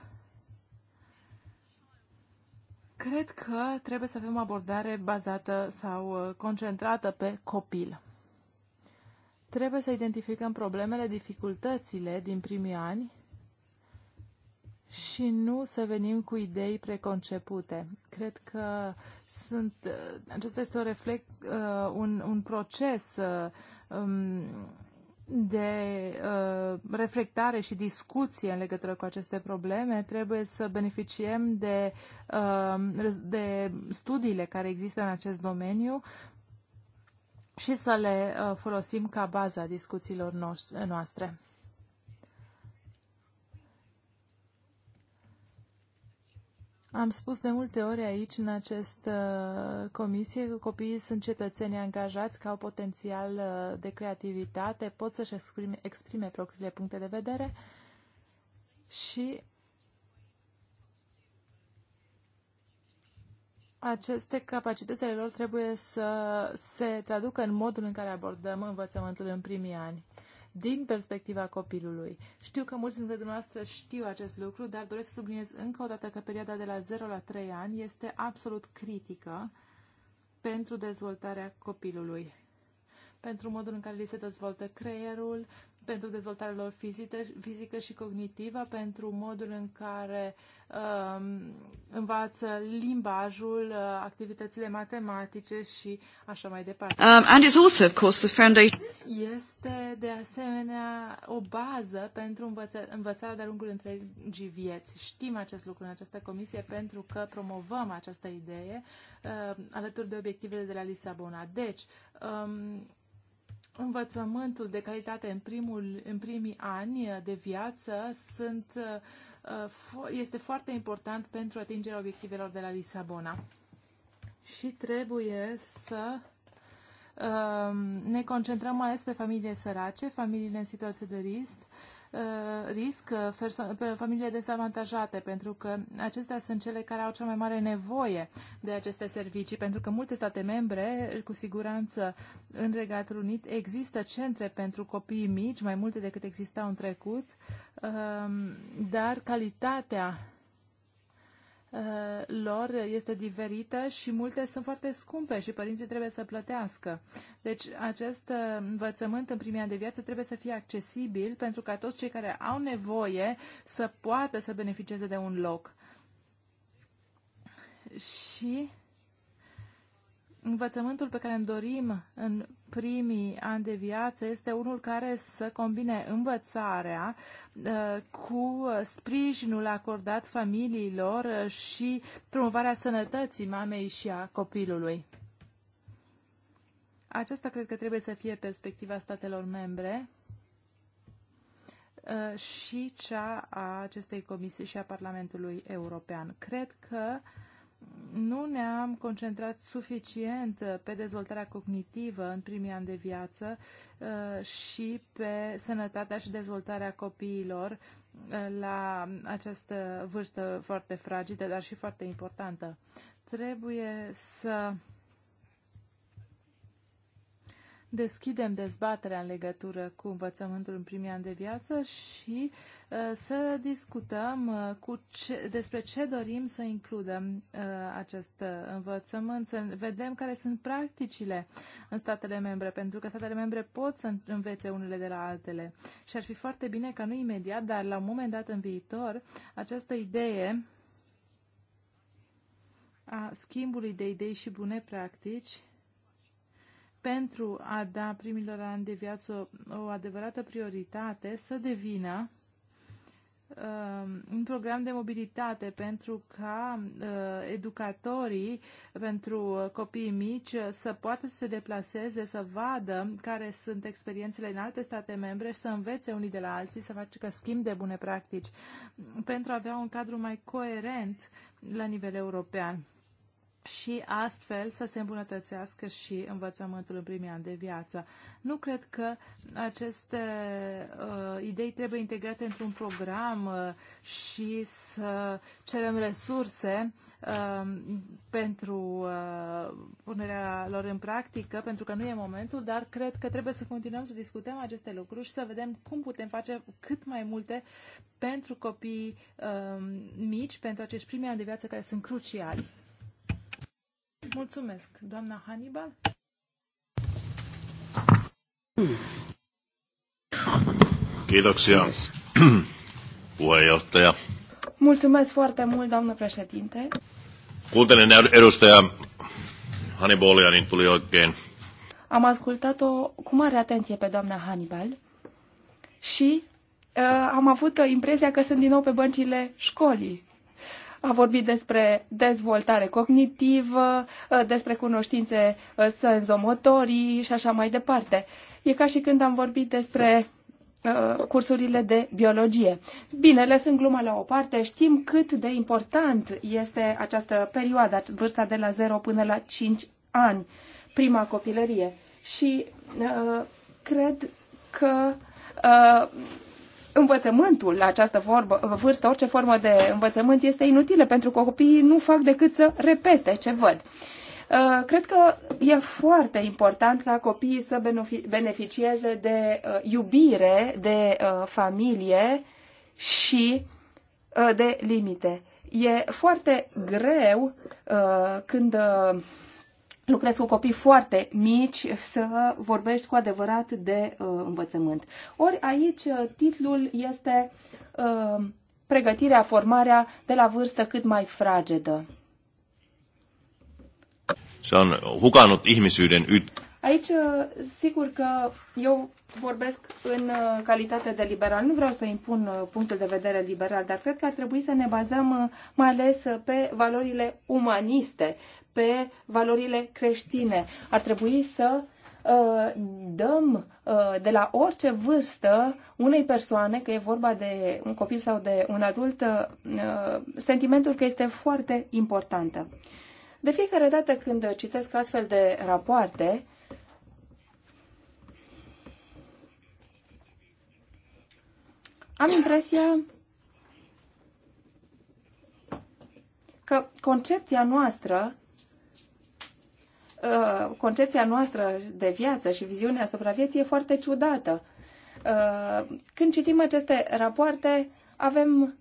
Cred că trebuie să avem abordare bazată sau uh, concentrată pe copil. Trebuie să identificăm problemele, dificultățile din primii ani și nu să venim cu idei preconcepute. Cred că sunt, uh, acesta este o reflect, uh, un, un proces um, de uh, reflectare și discuție în legătură cu aceste probleme, trebuie să beneficiem de, uh, de studiile care există în acest domeniu și să le uh, folosim ca baza discuțiilor noastre. Am spus de multe ori aici, în această uh, comisie, că copiii sunt cetățeni angajați, că au potențial uh, de creativitate, pot să-și exprime, exprime propriile puncte de vedere și aceste capacitățile lor trebuie să se traducă în modul în care abordăm învățământul în primii ani din perspectiva copilului. Știu că mulți dintre dumneavoastră știu acest lucru, dar doresc să subliniez încă o dată că perioada de la 0 la 3 ani este absolut critică pentru dezvoltarea copilului pentru modul în care li se dezvoltă creierul, pentru dezvoltarea lor fizică, fizică și cognitivă, pentru modul în care um, învață limbajul, uh, activitățile matematice și așa mai departe. Um, and is also, of course, the foundation... Este, de asemenea, o bază pentru învăța, învățarea de-a lungul întregii vieți. Știm acest lucru în această comisie pentru că promovăm această idee uh, alături de obiectivele de la Lisabona. Deci, um, învățământul de calitate în, primul, în primii ani de viață sunt, uh, este foarte important pentru atingerea obiectivelor de la Lisabona. Și trebuie să uh, ne concentrăm mai ales pe familiile sărace, familiile în situație de risc, Uh, risc uh, pe familiile dezavantajate, pentru că acestea sunt cele care au cea mai mare nevoie de aceste servicii, pentru că multe state membre, cu siguranță în Regatul Unit, există centre pentru copii mici, mai multe decât existau în trecut, um, dar calitatea Uh, lor este diferită și multe sunt foarte scumpe și părinții trebuie să plătească. Deci acest uh, învățământ în primii ani de viață trebuie să fie accesibil pentru ca toți cei care au nevoie să poată să beneficieze de un loc. Și învățământul pe care îl dorim în primii ani de viață este unul care să combine învățarea uh, cu sprijinul acordat familiilor și promovarea sănătății mamei și a copilului. Aceasta cred că trebuie să fie perspectiva statelor membre uh, și cea a acestei comisii și a Parlamentului European. Cred că uh, nu ne-am concentrat suficient pe dezvoltarea cognitivă în primii ani de viață uh, și pe sănătatea și dezvoltarea copiilor uh, la această vârstă foarte fragilă, dar și foarte importantă. Trebuie să deschidem dezbaterea în legătură cu învățământul în primii ani de viață și uh, să discutăm uh, cu ce, despre ce dorim să includem uh, acest învățământ, să vedem care sunt practicile în statele membre, pentru că statele membre pot să învețe unele de la altele. Și ar fi foarte bine ca nu imediat, dar la un moment dat în viitor, această idee a schimbului de idei și bune practici pentru a da primilor ani de viață o adevărată prioritate, să devină um, un program de mobilitate pentru ca uh, educatorii pentru uh, copiii mici să poată să se deplaseze, să vadă care sunt experiențele în alte state membre, să învețe unii de la alții, să facă schimb de bune practici pentru a avea un cadru mai coerent la nivel european și astfel să se îmbunătățească și învățământul în primii ani de viață. Nu cred că aceste uh, idei trebuie integrate într-un program uh, și să cerem resurse uh, pentru uh, punerea lor în practică, pentru că nu e momentul, dar cred că trebuie să continuăm să discutăm aceste lucruri și să vedem cum putem face cât mai multe pentru copii uh, mici, pentru acești primii ani de viață care sunt cruciali. Mulțumesc. Doamna Hannibal? Kiitoksia, puheenjohtaja. Mulțumesc foarte mult, doamnă președinte. Kuuntelin edustaja Hannibalia, niin tuli oikein. Am ascultat-o cu mare atenție pe doamna Hannibal și uh, am avut impresia că sunt din nou pe băncile școlii a vorbit despre dezvoltare cognitivă, ă, despre cunoștințe ă, senzomotorii și așa mai departe. E ca și când am vorbit despre ă, cursurile de biologie. Bine, lăsând gluma la o parte, știm cât de important este această perioadă, vârsta de la 0 până la 5 ani, prima copilărie. Și uh, cred că uh, învățământul la această vorbă, vârstă, orice formă de învățământ este inutilă pentru că copiii nu fac decât să repete ce văd. Uh, cred că e foarte important ca copiii să beneficieze de uh, iubire, de uh, familie și de limite. E foarte greu când lucrezi cu copii foarte mici, să vorbești cu adevărat de uh, învățământ. Ori aici uh, titlul este uh, pregătirea, formarea de la vârstă cât mai fragedă. Se on ihmisyyden yt- Aici, uh, sigur că eu vorbesc în uh, calitate de liberal. Nu vreau să impun punctul de vedere liberal, dar cred că ar trebui să ne bazăm mai ales pe valorile umaniste, pe valorile creștine. Ar trebui să uh, dăm uh, de la orice vârstă unei persoane, că e vorba de un copil sau de un adult, uh, sentimentul că este foarte importantă. De fiecare dată când citesc astfel de rapoarte, am impresia că concepția noastră Uh, concepția noastră de viață și viziunea asupra vieții e foarte ciudată. Uh, când citim aceste rapoarte, avem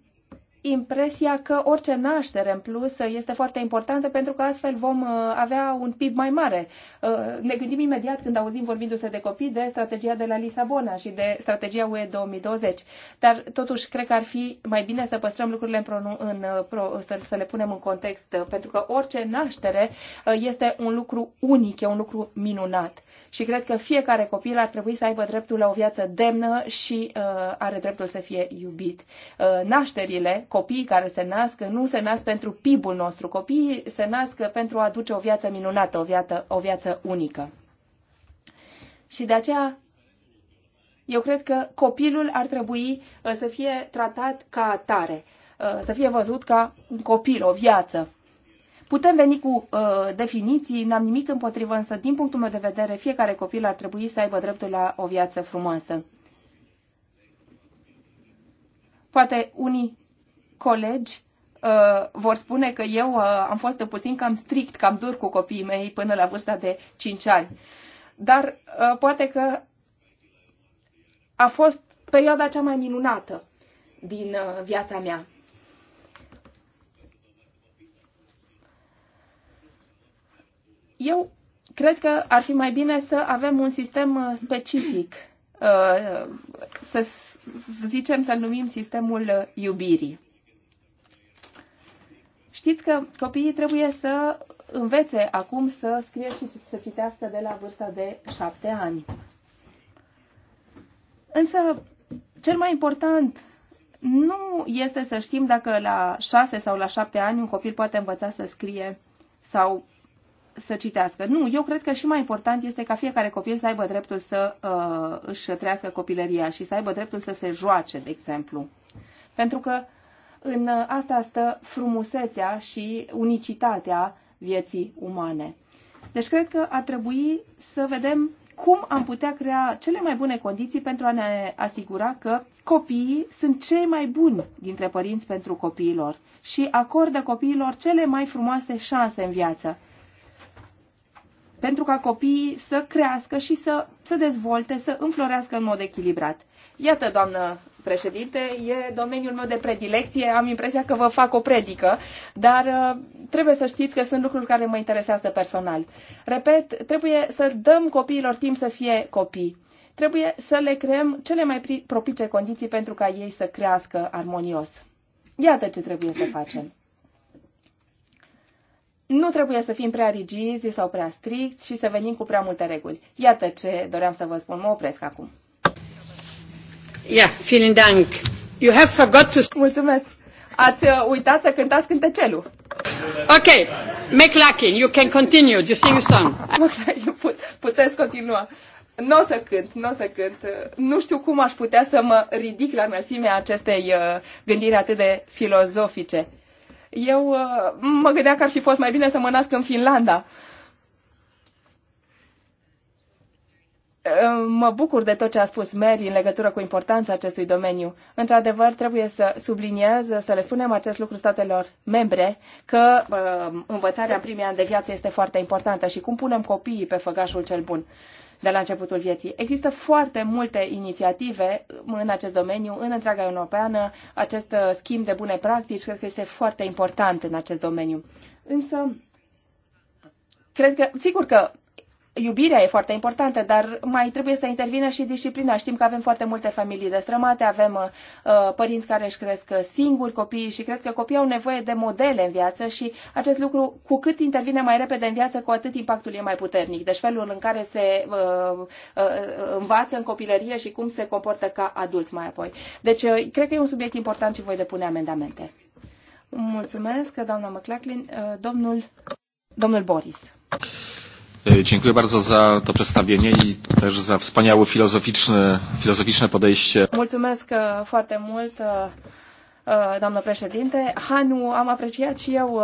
impresia că orice naștere în plus este foarte importantă pentru că astfel vom uh, avea un PIB mai mare. Uh, ne gândim imediat când auzim vorbindu-se de copii de strategia de la Lisabona și de strategia UE 2020. Dar totuși cred că ar fi mai bine să păstrăm lucrurile în, în, uh, pro- să, să le punem în context pentru că orice naștere este un lucru unic, e un lucru minunat. Și cred că fiecare copil ar trebui să aibă dreptul la o viață demnă și uh, are dreptul să fie iubit. Uh, nașterile copiii care se nasc nu se nasc pentru PIB-ul nostru. Copiii se nasc pentru a aduce o viață minunată, o viață, o viață unică. Și de aceea eu cred că copilul ar trebui uh, să fie tratat ca atare, uh, să fie văzut ca un copil, o viață. Putem veni cu uh, definiții, n-am nimic împotrivă, însă, din punctul meu de vedere, fiecare copil ar trebui să aibă dreptul la o viață frumoasă. Poate unii colegi uh, vor spune că eu uh, am fost puțin cam strict, cam dur cu copiii mei până la vârsta de 5 ani. Dar uh, poate că a fost perioada cea mai minunată din uh, viața mea. Eu cred că ar fi mai bine să avem un sistem uh, specific, uh, să zicem, să-l numim sistemul uh, iubirii. Știți că copiii trebuie să învețe acum să scrie și să citească de la vârsta de șapte ani. Însă, cel mai important nu este să știm dacă la șase sau la șapte ani un copil poate învăța să scrie sau să citească. Nu, eu cred că și mai important este ca fiecare copil să aibă dreptul să uh, își trăiască copilăria și să aibă dreptul să se joace, de exemplu. Pentru că uh, în asta stă frumusețea și unicitatea vieții umane. Deci cred că ar trebui să vedem cum am putea crea cele mai bune condiții pentru a ne asigura că copiii sunt cei mai buni dintre părinți pentru copiilor și acordă copiilor cele mai frumoase șanse în viață. Pentru ca copiii să crească și să se dezvolte, să înflorească în mod echilibrat. Iată, doamnă președinte, e domeniul meu de predilecție, am impresia că vă fac o predică, dar uh, trebuie să știți că sunt lucruri care mă interesează personal. Repet, trebuie să dăm copiilor timp să fie copii. Trebuie să le creăm cele mai propice condiții pentru ca ei să crească armonios. Iată ce trebuie să facem. Nu trebuie să fim prea rigizi sau prea stricți și să venim cu prea multe reguli. Iată ce doream să vă spun. Mă opresc acum. Yeah, vielen Dank. You have forgot to... Mulțumesc. Ați uh, uitat să cântați cântecelul. Ok, make lucky, you can continue, you sing a song. Put, puteți continua. Nu o să cânt, nu o să cânt. Nu știu cum aș putea să mă ridic la înălțimea acestei uh, gândiri atât de filozofice. Eu uh, mă gândeam că ar fi fost mai bine să mă nasc în Finlanda. Uh, Mă bucur de tot ce a spus Mary în legătură cu importanța acestui domeniu. Într-adevăr, trebuie să subliniez, să le spunem acest lucru statelor membre, că uh, învățarea în primii ani de viață este foarte importantă și cum punem copiii pe făgașul cel bun de la începutul vieții. Există foarte multe inițiative în acest domeniu, în întreaga europeană. Acest uh, schimb de bune practici cred că este foarte important în acest domeniu. Însă, cred că, sigur că Iubirea e foarte importantă, dar mai trebuie să intervină și disciplina. Știm că avem foarte multe familii destrămate, avem uh, părinți care își cresc singuri copiii și cred că copiii au nevoie de modele în viață și acest lucru, cu cât intervine mai repede în viață, cu atât impactul e mai puternic. Deci felul în care se uh, uh, învață în copilărie și cum se comportă ca adulți mai apoi. Deci uh, cred că e un subiect important și voi depune amendamente. Mulțumesc, doamna McLachlin. Uh, domnul, domnul Boris. Dziękuję bardzo za to przedstawienie i też za wspaniałe filozoficzne, filozoficzne podejście. Mulțumesc foarte mult, doamnă președinte. Hanu, am apreciat și eu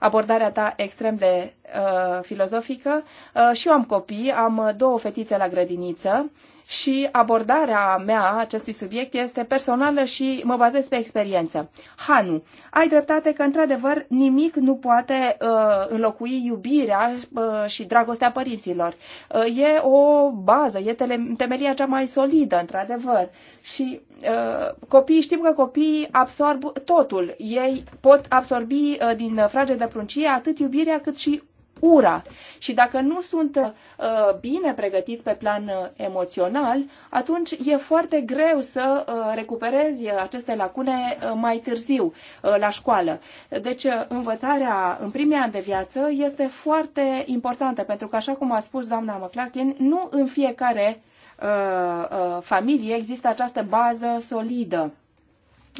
abordarea ta extrem de Uh, filozofică. Uh, și eu am copii, am uh, două fetițe la grădiniță și abordarea mea acestui subiect este personală și mă bazez pe experiență. Hanu, ai dreptate că, într-adevăr, nimic nu poate uh, înlocui iubirea uh, și dragostea părinților. Uh, e o bază, e tele- temelia cea mai solidă, într-adevăr. Și uh, copiii, știm că copiii absorb totul. Ei pot absorbi uh, din frage de pruncie atât iubirea cât și ura. Și dacă nu sunt uh, bine pregătiți pe plan uh, emoțional, atunci e foarte greu să uh, recuperezi aceste lacune uh, mai târziu uh, la școală. Deci uh, învățarea în primii ani de viață este foarte importantă, pentru că, așa cum a spus doamna McLaughlin, nu în fiecare familie există această bază solidă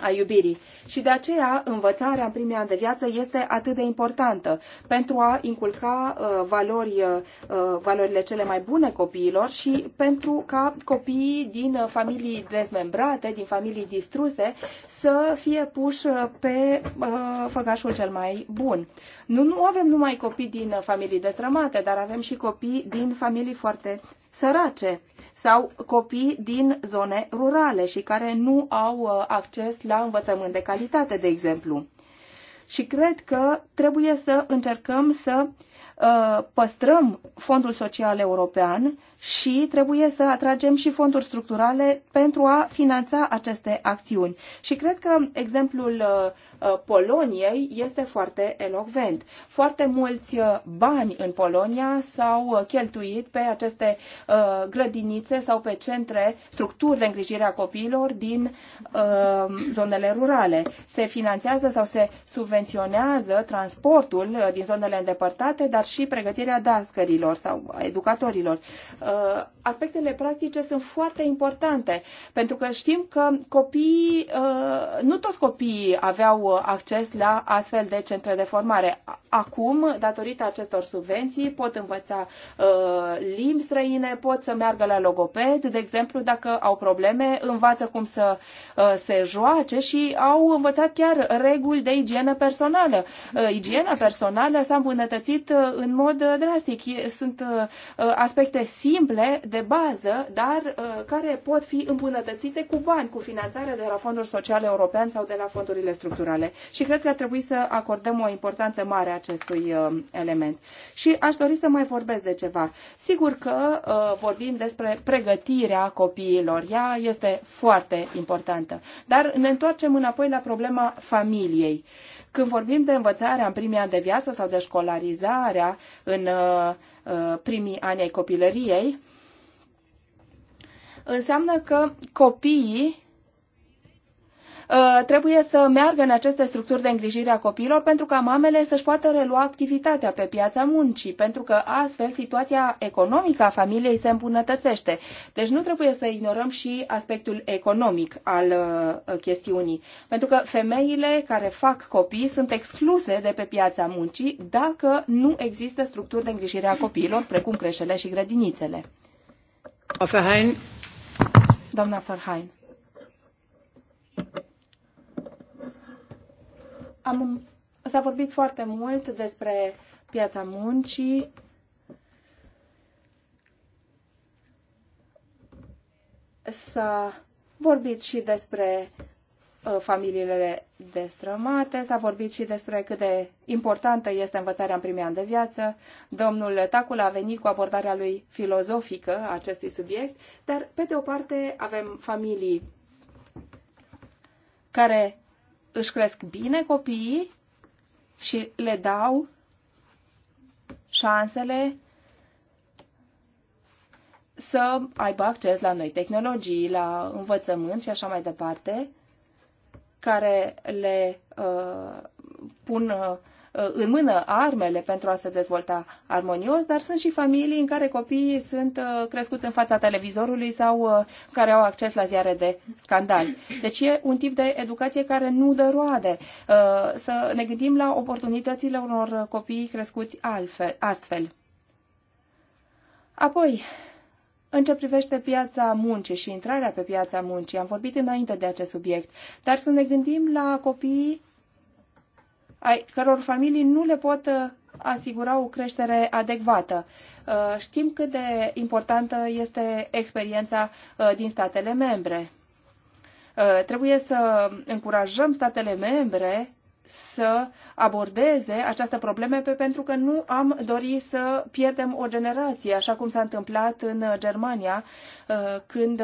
a iubirii. Și de aceea învățarea în primii ani de viață este atât de importantă pentru a inculca uh, valori, uh, valorile cele mai bune copiilor și pentru ca copiii din uh, familii dezmembrate, din familii distruse, să fie puși uh, pe uh, făgașul cel mai bun. Nu, nu avem numai copii din familii destrămate, dar avem și copii din familii foarte sărace sau copii din zone rurale și care nu au uh, acces la învățământ de calitate, de exemplu. Și cred că trebuie să încercăm să uh, Uh, păstrăm fondul social european și trebuie să atragem și fonduri structurale pentru a finanța aceste acțiuni. Și cred că exemplul uh, uh, Poloniei este foarte elocvent. Foarte mulți bani în Polonia s-au cheltuit pe aceste grădinițe sau pe centre, structuri de îngrijire a copiilor din zonele rurale. Se finanțează sau se subvenționează transportul din zonele îndepărtate, dar și pregătirea dascărilor sau educatorilor. Uh, aspectele practice sunt foarte importante pentru că știm că copiii, uh, nu toți copiii aveau uh, acces la astfel de centre de formare. Acum, datorită acestor subvenții, pot învăța limbi străine, pot să meargă la logoped, de exemplu, dacă au probleme, învață cum să se joace și au învățat chiar reguli de igienă personală. Igiena personală s-a îmbunătățit în mod uh, drastic. Sunt uh, uh, aspecte simple, de bază, dar care pot fi îmbunătățite cu bani, cu finanțarea de la Fondul Social European sau de la fondurile structurale. Și cred că ar trebui să acordăm o importanță mare acestui element. Și aș dori să mai vorbesc de ceva. Sigur că vorbim despre pregătirea copiilor. Ea este foarte importantă. Dar ne întoarcem înapoi la problema familiei. Uh, când vorbim de învățarea în primii ani de viață sau de școlarizarea în uh, uh, primii ani ai copilăriei, înseamnă că copiii Uh, trebuie să meargă în aceste structuri de îngrijire a copiilor pentru ca mamele să-și poată relua activitatea pe piața muncii, pentru că astfel situația economică a familiei se îmbunătățește. Deci nu trebuie să ignorăm și aspectul economic al uh, chestiunii, pentru că femeile care fac copii sunt excluse de pe piața muncii dacă nu există structuri de îngrijire a copiilor, precum creșele și grădinițele. Doamna Ferhain. Am, s-a vorbit foarte mult despre piața muncii. S-a vorbit și despre uh, familiile destrămate, s-a vorbit și despre cât de importantă este învățarea în primii ani de viață. Domnul Tacul a venit cu abordarea lui filozofică a acestui subiect, dar pe de o parte avem familii care își cresc bine copiii și le dau șansele să aibă acces la noi tehnologii, la învățământ și așa mai departe, care le uh, pun uh, în mână armele pentru a se dezvolta armonios, dar sunt și familii în care copiii sunt uh, crescuți în fața televizorului sau uh, care au acces la ziare de scandal. Deci e un tip de educație care nu dă roade. Uh, să ne gândim la oportunitățile unor copii crescuți altfel, astfel. Apoi, în ce privește piața muncii și intrarea pe piața muncii, am vorbit înainte de acest subiect, dar să ne gândim la copiii ai căror familii nu le pot uh, asigura o creștere adecvată. Uh, știm cât de importantă este experiența uh, din statele membre. Trebuie să încurajăm statele membre să abordeze această probleme pentru că nu am dorit să pierdem o generație, așa cum s-a întâmplat în Germania, când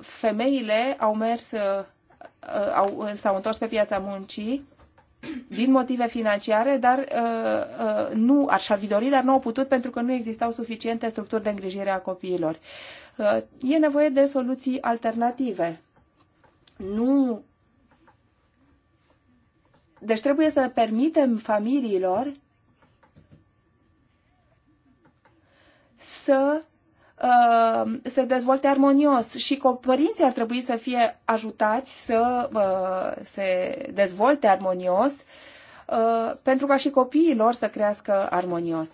femeile au mers, au, s-au întors pe piața muncii din motive financiare, dar uh, uh, nu ar și-ar fi dorit, dar nu au putut pentru că nu existau suficiente structuri de îngrijire a copiilor. Uh, e nevoie de soluții alternative. Nu. Deci trebuie să permitem familiilor să Uh, se dezvolte armonios și părinții ar trebui să fie ajutați să uh, se dezvolte armonios uh, pentru ca și copiii lor să crească armonios.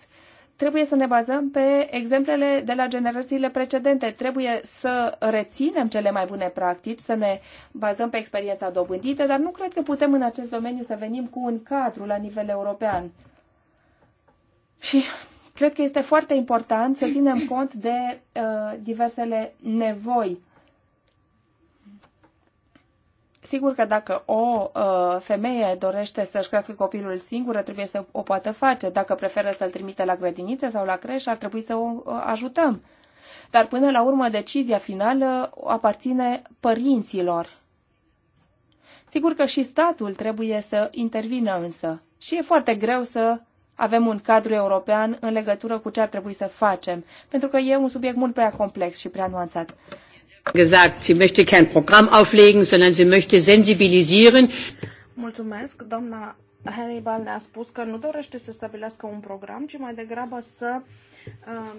Trebuie să ne bazăm pe exemplele de la generațiile precedente. Trebuie să reținem cele mai bune practici, să ne bazăm pe experiența dobândită, dar nu cred că putem în acest domeniu să venim cu un cadru la nivel european. Și Cred că este foarte important să ținem cont de uh, diversele nevoi. Sigur că dacă o uh, femeie dorește să-și crească copilul singură, trebuie să o poată face. Dacă preferă să-l trimite la grădiniță sau la creș, ar trebui să o uh, ajutăm. Dar până la urmă, decizia finală aparține părinților. Sigur că și statul trebuie să intervină însă. Și e foarte greu să avem un cadru european în legătură cu ce ar trebui să facem, pentru că e un subiect mult prea complex și prea nuanțat. Gesagt, sie möchte kein Programm auflegen, sondern sie möchte sensibilisieren. Mulțumesc, doamna Hannibal ne-a spus că nu dorește să stabilească un program, ci mai degrabă să uh,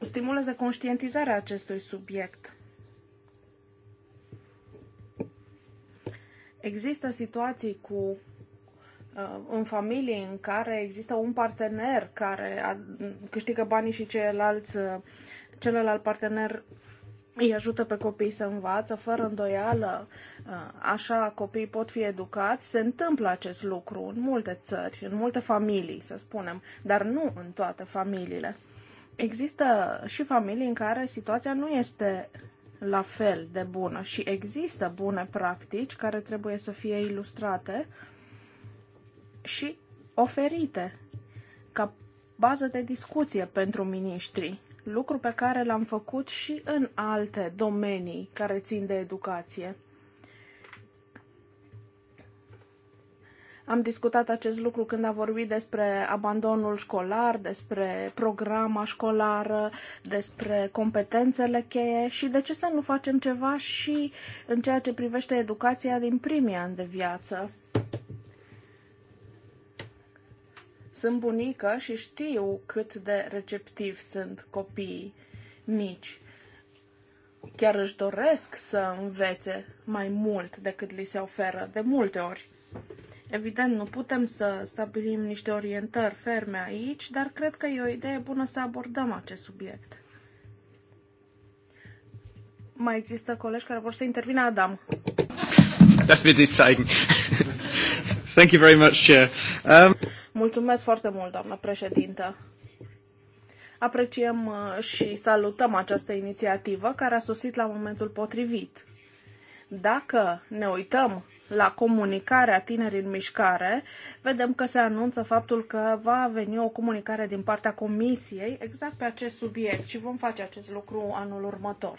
stimuleze conștientizarea acestui subiect. Există situații cu Uh, în familii în care există un partener care câștigă banii și ceilalți, uh, celălalt partener îi ajută pe copii să învață, fără îndoială, uh, așa copiii pot fi educați. Se întâmplă acest lucru în multe țări, în multe familii, să spunem, dar nu în toate familiile. Există și familii în care situația nu este la fel de bună și există bune practici care trebuie să fie ilustrate și oferite ca bază de discuție pentru miniștri, lucru pe care l-am făcut și în alte domenii care țin de educație. Am discutat acest lucru când a vorbit despre abandonul școlar, despre programa școlară, despre competențele cheie și de ce să nu facem ceva și în ceea ce privește educația din primii ani de viață. Sunt bunică și știu cât de receptivi sunt copiii mici. Chiar își doresc să învețe mai mult decât li se oferă, de multe ori. Evident, nu putem să stabilim niște orientări ferme aici, dar cred că e o idee bună să abordăm acest subiect. Mai există colegi care vor să intervină? Adam. Das wird nicht Thank you very much, Chair. Um... Mulțumesc foarte mult, doamnă președintă. Apreciem uh, și salutăm această inițiativă care a sosit la momentul potrivit. Dacă ne uităm la comunicarea tinerii în Mișcare, vedem că se anunță faptul că va veni o comunicare din partea Comisiei exact pe acest subiect și vom face acest lucru anul următor.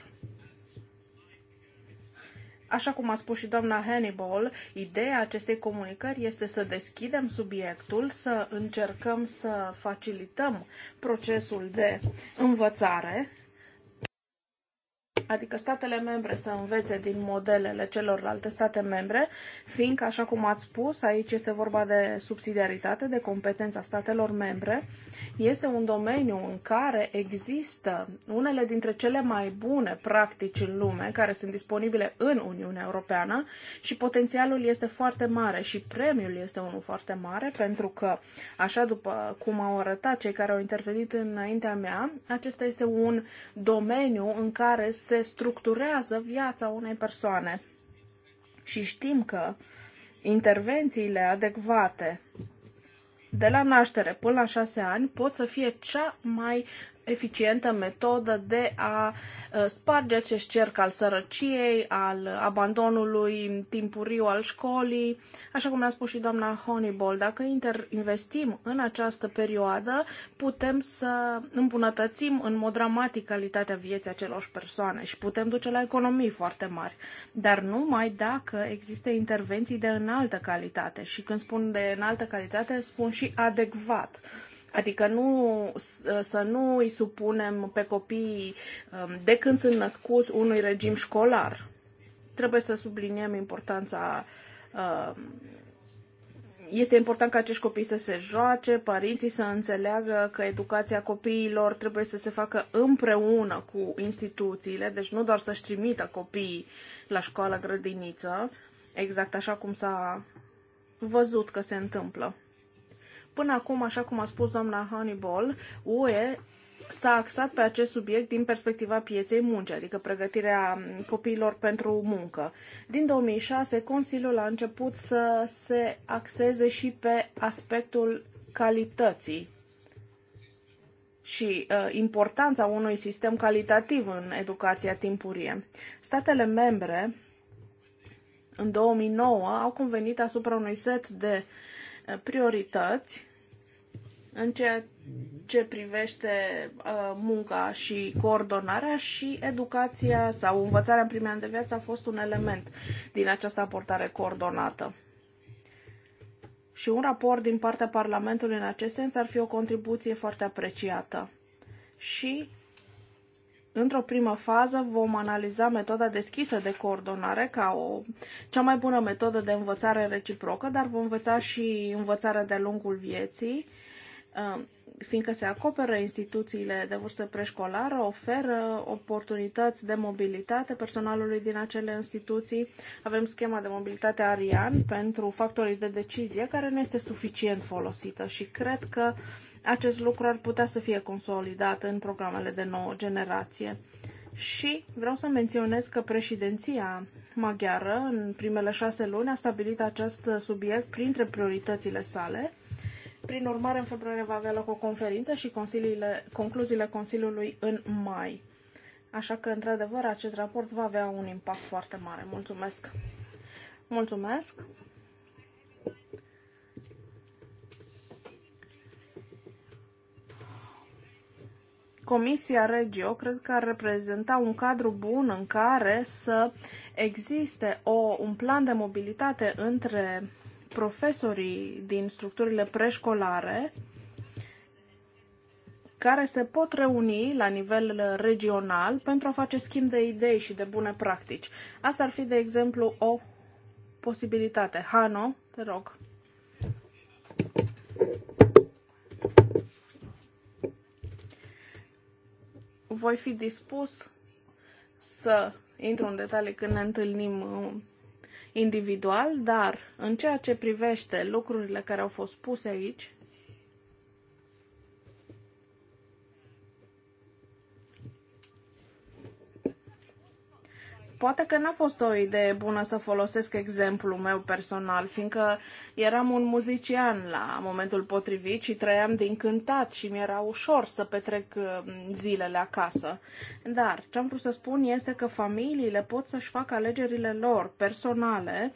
Așa cum a spus și doamna Hannibal, ideea acestei comunicări este să deschidem subiectul, să încercăm să facilităm procesul de învățare adică statele membre să învețe din modelele celorlalte state membre, fiindcă, așa cum ați spus, aici este vorba de subsidiaritate, de competența statelor membre, este un domeniu în care există unele dintre cele mai bune practici în lume, care sunt disponibile în Uniunea Europeană și potențialul este foarte mare și premiul este unul foarte mare, pentru că, așa după cum au arătat cei care au intervenit înaintea mea, acesta este un domeniu în care se se structurează viața unei persoane. Și știm că intervențiile adecvate de la naștere până la șase ani pot să fie cea mai eficientă metodă de a uh, sparge acest cerc al sărăciei, al abandonului timpuriu al școlii. Așa cum ne-a spus și doamna Honeyball, dacă investim în această perioadă, putem să îmbunătățim în mod dramatic calitatea vieții acelor persoane și putem duce la economii foarte mari, dar numai dacă există intervenții de înaltă calitate. Și când spun de înaltă calitate, spun și adecvat Adică nu, să nu îi supunem pe copii um, de când sunt născuți unui regim școlar. Trebuie să subliniem importanța um, este important ca acești copii să se joace, părinții să înțeleagă că educația copiilor trebuie să se facă împreună cu instituțiile, deci nu doar să-și trimită copiii la școală grădiniță, exact așa cum s-a văzut că se întâmplă. Până acum, așa cum a spus doamna Honeyball, UE s-a axat pe acest subiect din perspectiva pieței muncii, adică pregătirea copiilor pentru muncă. Din 2006, Consiliul a început să se axeze și pe aspectul calității și uh, importanța unui sistem calitativ în educația timpurie. Statele membre în 2009 au convenit asupra unui set de uh, Uh, priorități în ceea ce privește uh, munca și coordonarea și educația sau învățarea în primii ani de viață a fost un element din această aportare coordonată. Și un raport din partea Parlamentului în acest sens ar fi o contribuție foarte apreciată. Și într-o primă fază vom analiza metoda deschisă de coordonare ca o cea mai bună metodă de învățare reciprocă, dar vom învăța și învățarea de-a lungul vieții, um, fiindcă se acoperă instituțiile de vârstă preșcolară, oferă oportunități de mobilitate personalului din acele instituții. Avem schema de mobilitate Arian pentru factorii de decizie care nu este suficient folosită și cred că acest lucru ar putea să fie consolidat în programele de nouă generație. Și vreau să menționez că președinția maghiară în primele șase luni a stabilit acest subiect printre prioritățile sale. Prin urmare, în februarie va avea loc o conferință și concluziile Consiliului în mai. Așa că, într-adevăr, acest raport va avea un impact foarte mare. Mulțumesc! Mulțumesc! Comisia Regio cred că ar reprezenta un cadru bun în care să existe o, un plan de mobilitate între profesorii din structurile preșcolare care se pot reuni la nivel regional pentru a face schimb de idei și de bune practici. Asta ar fi, de exemplu, o posibilitate. Hano, te rog. voi fi dispus să intru în detalii când ne întâlnim uh, individual, dar în ceea ce privește lucrurile care au fost puse aici, Poate că n-a fost o idee bună să folosesc exemplul meu personal, fiindcă eram un muzician la momentul potrivit și trăiam din cântat și mi-era ușor să petrec uh, zilele acasă. Dar ce am vrut să spun este că familiile pot să-și facă alegerile lor personale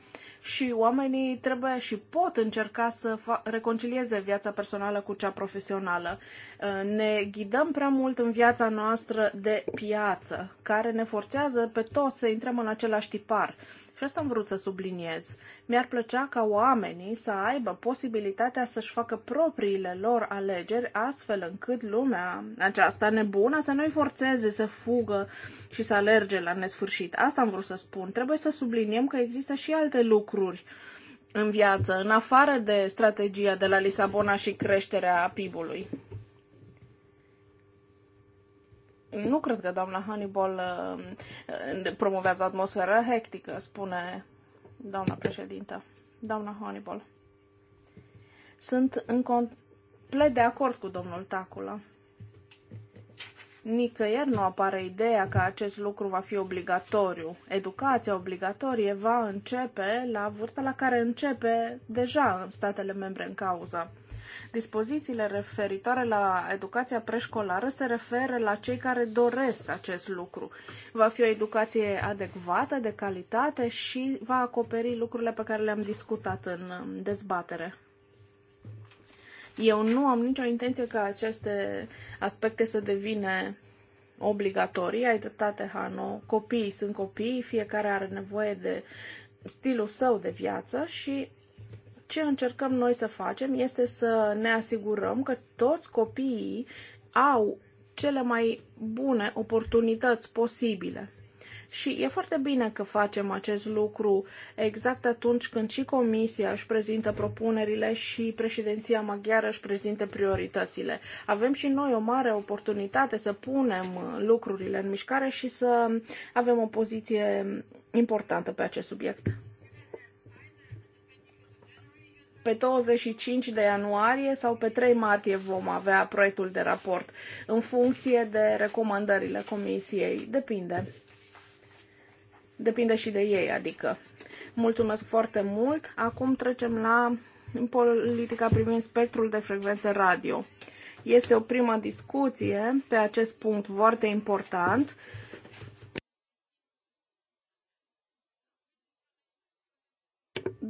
și oamenii trebuie și pot încerca să reconcilieze viața personală cu cea profesională. Uh, ne ghidăm prea mult în viața noastră de piață, care ne forțează pe toți să intrăm în același tipar. Și asta am vrut să subliniez. Mi-ar plăcea ca oamenii să aibă posibilitatea să-și facă propriile lor alegeri, astfel încât lumea aceasta nebună să nu-i forțeze să fugă și să alerge la nesfârșit. Asta am vrut să spun. Trebuie să subliniem că există și alte lucruri în viață, în afară de strategia de la Lisabona și creșterea PIB-ului. Nu cred că doamna Hannibal uh, promovează atmosfera hectică, spune doamna președintă. Doamna Hannibal. Sunt în complet de acord cu domnul Tacula. Nicăieri nu apare ideea că acest lucru va fi obligatoriu. Educația obligatorie va începe la vârsta la care începe deja în statele membre în cauză. Dispozițiile referitoare la educația preșcolară se referă la cei care doresc acest lucru. Va fi o educație adecvată, de calitate și va acoperi lucrurile pe care le-am discutat în dezbatere. Eu nu am nicio intenție ca aceste aspecte să devină obligatorii. Ai dreptate, Hano. Copiii sunt copii, fiecare are nevoie de stilul său de viață și ce încercăm noi să facem este să ne asigurăm că toți copiii au cele mai bune oportunități posibile. Și e foarte bine că facem acest lucru exact atunci când și Comisia își prezintă propunerile și președinția maghiară își prezintă prioritățile. Avem și noi o mare oportunitate să punem lucrurile în mișcare și să avem o poziție importantă pe acest subiect pe 25 de ianuarie sau pe 3 martie vom avea proiectul de raport, în funcție de recomandările comisiei. Depinde. Depinde și de ei, adică. Mulțumesc foarte mult. Acum trecem la politica privind spectrul de frecvențe radio. Este o prima discuție pe acest punct foarte important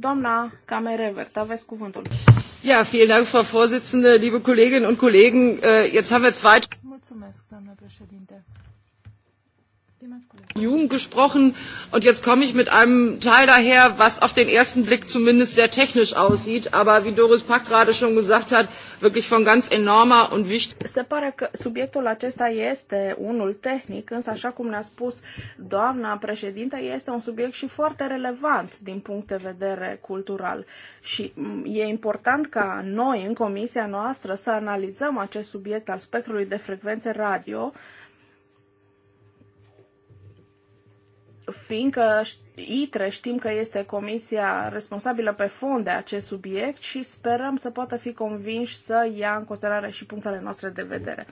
Doamna Camerevert, aveți cuvântul. Ja, vielen Dank, Frau Vorsitzende, liebe Kolleginnen und Kollegen. Äh, jetzt haben wir zwei... Mulțumesc, doamna președinte. Jugend gesprochen und jetzt komme ich mit einem Teil daher, was auf den ersten Blick zumindest sehr technisch aussieht, aber wie Doris Pack gerade schon gesagt hat, wirklich von ganz enormer und wichtig. Se pare că subiectul acesta este unul tehnic, însă așa cum ne-a spus doamna președintă, este un subiect și foarte relevant din punct de vedere cultural și mm, e important ca noi în comisia noastră să analizăm acest subiect al spectrului de frecvențe radio fiindcă ITRE știm că este comisia responsabilă pe fond de acest subiect și sperăm să poată fi convinși să ia în considerare și punctele noastre de vedere.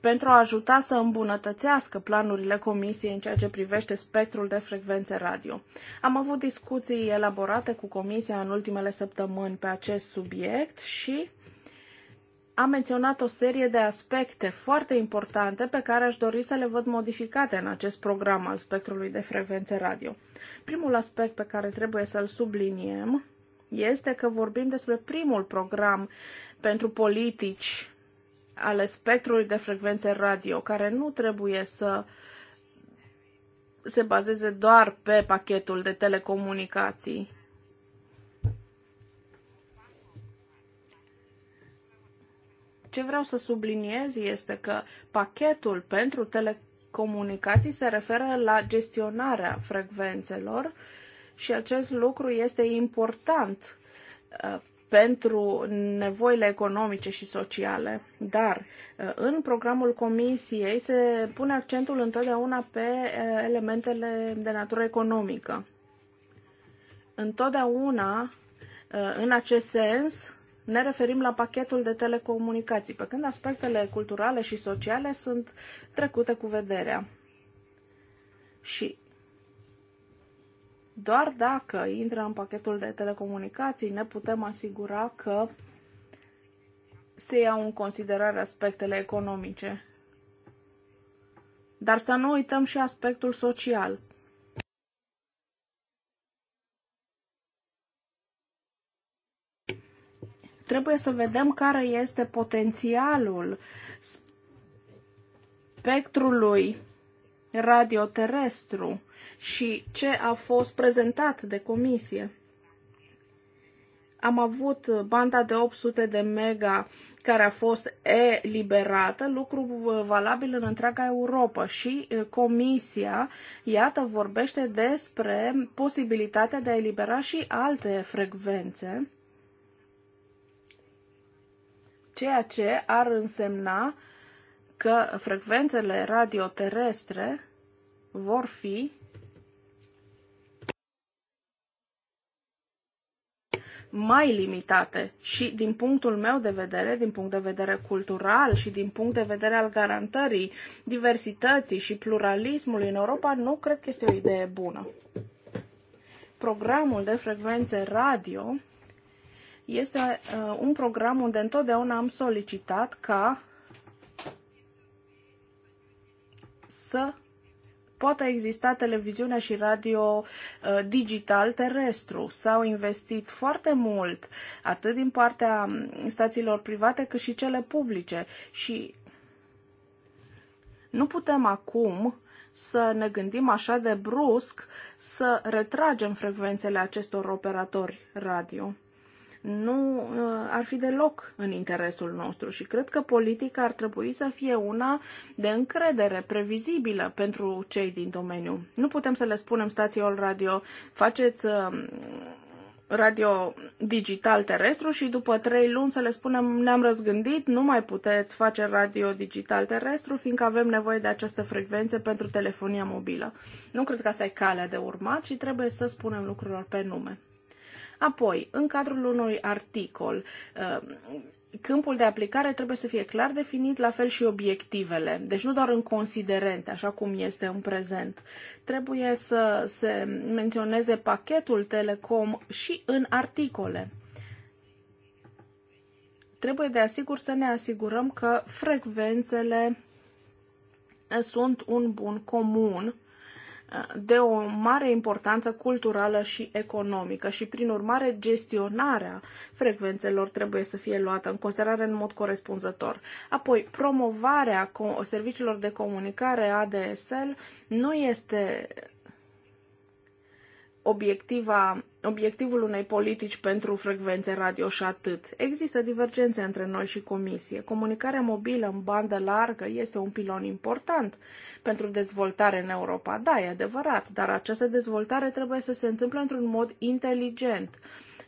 pentru a ajuta să îmbunătățească planurile comisiei în ceea ce privește spectrul de frecvențe radio. Am avut discuții elaborate cu comisia în ultimele săptămâni pe acest subiect și a menționat o serie de aspecte foarte importante pe care aș dori să le văd modificate în acest program al spectrului de frecvențe radio. Primul aspect pe care trebuie să-l subliniem este că vorbim despre primul program pentru politici ale spectrului de frecvențe radio, care nu trebuie să se bazeze doar pe pachetul de telecomunicații Ce vreau să subliniez este că pachetul pentru telecomunicații se referă la gestionarea frecvențelor și acest lucru este important uh, pentru nevoile economice și sociale. Dar uh, în programul comisiei se pune accentul întotdeauna pe uh, elementele de natură economică. Întotdeauna, în acest sens, ne referim la pachetul de telecomunicații, pe când aspectele culturale și sociale sunt trecute cu vederea. Și doar dacă intră în pachetul de telecomunicații, ne putem asigura că se iau în considerare aspectele economice. Dar să nu uităm și aspectul social. Trebuie să vedem care este potențialul spectrului radioterestru și ce a fost prezentat de comisie. Am avut banda de 800 de mega care a fost eliberată, lucru valabil în întreaga Europa și comisia, iată, vorbește despre posibilitatea de a elibera și alte frecvențe ceea ce ar însemna că frecvențele radioterestre vor fi mai limitate și din punctul meu de vedere, din punct de vedere cultural și din punct de vedere al garantării diversității și pluralismului în Europa, nu cred că este o idee bună. Programul de frecvențe radio este uh, un program unde întotdeauna am solicitat ca să poată exista televiziunea și radio uh, digital terestru. S-au investit foarte mult, atât din partea um, stațiilor private, cât și cele publice. Și nu putem acum să ne gândim așa de brusc să retragem frecvențele acestor operatori radio nu uh, ar fi deloc în interesul nostru și cred că politica ar trebui să fie una de încredere, previzibilă pentru cei din domeniu. Nu putem să le spunem stațiilor radio, faceți um, radio digital terestru și după trei luni să le spunem ne-am răzgândit, nu mai puteți face radio digital terestru fiindcă avem nevoie de această frecvență pentru telefonia mobilă. Nu cred că asta e calea de urmat și trebuie să spunem lucrurilor pe nume. Apoi, în cadrul unui articol, uh, câmpul de aplicare trebuie să fie clar definit, la fel și obiectivele. Deci nu doar în considerente, așa cum este în prezent. Trebuie să se menționeze pachetul Telecom și în articole. Trebuie de asigur să ne asigurăm că frecvențele sunt un bun comun de o mare importanță culturală și economică și, prin urmare, gestionarea frecvențelor trebuie să fie luată în considerare în mod corespunzător. Apoi, promovarea serviciilor de comunicare ADSL nu este obiectiva obiectivul unei politici pentru frecvențe radio și atât. Există divergențe între noi și comisie. Comunicarea mobilă în bandă largă este un pilon important pentru dezvoltare în Europa. Da, e adevărat, dar această dezvoltare trebuie să se întâmple într-un mod inteligent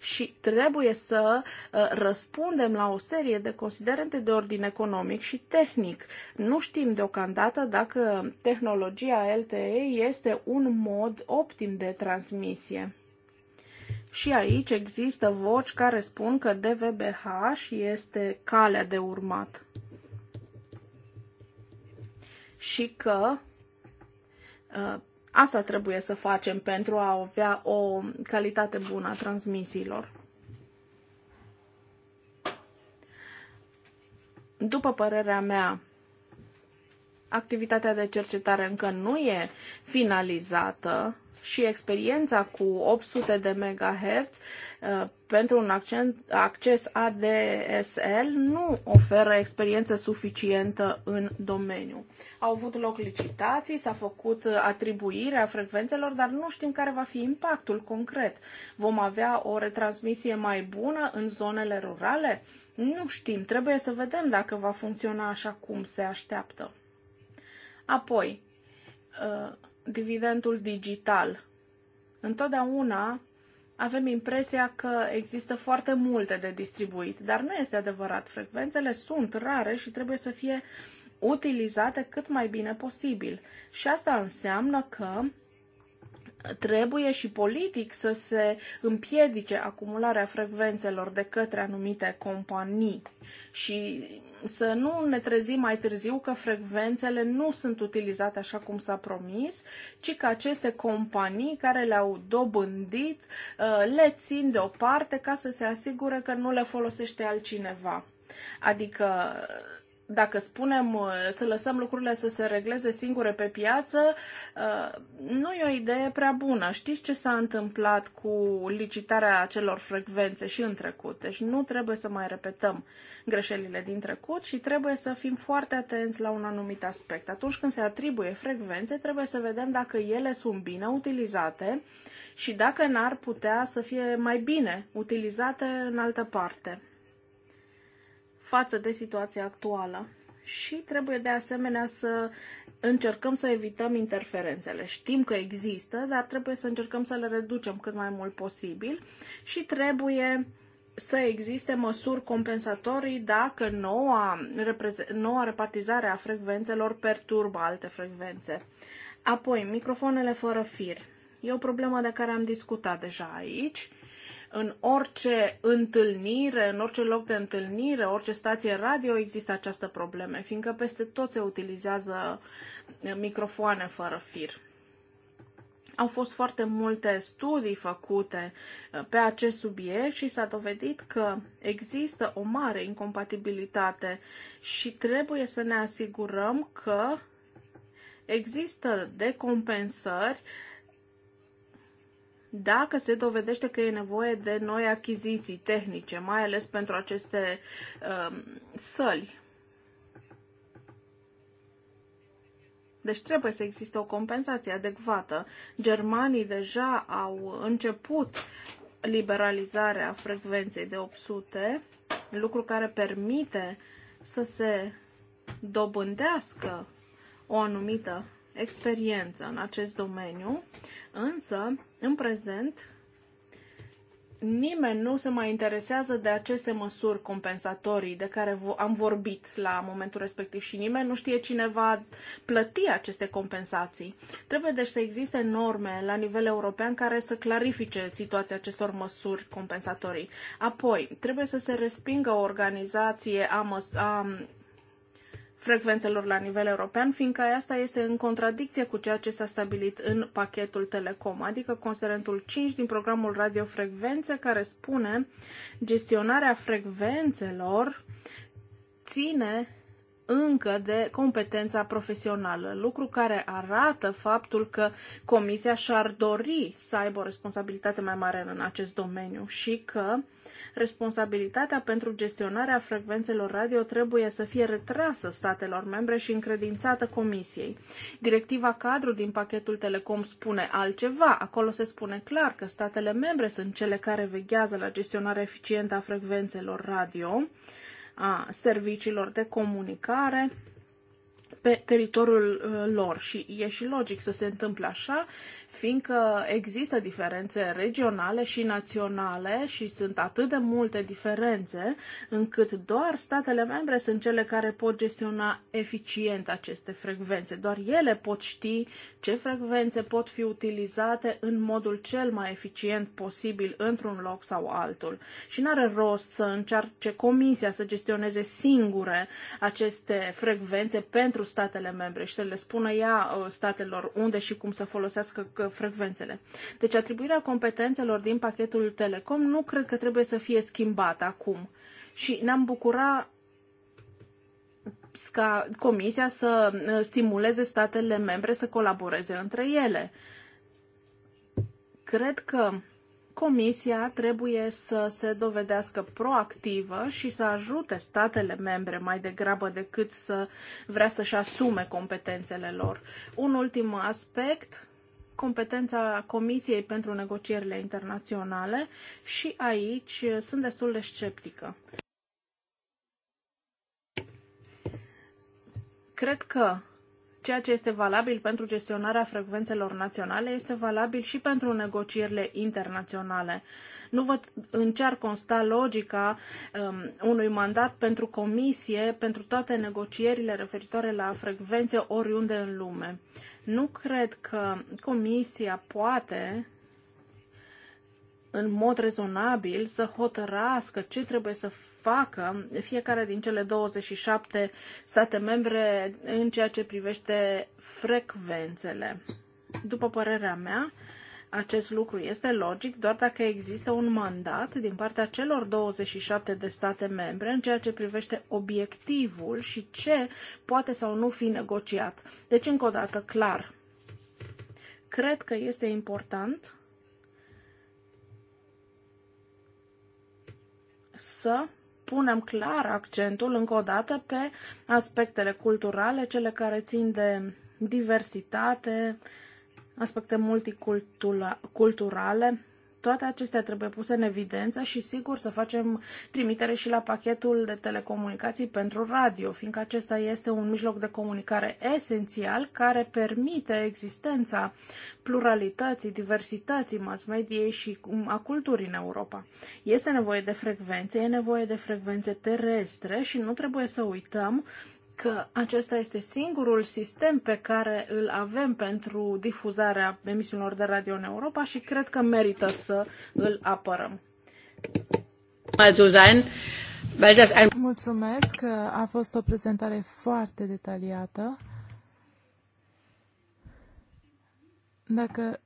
și trebuie să uh, răspundem la o serie de considerente de ordin economic și tehnic. Nu știm deocamdată dacă tehnologia LTE este un mod optim de transmisie. Și aici există voci care spun că DVBH este calea de urmat. Și că uh, asta trebuie să facem pentru a avea o calitate bună a transmisiilor. După părerea mea, activitatea de cercetare încă nu e finalizată și experiența cu 800 de MHz uh, pentru un acces ADSL nu oferă experiență suficientă în domeniu. Au avut loc licitații, s-a făcut uh, atribuirea frecvențelor, dar nu știm care va fi impactul concret. Vom avea o retransmisie mai bună în zonele rurale? Nu știm, trebuie să vedem dacă va funcționa așa cum se așteaptă. Apoi, uh, dividendul digital. Întotdeauna avem impresia că există foarte multe de distribuit, dar nu este adevărat. Frecvențele sunt rare și trebuie să fie utilizate cât mai bine posibil. Și asta înseamnă că trebuie și politic să se împiedice acumularea frecvențelor de către anumite companii și să nu ne trezim mai târziu că frecvențele nu sunt utilizate așa cum s-a promis, ci că aceste companii care le-au dobândit uh, le țin deoparte ca să se asigure că nu le folosește altcineva. Adică dacă spunem uh, să lăsăm lucrurile să se regleze singure pe piață, uh, nu e o idee prea bună. Știți ce s-a întâmplat cu licitarea acelor frecvențe și în trecut? Deci nu trebuie să mai repetăm greșelile din trecut și trebuie să fim foarte atenți la un anumit aspect. Atunci când se atribuie frecvențe, trebuie să vedem dacă ele sunt bine utilizate și dacă n-ar putea să fie mai bine utilizate în altă parte față de situația actuală. Și trebuie de asemenea să încercăm să evităm interferențele. Știm că există, dar trebuie să încercăm să le reducem cât mai mult posibil și trebuie să existe măsuri compensatorii dacă noua, noua repartizare a frecvențelor perturbă alte frecvențe. Apoi, microfoanele fără fir. E o problemă de care am discutat deja aici în orice întâlnire, în orice loc de întâlnire, orice stație radio există această problemă, fiindcă peste tot se utilizează eh, microfoane fără fir. Au fost foarte multe studii făcute eh, pe acest subiect și s-a dovedit că există o mare incompatibilitate și trebuie să ne asigurăm că există decompensări uh, dacă se dovedește că e nevoie de noi achiziții tehnice, mai ales pentru aceste um, săli. Deci trebuie să existe o compensație adecvată. Germanii deja au început liberalizarea frecvenței de 800, lucru care permite să se dobândească o anumită experiență în acest domeniu, însă, în prezent, nimeni nu se mai interesează de aceste măsuri compensatorii de care am vorbit la momentul respectiv și nimeni nu știe cine va plăti aceste compensații. Trebuie deci să existe norme la nivel european care să clarifice situația acestor măsuri compensatorii. Apoi, trebuie să se respingă o organizație a, măs- a frecvențelor la nivel european, fiindcă asta este în contradicție cu ceea ce s-a stabilit în pachetul Telecom, adică considerentul 5 din programul radiofrecvențe care spune gestionarea frecvențelor ține încă de competența profesională, lucru care arată faptul că Comisia și-ar dori să aibă o responsabilitate mai mare în acest domeniu și că uh, Responsabilitatea pentru gestionarea frecvențelor radio trebuie să fie retrasă statelor membre și încredințată Comisiei. Directiva cadru din pachetul Telecom spune altceva. Acolo se spune clar că statele membre sunt cele care veghează la gestionarea eficientă a frecvențelor radio, a serviciilor de comunicare, pe teritoriul uh, lor și e și logic să se întâmple așa fiindcă există diferențe regionale și naționale și sunt atât de multe diferențe încât doar statele membre sunt cele care pot gestiona eficient aceste frecvențe. Doar ele pot ști ce frecvențe pot fi utilizate în modul cel mai eficient posibil într-un loc sau altul. Și nu are rost să încearce comisia să gestioneze singure aceste frecvențe pentru statele membre și să le spună ea ă, statelor unde și cum să folosească frecvențele. Deci atribuirea competențelor din pachetul Telecom nu cred că trebuie să fie schimbată acum. Și ne-am bucurat ca Comisia să uh, stimuleze statele membre să colaboreze între ele. Cred că Comisia trebuie să se dovedească proactivă și să ajute statele membre mai degrabă decât să vrea să-și asume competențele lor. Un ultim aspect competența Comisiei pentru negocierile internaționale și aici sunt destul de sceptică. Cred că ceea ce este valabil pentru gestionarea frecvențelor naționale este valabil și pentru negocierile internaționale. Nu văd în ce ar consta logica um, unui mandat pentru comisie pentru toate negocierile referitoare la frecvențe oriunde în lume. Nu cred că Comisia poate în mod rezonabil să hotărască ce trebuie să facă fiecare din cele 27 state membre în ceea ce privește frecvențele. După părerea mea, acest lucru este logic doar dacă există un mandat din partea celor 27 de state membre în ceea ce privește obiectivul și ce poate sau nu fi negociat. Deci, încă o dată, clar, cred că este important să punem clar accentul, încă o dată, pe aspectele culturale, cele care țin de diversitate, uh, aspecte multiculturale. Toate acestea trebuie puse în evidență și sigur să facem trimitere și la pachetul de telecomunicații pentru radio, fiindcă acesta este un mijloc de comunicare esențial care permite existența pluralității, diversității mass mediei și a culturii în Europa. Este nevoie de frecvențe, e nevoie de frecvențe terestre și nu trebuie să uităm că acesta este singurul sistem pe care îl avem pentru difuzarea emisiunilor de radio în Europa și cred că merită să îl apărăm. Mulțumesc, a fost o prezentare foarte detaliată. Dacă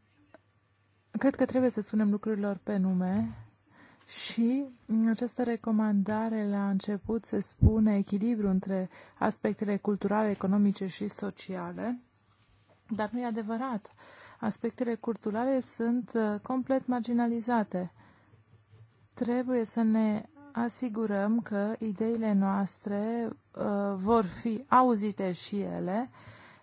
cred că trebuie să spunem lucrurilor pe nume, și în această recomandare la început se spune echilibru între aspectele culturale, economice și sociale, dar nu e adevărat. Aspectele culturale sunt uh, complet marginalizate. Trebuie să ne asigurăm că ideile noastre uh, vor fi auzite și ele uh,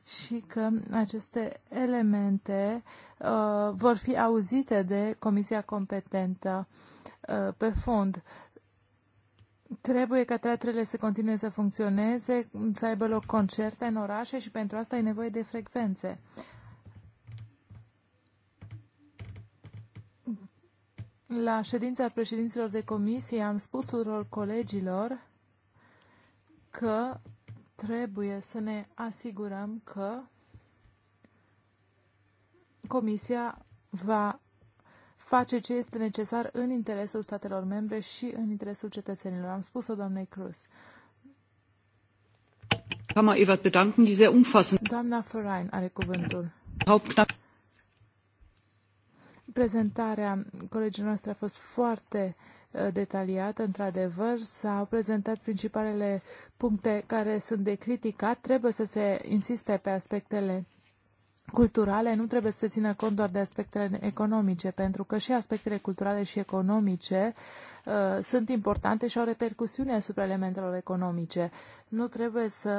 și că aceste elemente uh, vor fi auzite de comisia competentă uh, pe fond. Trebuie ca teatrele să continue să funcționeze, să aibă loc concerte în orașe și pentru asta e nevoie de frecvențe. La ședința președinților de comisie am spus tuturor colegilor că trebuie să ne asigurăm că Comisia va face ce este necesar în interesul statelor membre și în interesul cetățenilor. Am spus-o doamnei Cruz. Doamna Ferein are cuvântul. Prezentarea colegii noastre a fost foarte Eh, detaliat, într-adevăr, s-au prezentat principalele puncte care sunt de criticat. Trebuie să se insiste pe aspectele culturale, nu trebuie să se țină cont doar de aspectele economice, pentru că și aspectele culturale și economice uh, sunt importante și au repercusiune asupra elementelor economice. Nu trebuie să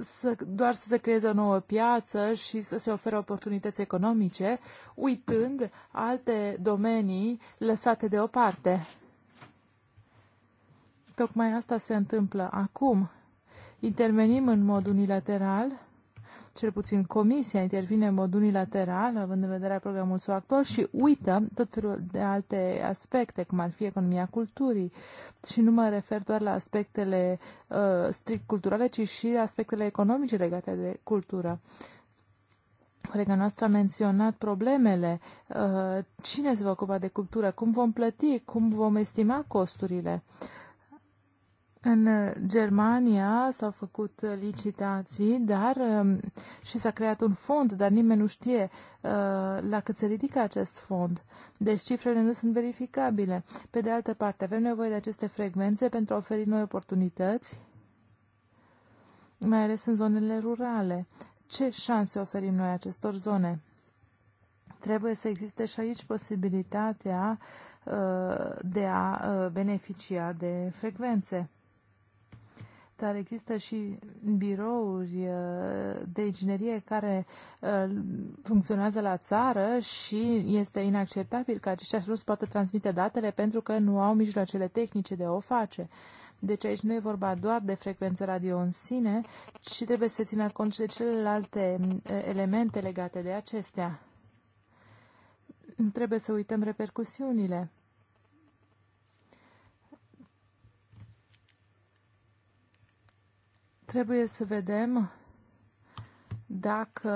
să, doar să se creeze o nouă piață și să se ofere oportunități economice, uitând alte domenii lăsate deoparte. Tocmai asta se întâmplă acum. Intervenim în mod unilateral cel puțin Comisia intervine în mod unilateral, având în vedere programul său actual, și uită tot felul de alte aspecte, cum ar fi economia culturii. Și nu mă refer doar la aspectele uh, strict culturale, ci și aspectele economice legate de cultură. Colega noastră a menționat problemele. Uh, cine se va ocupa de cultură? Cum vom plăti? Cum vom estima costurile? Uh, în Germania s-au făcut licitații dar um, și s-a creat un fond, dar nimeni nu știe uh, la cât se ridică acest fond. Deci cifrele nu sunt verificabile. Pe de altă parte, avem nevoie de aceste frecvențe pentru a oferi noi oportunități, mai ales în zonele rurale. Ce șanse oferim noi acestor zone? trebuie să existe și aici posibilitatea uh, de a uh, beneficia de frecvențe dar există și birouri uh, de inginerie care uh, funcționează la țară și este inacceptabil că aceștia nu poată transmite datele pentru că nu au mijloacele tehnice de a o face. Deci aici nu e vorba doar de frecvență radio în sine, ci trebuie să țină cont și de celelalte mm, elemente legate de acestea. Trebuie să uităm repercusiunile Trebuie să vedem dacă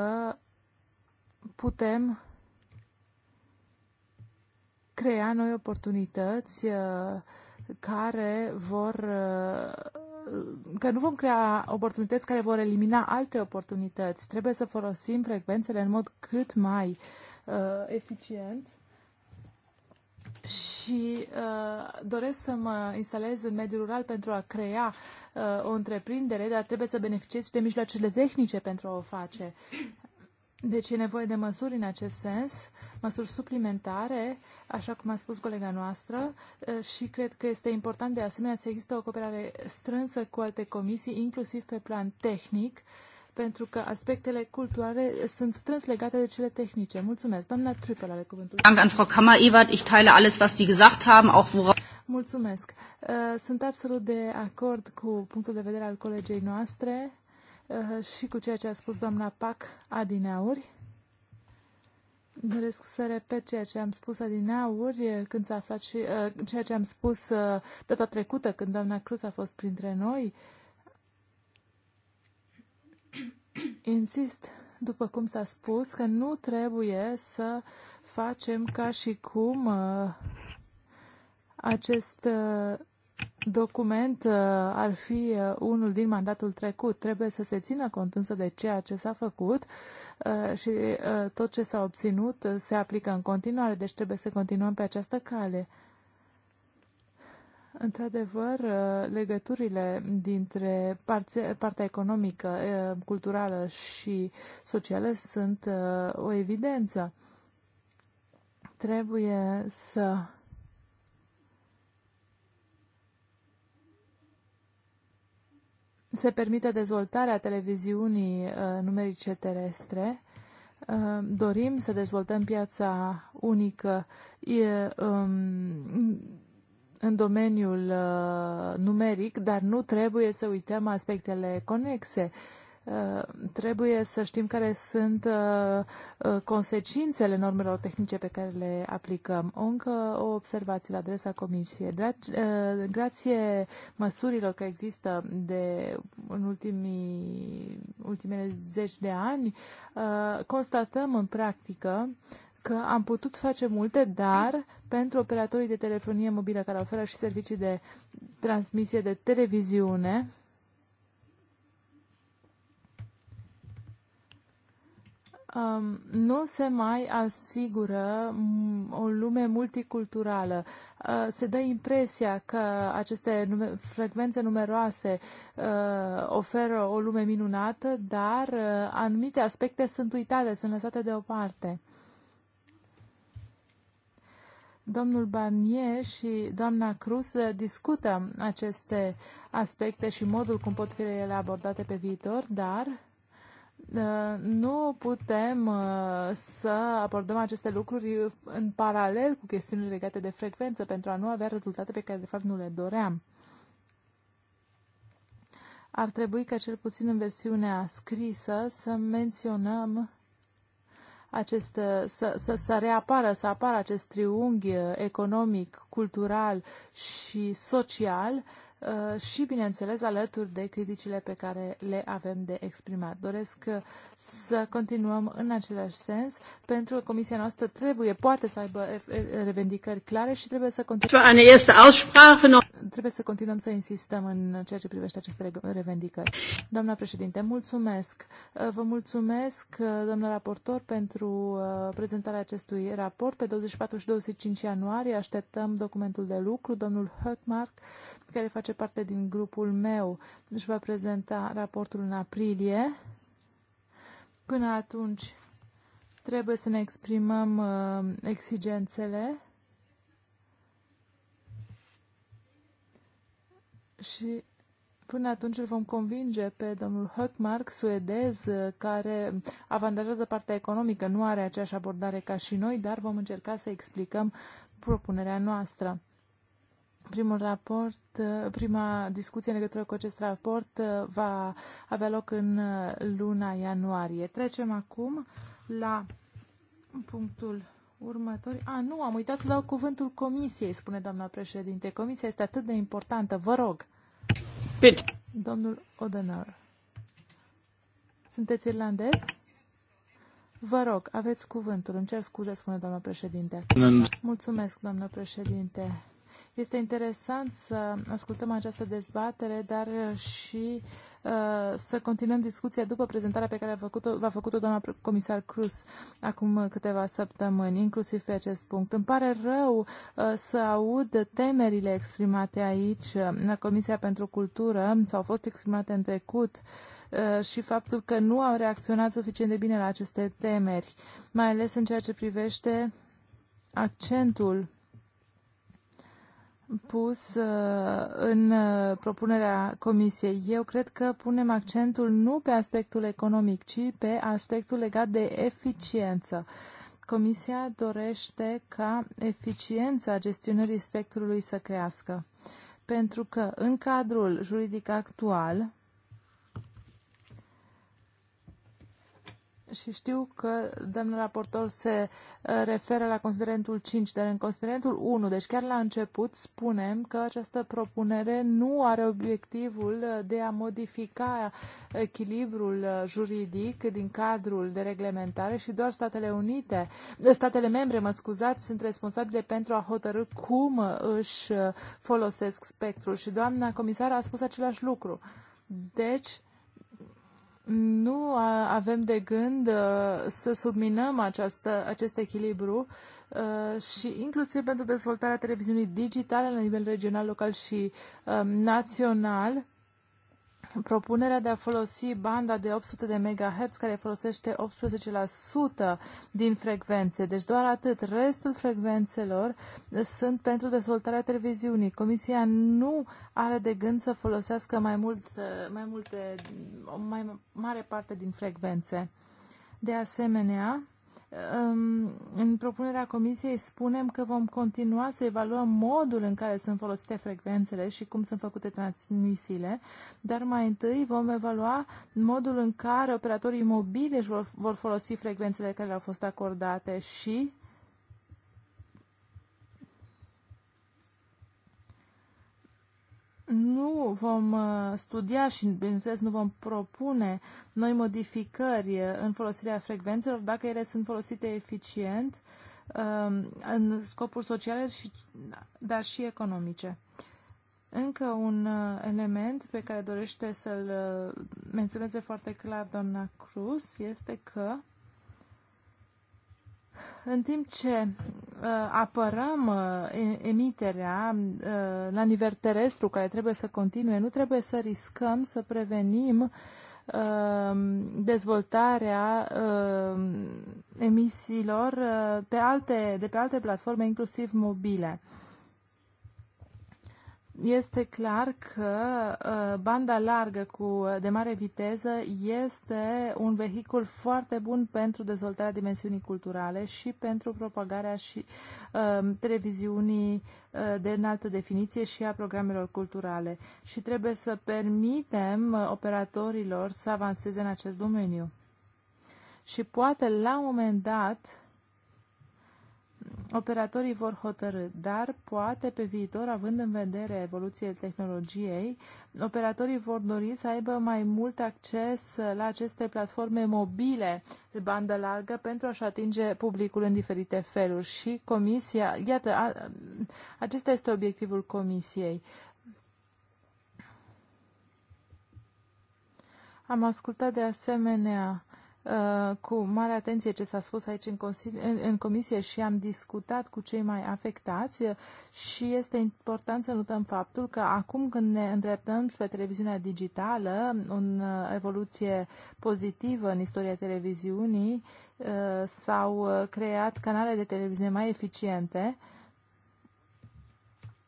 putem crea noi oportunități uh, care vor uh, că nu vom crea oportunități care vor elimina alte oportunități. Trebuie să folosim frecvențele în mod cât mai uh, eficient și uh, doresc să mă instalez în mediul rural pentru a crea uh, o întreprindere, dar trebuie să beneficiez de mijloacele tehnice pentru a o face. Deci e nevoie de măsuri în acest sens, măsuri suplimentare, așa cum a spus colega noastră, uh, și cred că este important de asemenea să există o cooperare strânsă cu alte comisii, inclusiv pe plan tehnic, uh, pentru că aspectele culturale sunt strâns legate de cele tehnice. Mulțumesc. Doamna Trippel are cuvântul. Dank an Frau Kammer-Ewert. Ich teile alles, was Sie gesagt haben, auch worauf... Mulțumesc. Uh, Sunt absolut de acord cu punctul de vedere al colegei noastre uh, și cu ceea ce a spus doamna Pac adineauri. Doresc să repet ceea ce am spus adineauri uh, când s-a aflat și uh, ceea ce am spus uh, data trecută când doamna Cruz a fost printre noi. Uh, Insist, după cum s-a spus, că nu trebuie să facem ca și cum uh, acest uh, document uh, ar fi unul din mandatul trecut. Trebuie să se țină cont însă de ceea ce s-a făcut și tot ce s-a obținut se aplică în continuare, deci trebuie să continuăm pe această cale. Într-adevăr, uh, legăturile dintre partea economică, uh, culturală și socială sunt uh, o evidență. Trebuie să se permită dezvoltarea televiziunii numerice terestre dorim să dezvoltăm piața unică, e, um, în domeniul uh, numeric, dar nu trebuie să uităm aspectele conexe. Uh, trebuie să știm care sunt uh, uh consecințele normelor tehnice pe care le aplicăm. O încă o observație la adresa Comisiei. uh, grație măsurilor care există de în ultimii, ultimele zeci de ani, uh, constatăm în practică că am putut face multe, dar pentru operatorii de telefonie mobilă care oferă și servicii de transmisie de televiziune, um, nu se mai asigură o lume multiculturală. Uh, se dă impresia că aceste nume- frecvențe numeroase uh, oferă o lume minunată, dar uh, anumite aspecte sunt uitate, sunt lăsate deoparte. Uh, Domnul Barnier și doamna Cruz discută aceste aspecte și modul cum pot fi ele abordate pe viitor, dar uh, nu putem uh, să abordăm aceste lucruri în paralel cu chestiunile legate de frecvență pentru a nu avea rezultate pe care de fapt nu le doream. Ar trebui ca cel puțin în versiunea scrisă să menționăm acest, uh, să, să, să reapară, să apară acest triunghi uh, economic, cultural și social Uh, și, bineînțeles, alături de criticile pe care le avem de exprimat. Doresc uh, să continuăm în același sens, pentru că Comisia noastră trebuie, poate să aibă revendicări clare și trebuie să continuăm, trebuie să, continuăm să insistăm în ceea ce privește aceste revendicări. Doamna președinte, mulțumesc. Uh, vă mulțumesc, domnul raportor, pentru prezentarea acestui raport. Pe 24 și 25 ianuarie așteptăm documentul de lucru. Domnul Höckmark care face parte din grupul meu, își va prezenta raportul în aprilie. Până atunci trebuie să ne exprimăm uh, exigențele și până atunci îl vom convinge pe domnul Höckmark, suedez, uh, care avantajează partea economică, nu are aceeași abordare ca și noi, dar vom încerca să explicăm propunerea noastră primul raport, uh, prima discuție în legătură cu acest raport uh, va avea loc în uh, luna ianuarie. Trecem acum la punctul următor. A, nu, am uitat să dau cuvântul comisiei, spune doamna președinte. Comisia este atât de importantă, vă rog. Bine. Domnul Odenor. Sunteți irlandez? Vă rog, aveți cuvântul. Îmi cer scuze, spune doamna președinte. Mulțumesc, doamna președinte. Este interesant să ascultăm această dezbatere, dar și uh, să continuăm discuția după prezentarea pe care v-a făcut-o, v-a făcut-o doamna comisar Cruz acum câteva săptămâni, inclusiv pe acest punct. Îmi pare rău uh, să aud temerile exprimate aici uh, la Comisia pentru Cultură, sau fost exprimate în trecut, uh, și faptul că nu au reacționat suficient de bine la aceste temeri, mai ales în ceea ce privește accentul pus uh, în uh, propunerea Comisiei. Eu cred că punem accentul nu pe aspectul economic, ci pe aspectul legat de eficiență. Comisia dorește ca eficiența gestionării spectrului să crească, pentru că în cadrul juridic actual și știu că domnul raportor se uh, referă la considerentul 5, dar în considerentul 1, deci chiar la început, spunem că această propunere nu are obiectivul uh, de a modifica echilibrul uh, juridic din cadrul de reglementare și doar Statele Unite, statele membre, mă scuzați, sunt responsabile pentru a hotărâ cum își folosesc spectrul și doamna comisar a spus același lucru. Deci, nu avem de gând uh, să subminăm această, acest echilibru uh, și inclusiv pentru dezvoltarea televiziunii digitale la nivel regional, local și uh, național Propunerea de a folosi banda de 800 de MHz care folosește 18% din frecvențe, deci doar atât, restul frecvențelor sunt pentru dezvoltarea televiziunii. Comisia nu are de gând să folosească mai mult, mai multe, o mai mare parte din frecvențe. De asemenea, în propunerea comisiei spunem că vom continua să evaluăm modul în care sunt folosite frecvențele și cum sunt făcute transmisiile, dar mai întâi vom evalua modul în care operatorii mobile vor folosi frecvențele care le-au fost acordate și nu vom uh, studia și, bineînțeles, nu vom propune noi modificări uh, în folosirea frecvențelor dacă ele sunt folosite eficient um, în scopuri sociale, și, dar și economice. Încă un uh, element pe care dorește să-l menționeze foarte clar doamna Cruz este că în timp ce uh, apărăm uh, emiterea uh, la nivel terestru care trebuie să continue, nu trebuie să riscăm să prevenim uh, dezvoltarea uh, emisiilor uh, pe alte, de pe alte platforme, inclusiv mobile este clar că uh, banda largă cu uh, de mare viteză este un vehicul foarte bun pentru dezvoltarea dimensiunii culturale și pentru propagarea și uh, televiziunii de înaltă definiție și a programelor culturale. Și trebuie să permitem operatorilor să avanseze în acest domeniu. Și poate la un moment dat operatorii vor hotărâ, dar poate pe viitor, având în vedere evoluția tehnologiei, operatorii vor dori să aibă mai mult acces la aceste platforme mobile de bandă largă pentru a-și atinge publicul în diferite feluri. Și comisia, iată, a, acesta este obiectivul comisiei. Am ascultat de asemenea Uh, cu mare atenție ce s-a spus aici în, în, în comisie și am discutat cu cei mai afectați și este important să notăm faptul că acum când ne îndreptăm spre televiziunea digitală, o uh, evoluție pozitivă în istoria televiziunii, uh, s-au creat canale de televiziune mai eficiente, uh,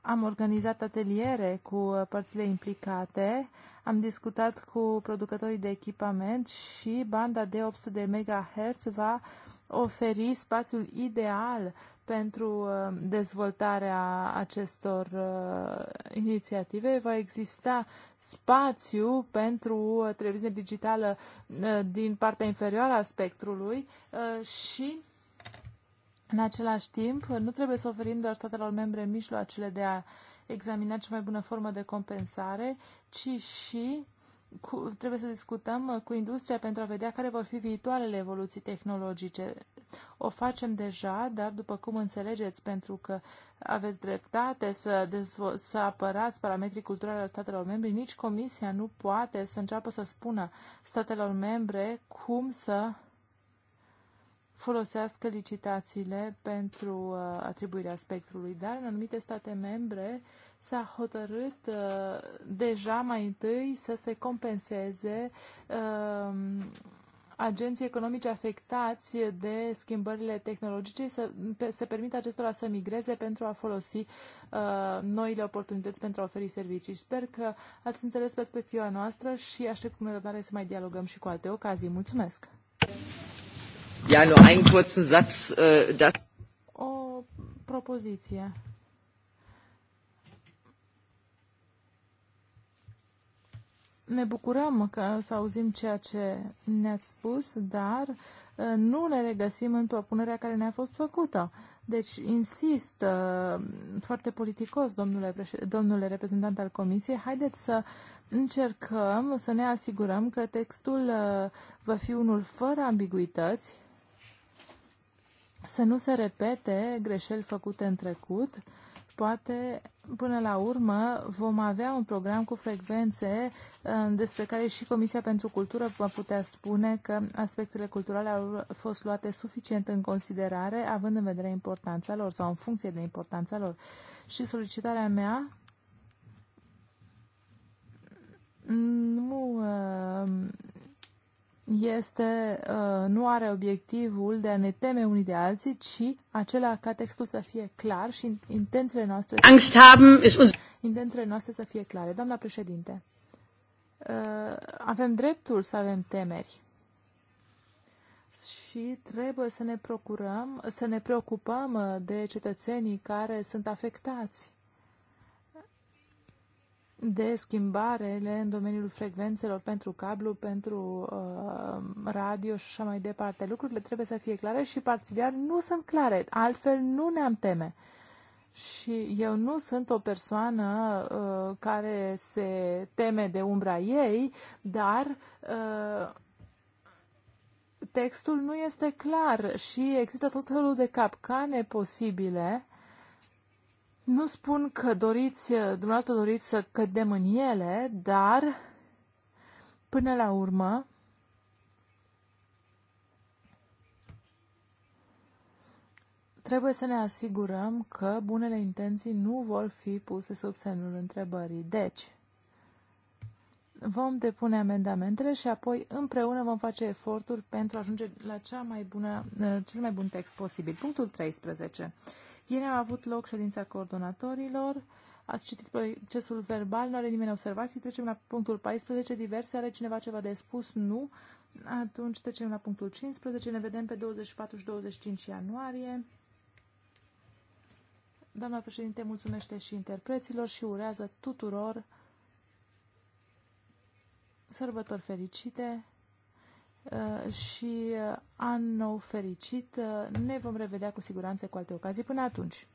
am organizat ateliere cu uh, părțile implicate, am discutat cu producătorii de echipament și banda de 800 de MHz va oferi spațiul ideal pentru uh, dezvoltarea acestor uh, inițiative. Va exista spațiu pentru televiziune digitală din partea inferioară a spectrului și în același timp, nu trebuie să oferim doar statelor membre mijloacele de a examina cea mai bună formă de compensare, ci și cu, trebuie să discutăm uh, cu industria pentru a vedea care vor fi viitoarele evoluții tehnologice. O facem deja, dar după cum înțelegeți, pentru că aveți dreptate să, dezvo- să apărați parametrii culturale al statelor membre, nici Comisia nu poate să înceapă să spună statelor membre cum să folosească licitațiile pentru uh, atribuirea spectrului, dar în anumite state membre s-a hotărât uh, deja mai întâi să se compenseze um, agenții economici afectați de schimbările tehnologice să se permită acestora să migreze pentru a folosi uh, noile oportunități pentru a oferi servicii. Sper că ați înțeles perspectiva noastră și aștept cu nerăbdare să mai dialogăm și cu alte ocazii. Mulțumesc! Ja, nur einen kurzen Satz. Äh, das o propoziție. Ne bucurăm că să auzim ceea ce ne-ați spus, dar uh, nu ne regăsim în propunerea care ne-a fost făcută. Deci, insist, uh, foarte politicos, domnule, domnule reprezentant al Comisiei, haideți să încercăm să ne asigurăm că textul uh, va fi unul fără ambiguități, să nu se repete greșeli făcute în trecut. Poate, până la urmă, vom avea un program cu frecvențe um, despre care și Comisia pentru Cultură va putea spune că aspectele culturale au fost luate suficient în considerare, având în vedere importanța lor sau în funcție de importanța lor. Și solicitarea mea nu um, este, uh, nu are obiectivul de a ne teme unii de alții, ci acela ca textul să fie clar și intențiile noastre să, Angst haben ist uns... intențiile noastre să fie clare. Doamna președinte, uh, avem dreptul să avem temeri și trebuie să ne procurăm, să ne preocupăm uh, de cetățenii care sunt afectați de schimbarele în domeniul frecvențelor pentru cablu, pentru uh, radio și așa mai departe. Lucrurile trebuie să fie clare și parțial nu sunt clare, altfel nu ne-am teme. Și eu nu sunt o persoană uh, care se teme de umbra ei, dar uh, textul nu este clar și există tot felul de capcane posibile nu spun că doriți, dumneavoastră doriți să cădem în ele, dar până la urmă trebuie să ne asigurăm că bunele intenții nu vor fi puse sub semnul întrebării. Deci, vom depune amendamentele și apoi împreună vom face eforturi pentru a ajunge la cea mai bună, cel mai bun text posibil. Punctul 13. Ieri a avut loc ședința coordonatorilor. Ați citit procesul verbal, nu are nimeni observații. Trecem la punctul 14, diverse. Are cineva ceva de spus? Nu. Atunci trecem la punctul 15. Ne vedem pe 24 și 25 ianuarie. Doamna președinte, mulțumește și interpreților și urează tuturor sărbători fericite Uh, și uh, an nou fericit. Uh, ne vom revedea cu siguranță cu alte ocazii. Până atunci!